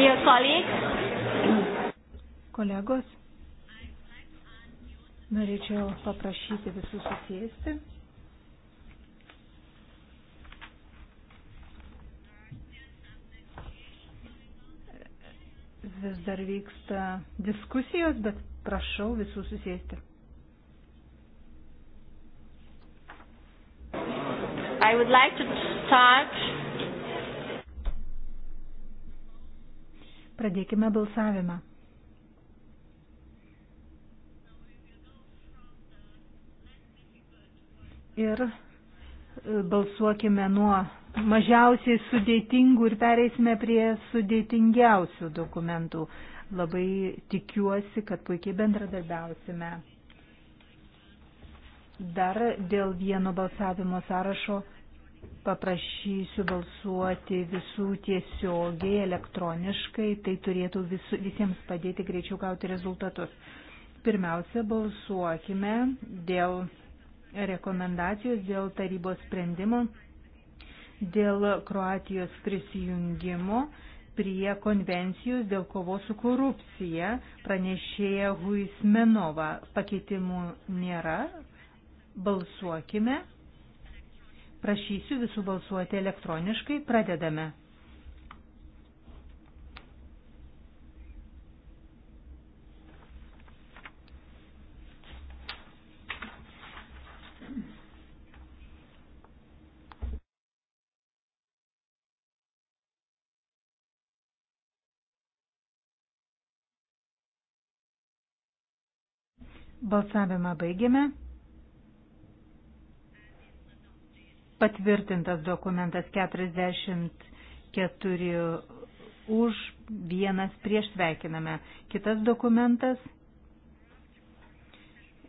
Speaker 3: Dear colleagues. Kolegos, norėčiau paprašyti visus susėsti. Vis dar vyksta diskusijos, bet prašau visų susėsti. I would like to start Pradėkime balsavimą. Ir e, balsuokime nuo mažiausiai sudėtingų ir pereisime prie sudėtingiausių dokumentų. Labai tikiuosi, kad puikiai bendradarbiausime. Dar dėl vieno balsavimo sąrašo paprašysiu balsuoti visų tiesiogiai elektroniškai, tai turėtų visu, visiems padėti greičiau gauti rezultatus. Pirmiausia, balsuokime dėl rekomendacijos, dėl tarybos sprendimo, dėl Kroatijos prisijungimo prie konvencijos dėl kovos su korupcija pranešėja Huismenova. Pakeitimų nėra. Balsuokime. Prašysiu visų balsuoti elektroniškai. Pradedame. Balsavimą baigėme. Patvirtintas dokumentas 44 už, vienas prieš sveikiname. Kitas dokumentas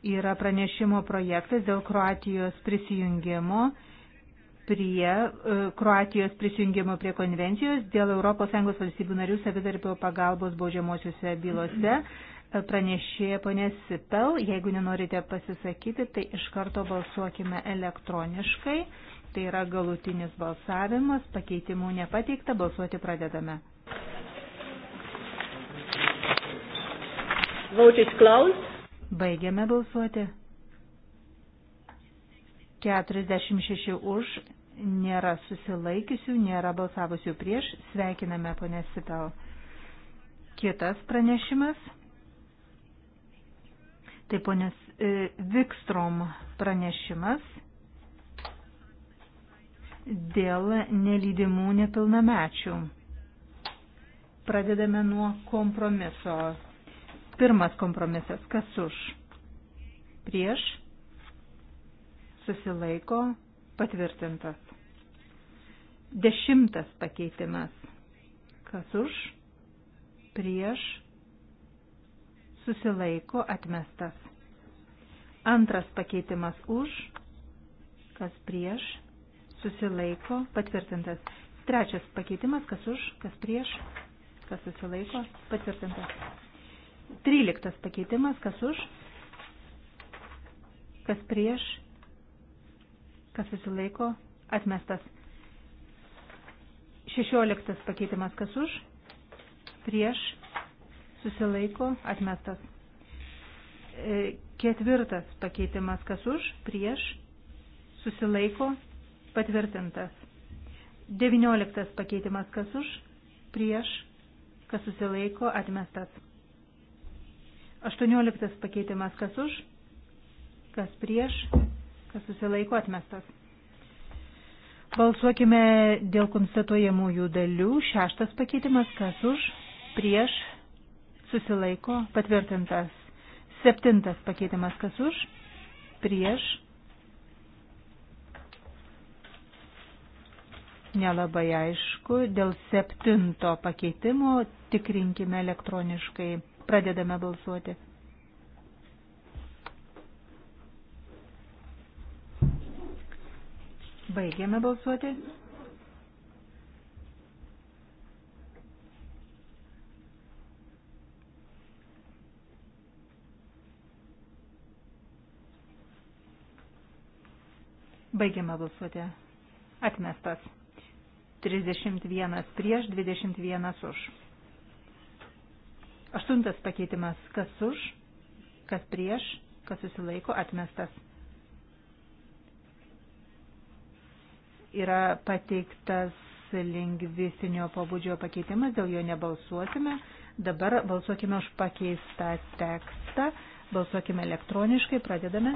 Speaker 3: yra pranešimo projektas dėl Kroatijos prisijungimo prie e, Kroatijos prisijungimo prie konvencijos dėl ES valstybių narių savitarpio pagalbos baudžiamosiuose bylose. E, Pranešėja ponė Sipel, jeigu nenorite pasisakyti, tai iš karto balsuokime elektroniškai. Tai yra galutinis balsavimas, pakeitimų nepateikta, balsuoti pradedame. Vote is closed. Baigiame balsuoti. 46 už, nėra susilaikiusių, nėra balsavusių prieš. Sveikiname, ponė Sitau. Kitas pranešimas. Tai ponės e, Vikstrom pranešimas dėl nelydimų nepilnamečių. Pradedame nuo kompromiso. Pirmas kompromisas. Kas už? Prieš? Susilaiko? Patvirtintas. Dešimtas pakeitimas. Kas už? Prieš? Susilaiko? Atmestas. Antras pakeitimas už? Kas prieš? susilaiko, patvirtintas. Trečias pakeitimas, kas už, kas prieš, kas susilaiko, patvirtintas. Tryliktas pakeitimas, kas už, kas prieš, kas susilaiko, atmestas. Šešioliktas pakeitimas, kas už, prieš, susilaiko, atmestas. E, ketvirtas pakeitimas, kas už, prieš, susilaiko, atmestas Patvirtintas. 19 pakeitimas kas už, prieš, kas susilaiko, atmestas. 18 pakeitimas kas už, kas prieš, kas susilaiko, atmestas. Balsuokime dėl konstatuojamųjų dalių. Šeštas pakeitimas kas už, prieš, susilaiko, patvirtintas. Septintas pakeitimas kas už, prieš, nelabai aišku. Dėl septinto pakeitimo tikrinkime elektroniškai. Pradedame balsuoti. Baigėme balsuoti. Baigėme balsuoti. Atmestas. 31 prieš, 21 už. Aštuntas pakeitimas. Kas už, kas prieš, kas susilaiko, atmestas. Yra pateiktas lingvistinio pobūdžio pakeitimas, dėl jo nebalsuosime. Dabar balsuokime už pakeistą tekstą. Balsuokime elektroniškai, pradedame.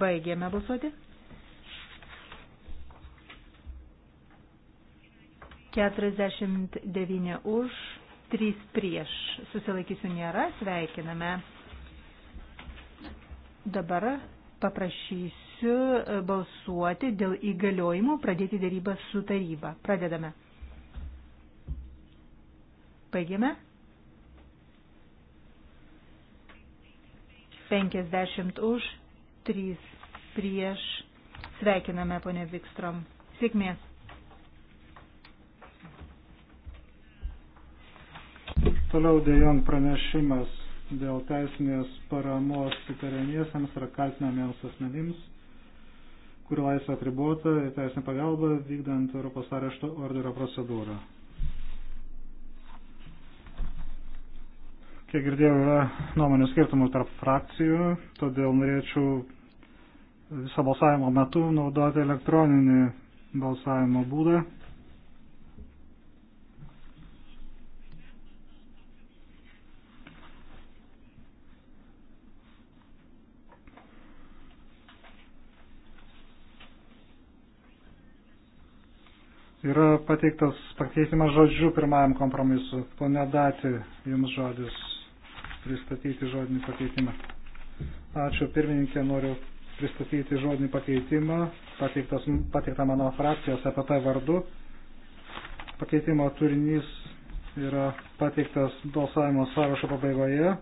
Speaker 3: Baigėme balsuoti. 49 už, 3 prieš. Susilaikysiu nėra, sveikiname. Dabar paprašysiu balsuoti dėl įgaliojimų pradėti dėrybą su taryba. Pradedame. Baigiame. 50 už, 3 prieš. Sveikiname, ponė Vikstrom. Sėkmės.
Speaker 4: Toliau dėjon pranešimas dėl teisinės paramos įtariamiesiams ar kaltinamiems asmenims, kurių laisvė atribota ir teisinė pagalba vykdant Europos arešto orderio procedūrą. Kiek girdėjau, yra nuomonių skirtumų tarp frakcijų, todėl norėčiau viso balsavimo metu naudoti elektroninį balsavimo būdą. Yra pateiktas pakeitimas žodžių pirmajam kompromisu. Pone Dati, jums žodis pristatyti žodinį pakeitimą. Ačiū pirmininkė, noriu pristatyti žodinį pakeitimą, pateiktas, pateiktą mano frakcijos EPP vardu. Pakeitimo turinys yra pateiktas balsavimo sąrašo pabaigoje.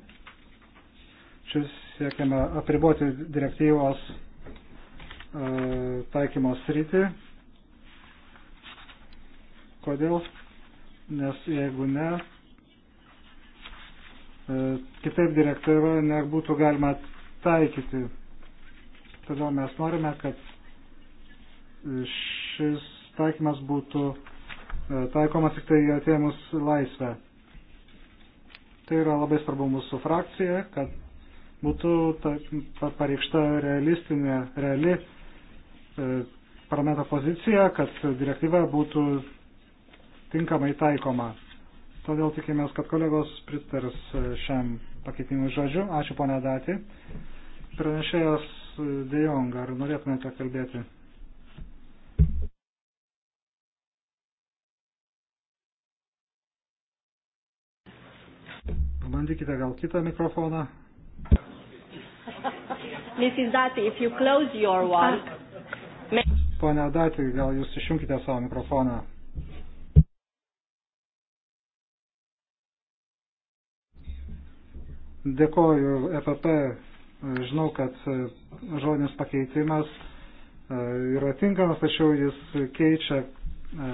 Speaker 4: Čia siekiame apriboti direktyvos e, taikymo sritį Kodėl? Nes jeigu ne, e, kitaip direktyvą nebūtų galima taikyti. Todėl mes norime, kad šis taikymas būtų e, taikomas tik tai atėmus laisvę. Tai yra labai svarbu mūsų frakcija, kad būtų ta, ta, pareikšta realistinė, reali e, parlamento pozicija, kad direktyva būtų tinkamai taikoma. Todėl tikimės, kad kolegos pritars e, šiam pakeitimui žodžiu. Ačiū ponia Dati. Pranešėjas e, Dejong, ar norėtumėte kalbėti? Pabandykite gal kitą mikrofoną.
Speaker 3: Mrs. Dati, if you close your one.
Speaker 4: Pone Dati, gal jūs išjungkite savo mikrofoną. Dėkoju EPP. Žinau, kad e, žodinis pakeitimas e, yra tinkamas, tačiau jis keičia e,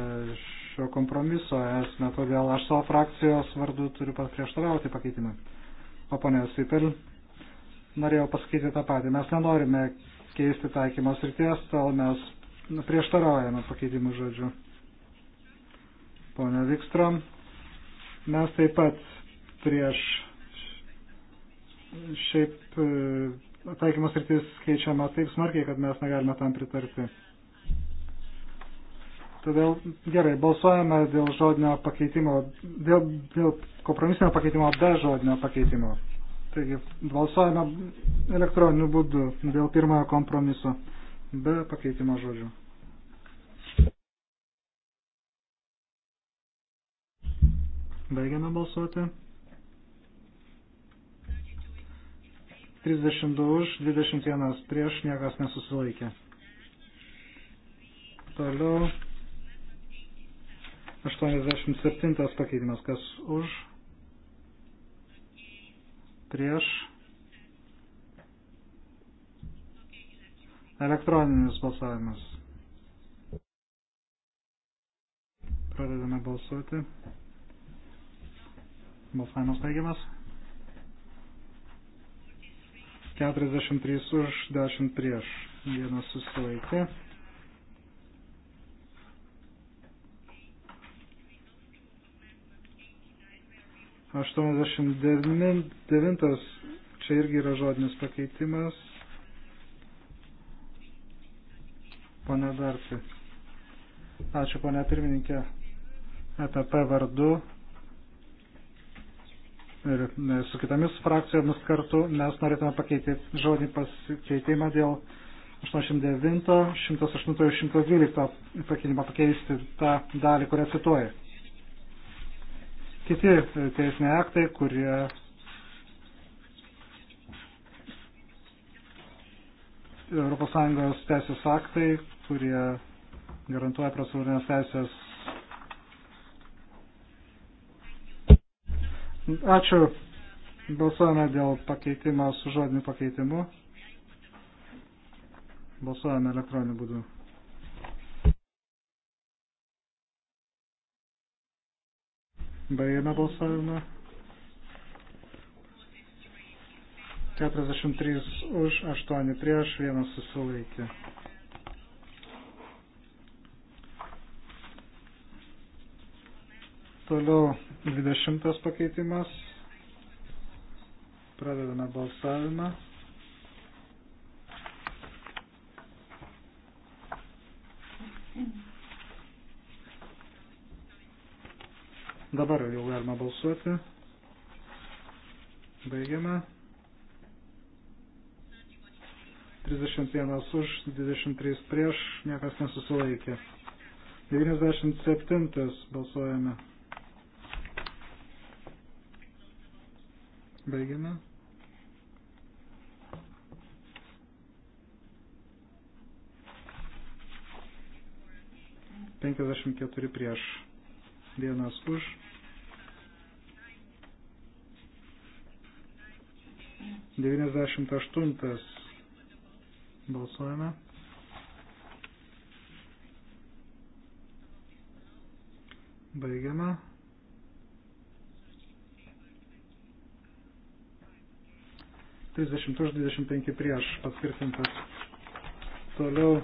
Speaker 4: šio kompromiso esmę, todėl aš savo frakcijos vardu turiu prieštarauti pakeitimui. O ponė Sipel norėjo pasakyti tą patį. Mes nenorime keisti taikymos ryties, tol mes prieštaraujame pakeitimų žodžiu. Pone Vikstrom, mes taip pat prieš šiaip e, taikymas rytis keičiama taip smarkiai, kad mes negalime tam pritarti. Todėl gerai, balsuojame dėl žodinio pakeitimo, dėl, dėl kompromisinio pakeitimo be žodinio pakeitimo. Taigi, balsuojame elektroniniu būdu dėl pirmojo kompromiso be pakeitimo žodžių. Baigiame balsuoti. 32 už, 21 prieš, niekas nesusilaikė. Toliau 87 pakeitimas, kas už, prieš, elektroninis balsavimas. Pradedame balsuoti. Balsavimas baigiamas. 43 už, 10 prieš. Vienas susilaikė. Aštuoniasdešimt devintas, čia irgi yra žodinis pakeitimas. Pane Darfi. Ačiū, pane pirmininkė. EPP vardu ir e, su kitomis frakcijomis kartu mes norėtume pakeityti žodį pasikeitimą dėl 89, 108 ir 112 pakeitimą pakeisti tą dalį, kurią cituoja. Kiti e, teisiniai aktai, kurie ES teisės aktai, kurie garantuoja prasūrinės teisės Ačiū. Balsuojame dėl pakeitimo su žodiniu pakeitimu. Balsuojame elektroniniu būdu. Baigėme balsavimą. 43 už, 8 prieš, 1 susilaikė. Toliau 20 pakeitimas. Pradedame balsavimą. Dabar jau galima balsuoti. Baigiame. 31 už, 23 prieš, niekas nesusilaikė. 97 balsuojame. Baigiame. Penkiasdešimt keturi prieš vienas už. Devyniasdešimt aštuntas balsuojame. Baigiame. 30 už 25 prieš patvirtintas. Toliau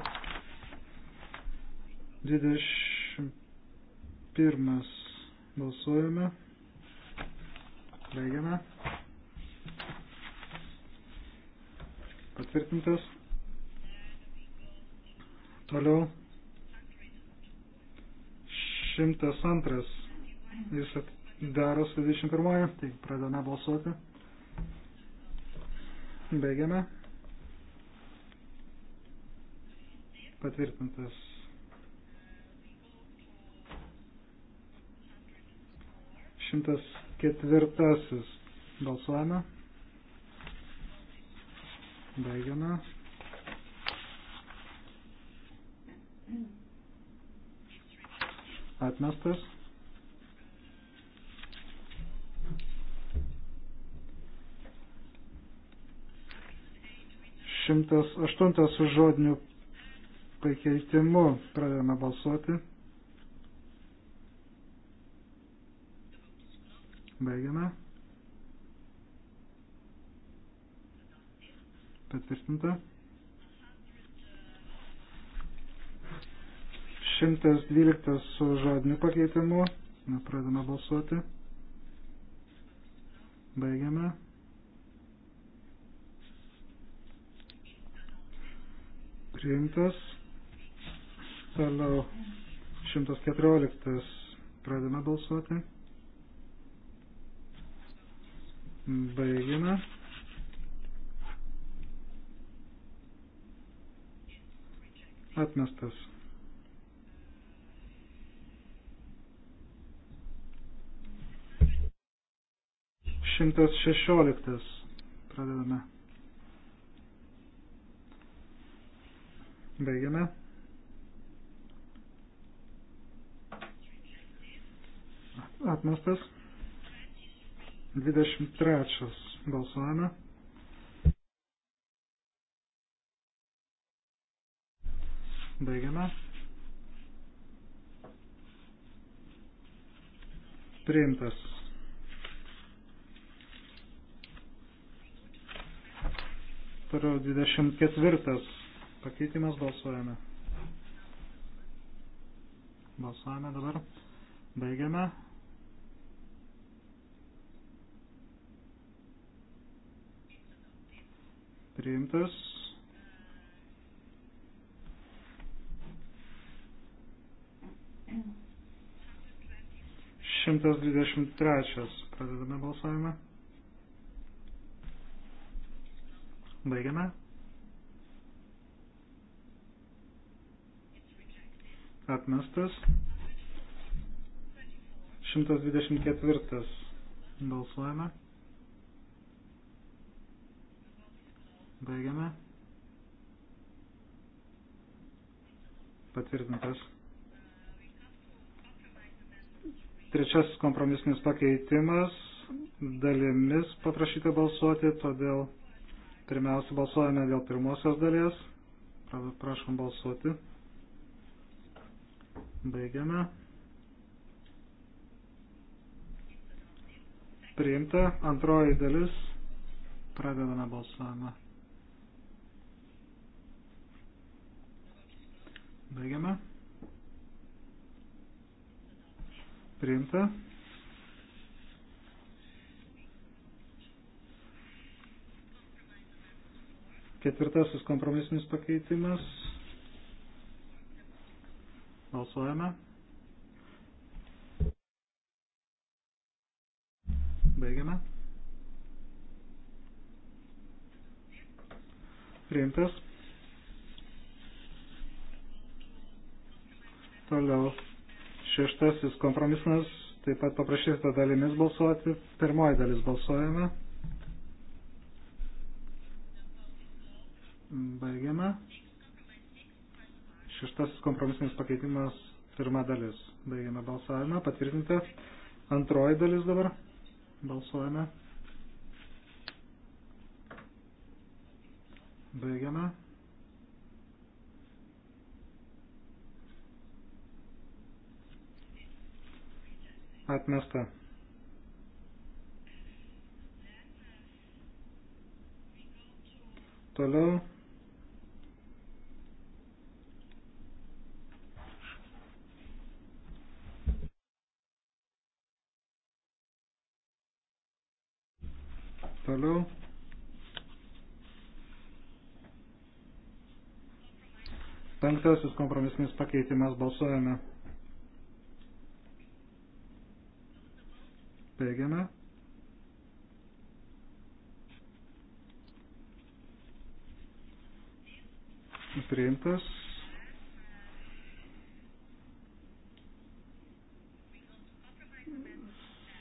Speaker 4: 21 balsuojame. Baigiame. Patvirtintas. Toliau 102. Jis daro su 21. Tai pradame balsuoti. Baigiame. Patvirtintas. Šimtas ketvirtasis. Balsuojame. Baigiame. Atmestas. 108 su žodiniu pakeitimu. Pradedame balsuoti. Baigiame. Patvirtinta. 112 su žodiniu pakeitimu. Pradedame balsuoti. Baigiame. priimtas. Toliau 114. Pradame balsuoti. Baigime. Atmestas. Šimtas šešioliktas. Pradedame. Baigiame. Atmestas. 23 balsuojame. Baigiame. Priimtas. Toliau 24 pakeitimas balsuojame. Balsuojame dabar. Baigiame. Priimtas. Šimtas dvidešimt trečias. Pradedame balsavimą. Baigiame. atmestas. 124 balsuojame. Baigiame. Patvirtintas. Trečias kompromisinis pakeitimas. Dalimis paprašyta balsuoti, todėl pirmiausia balsuojame dėl pirmosios dalies. Prašom balsuoti. Baigiame. Priimta antroji dalis. Pradedame balsavimą. Baigiame. Priimta. Ketvirtasis kompromisinis pakeitimas. Balsuojame. Baigiame. Priimtas. Toliau šeštasis kompromisas, taip pat paprašysite dalimis balsuoti. Pirmoji dalis balsuojame. Baigiame. Šeštas kompromisinis pakeitimas, pirma dalis. Baigėme balsavimą, patvirtinta. Antroji dalis dabar. Balsuojame. Baigiame. Atmesta. Toliau Toliau. Penktasis kompromisinis pakeitimas balsuojame. Baigiame. Priimtas.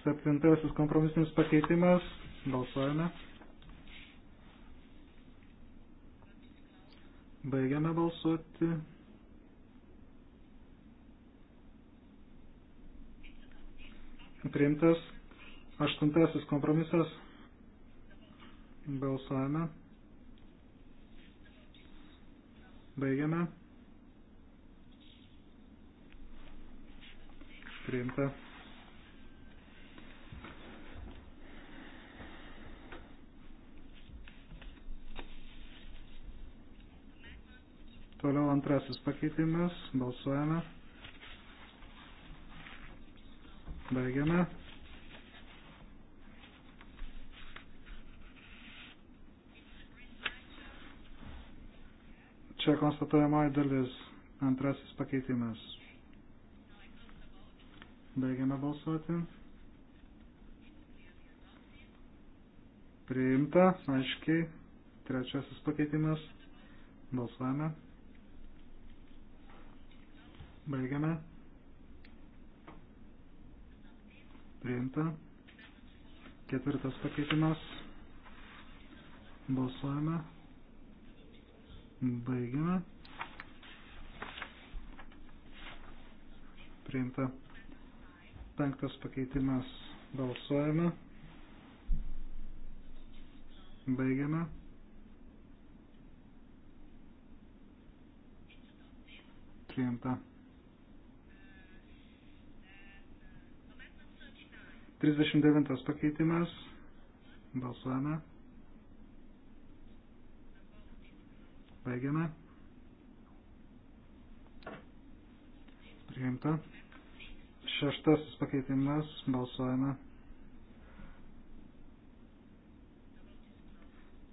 Speaker 4: Septintasis kompromisinis pakeitimas Balsuojame. Baigiame balsuoti. Priimtas aštuntasis kompromisas. Balsuojame. Baigiame. Priimta. Toliau antrasis pakeitimas. Balsuojame. Baigiame. Čia konstatuojamoji dalis. Antrasis pakeitimas. Baigiame balsuoti. Priimta, aiškiai. Trečiasis pakeitimas. Balsuojame. Baigiame. Priimta. Ketvirtas pakeitimas. Balsuojame. Baigiame. Priimta. Penktas pakeitimas. Balsuojame. Baigiame. Priimta. 39 pakeitimas. Balsuojame. Baigiame. Priimta. Šeštasis pakeitimas. Balsuojame.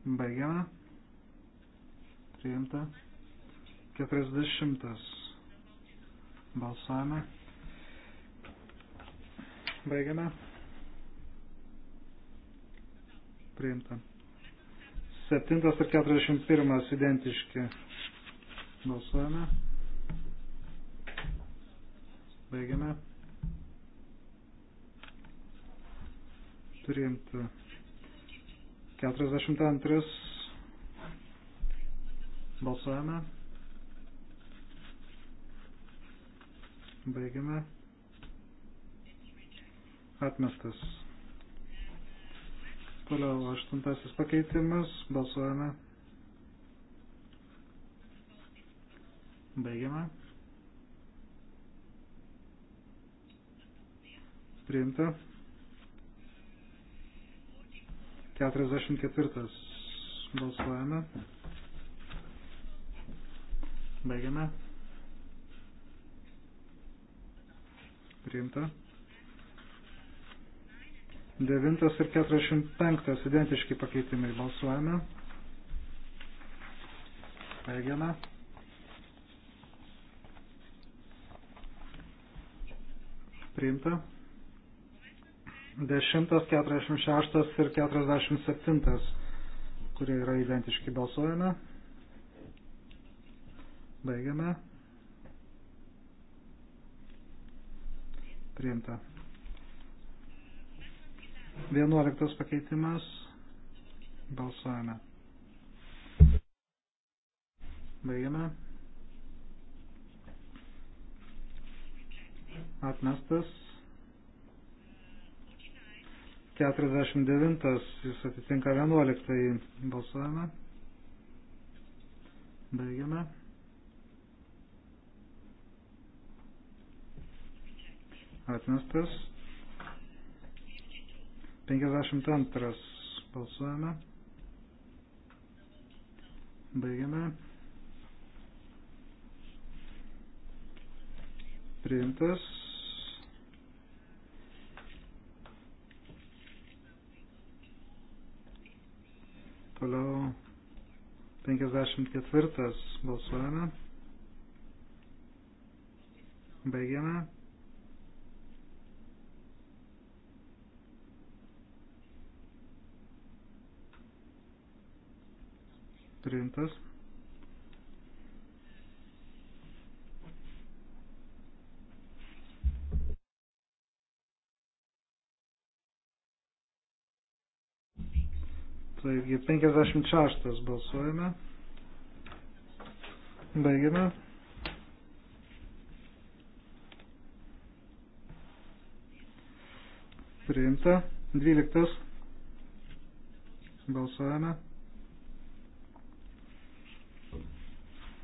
Speaker 4: Baigiame. Priimta. Keturiasdešimtas. Balsuojame. Baigiame. priimta. 7 ir 41 identiški. Balsuojame. Baigiame. Priimta. 42. Balsuojame. Baigiame. Atmestas. Toliau aštuntasis pakeitimas. Balsuojame. Baigiame. Priimta. 44. Balsuojame. Baigiame. Priimta. 9 ir 45 identiški pakeitimai. Balsuojame. Baigiame. Priimta. 10, 46 ir 47, kurie yra identiški. Balsuojame. Baigiame. Priimta. 11 pakeitimas. Balsuojame. Baigiame. Atmestas. 49. Jis atitinka 11. Balsuojame. Baigiame. Atmestas. 52 balsuojame. Baigiame. Priimtas. Toliau 54 balsuojame. Baigiame. priimtas. Taigi 56 balsuojame. Baigiame. Priimta. 12. Balsuojame.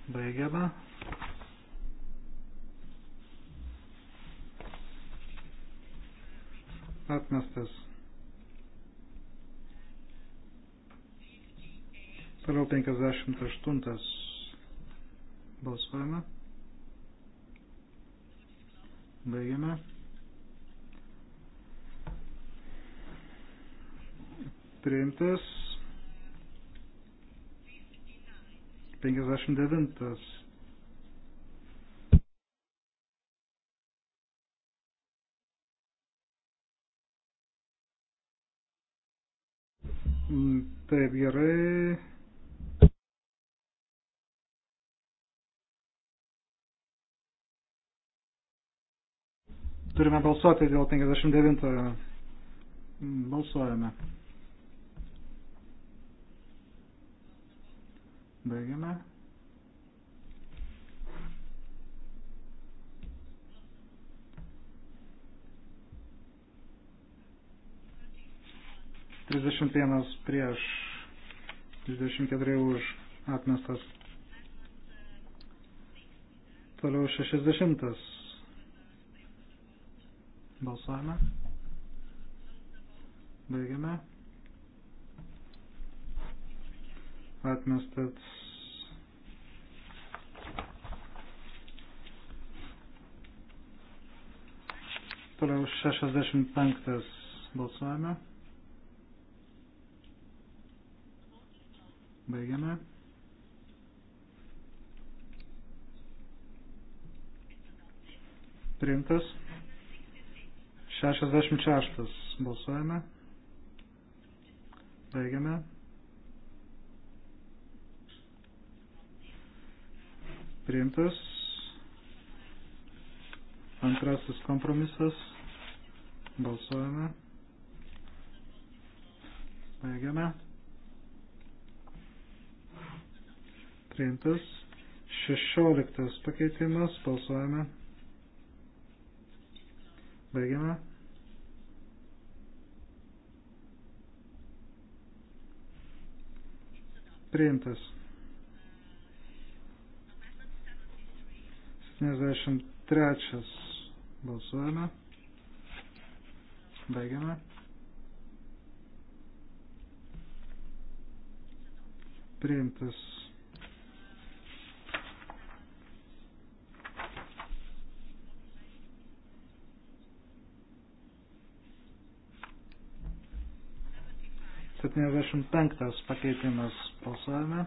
Speaker 4: Baigiama. Atmestas. Toliau 58. Balsuojame. Baigiame. Priimtas. 59. Mm, taip gerai. Turime balsuoti dėl 59. Mm, balsuojame. Baigiame. Trisdešimt vienas prieš, trisdešimt keturi už atmestas. Toliau šešisdešimtas. Balsuojame. Baigiame. atmestas. Toliau 65 balsuojame. Baigiame. Priimtas. 66 balsuojame. Baigiame. priimtas. Antrasis kompromisas. Balsuojame. Baigiame. Priimtas. Šešioliktas pakeitimas. Balsuojame. Baigiame. Priimtas. 73 balsuojame. Baigiame. Priimtas. Septyniasdešimt penktas pakeitimas balsuojame.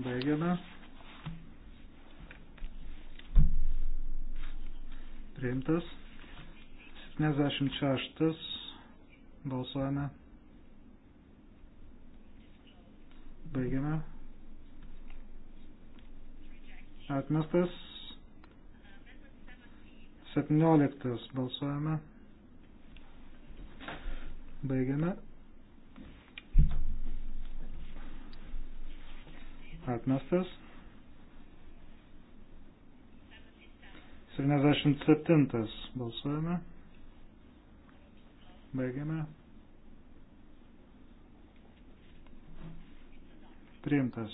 Speaker 4: Baigiame. priimtas. 76 balsuojame. Baigiame. Atmestas. 17 balsuojame. Baigiame. Atmestas. 77 balsuojame. Baigiame. Priimtas.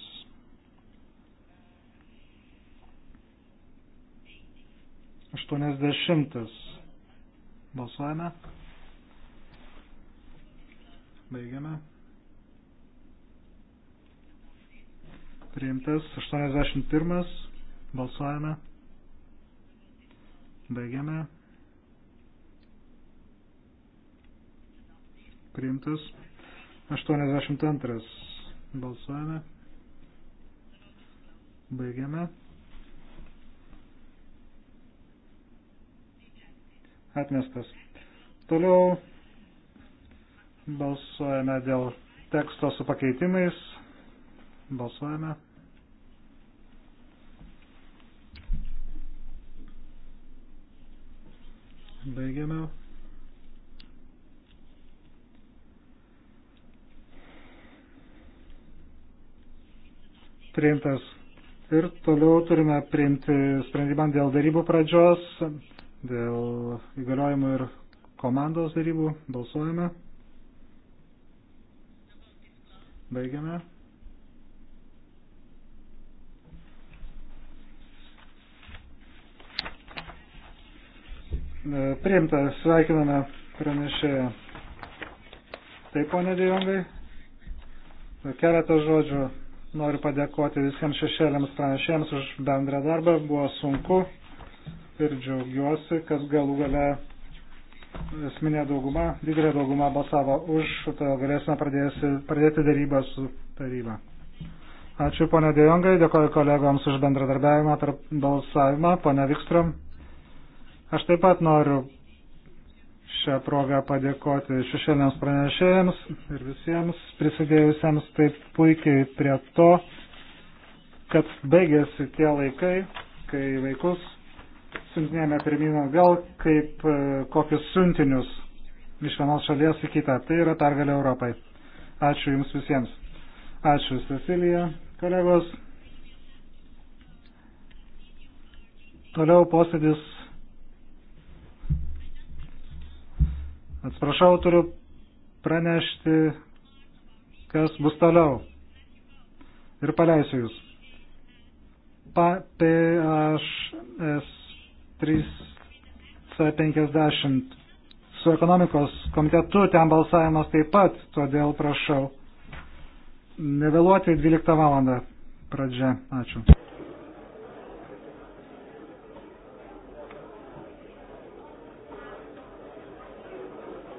Speaker 4: 80 balsuojame. Baigiame. Priimtas 81 balsuojame. Baigiame. Priimtas. 82. Balsuojame. Baigiame. Atmestas. Toliau balsuojame dėl teksto su pakeitimais. Balsuojame. Baigiame. Priimtas. Ir toliau turime priimti sprendimą dėl darybų pradžios, dėl įgaliojimų ir komandos darybų. Balsuojame. Baigiame. E, priimta, sveikiname pranešėją. Taip, ponė Dijongai, keletą žodžių noriu padėkoti visiems šešėliams pranešėjams už bendrą darbą. Buvo sunku ir džiaugiuosi, kad galų gale esminė dauguma, didelė dauguma balsavo už, todėl galėsime pradėsi, pradėti darybą su taryba. Ačiū ponė Dejongai, dėkoju kolegoms už bendradarbiavimą tarp balsavimą, ponė Vikstrom. Aš taip pat noriu šią progą padėkoti šešėliams pranešėjams ir visiems prisidėjusiems taip puikiai prie to, kad baigėsi tie laikai, kai vaikus siuntinėjame pirmino vėl kaip e, kokius siuntinius iš vienos šalies į kitą. Tai yra pergalė Europai. Ačiū Jums visiems. Ačiū Cecilija, kolegos. Toliau posėdis Atsiprašau, turiu pranešti, kas bus toliau. Ir paleisiu jūs. Pa, PHS3C50 su ekonomikos komitetu ten balsavimas taip pat, todėl prašau nevėluoti 12 valandą pradžia. Ačiū.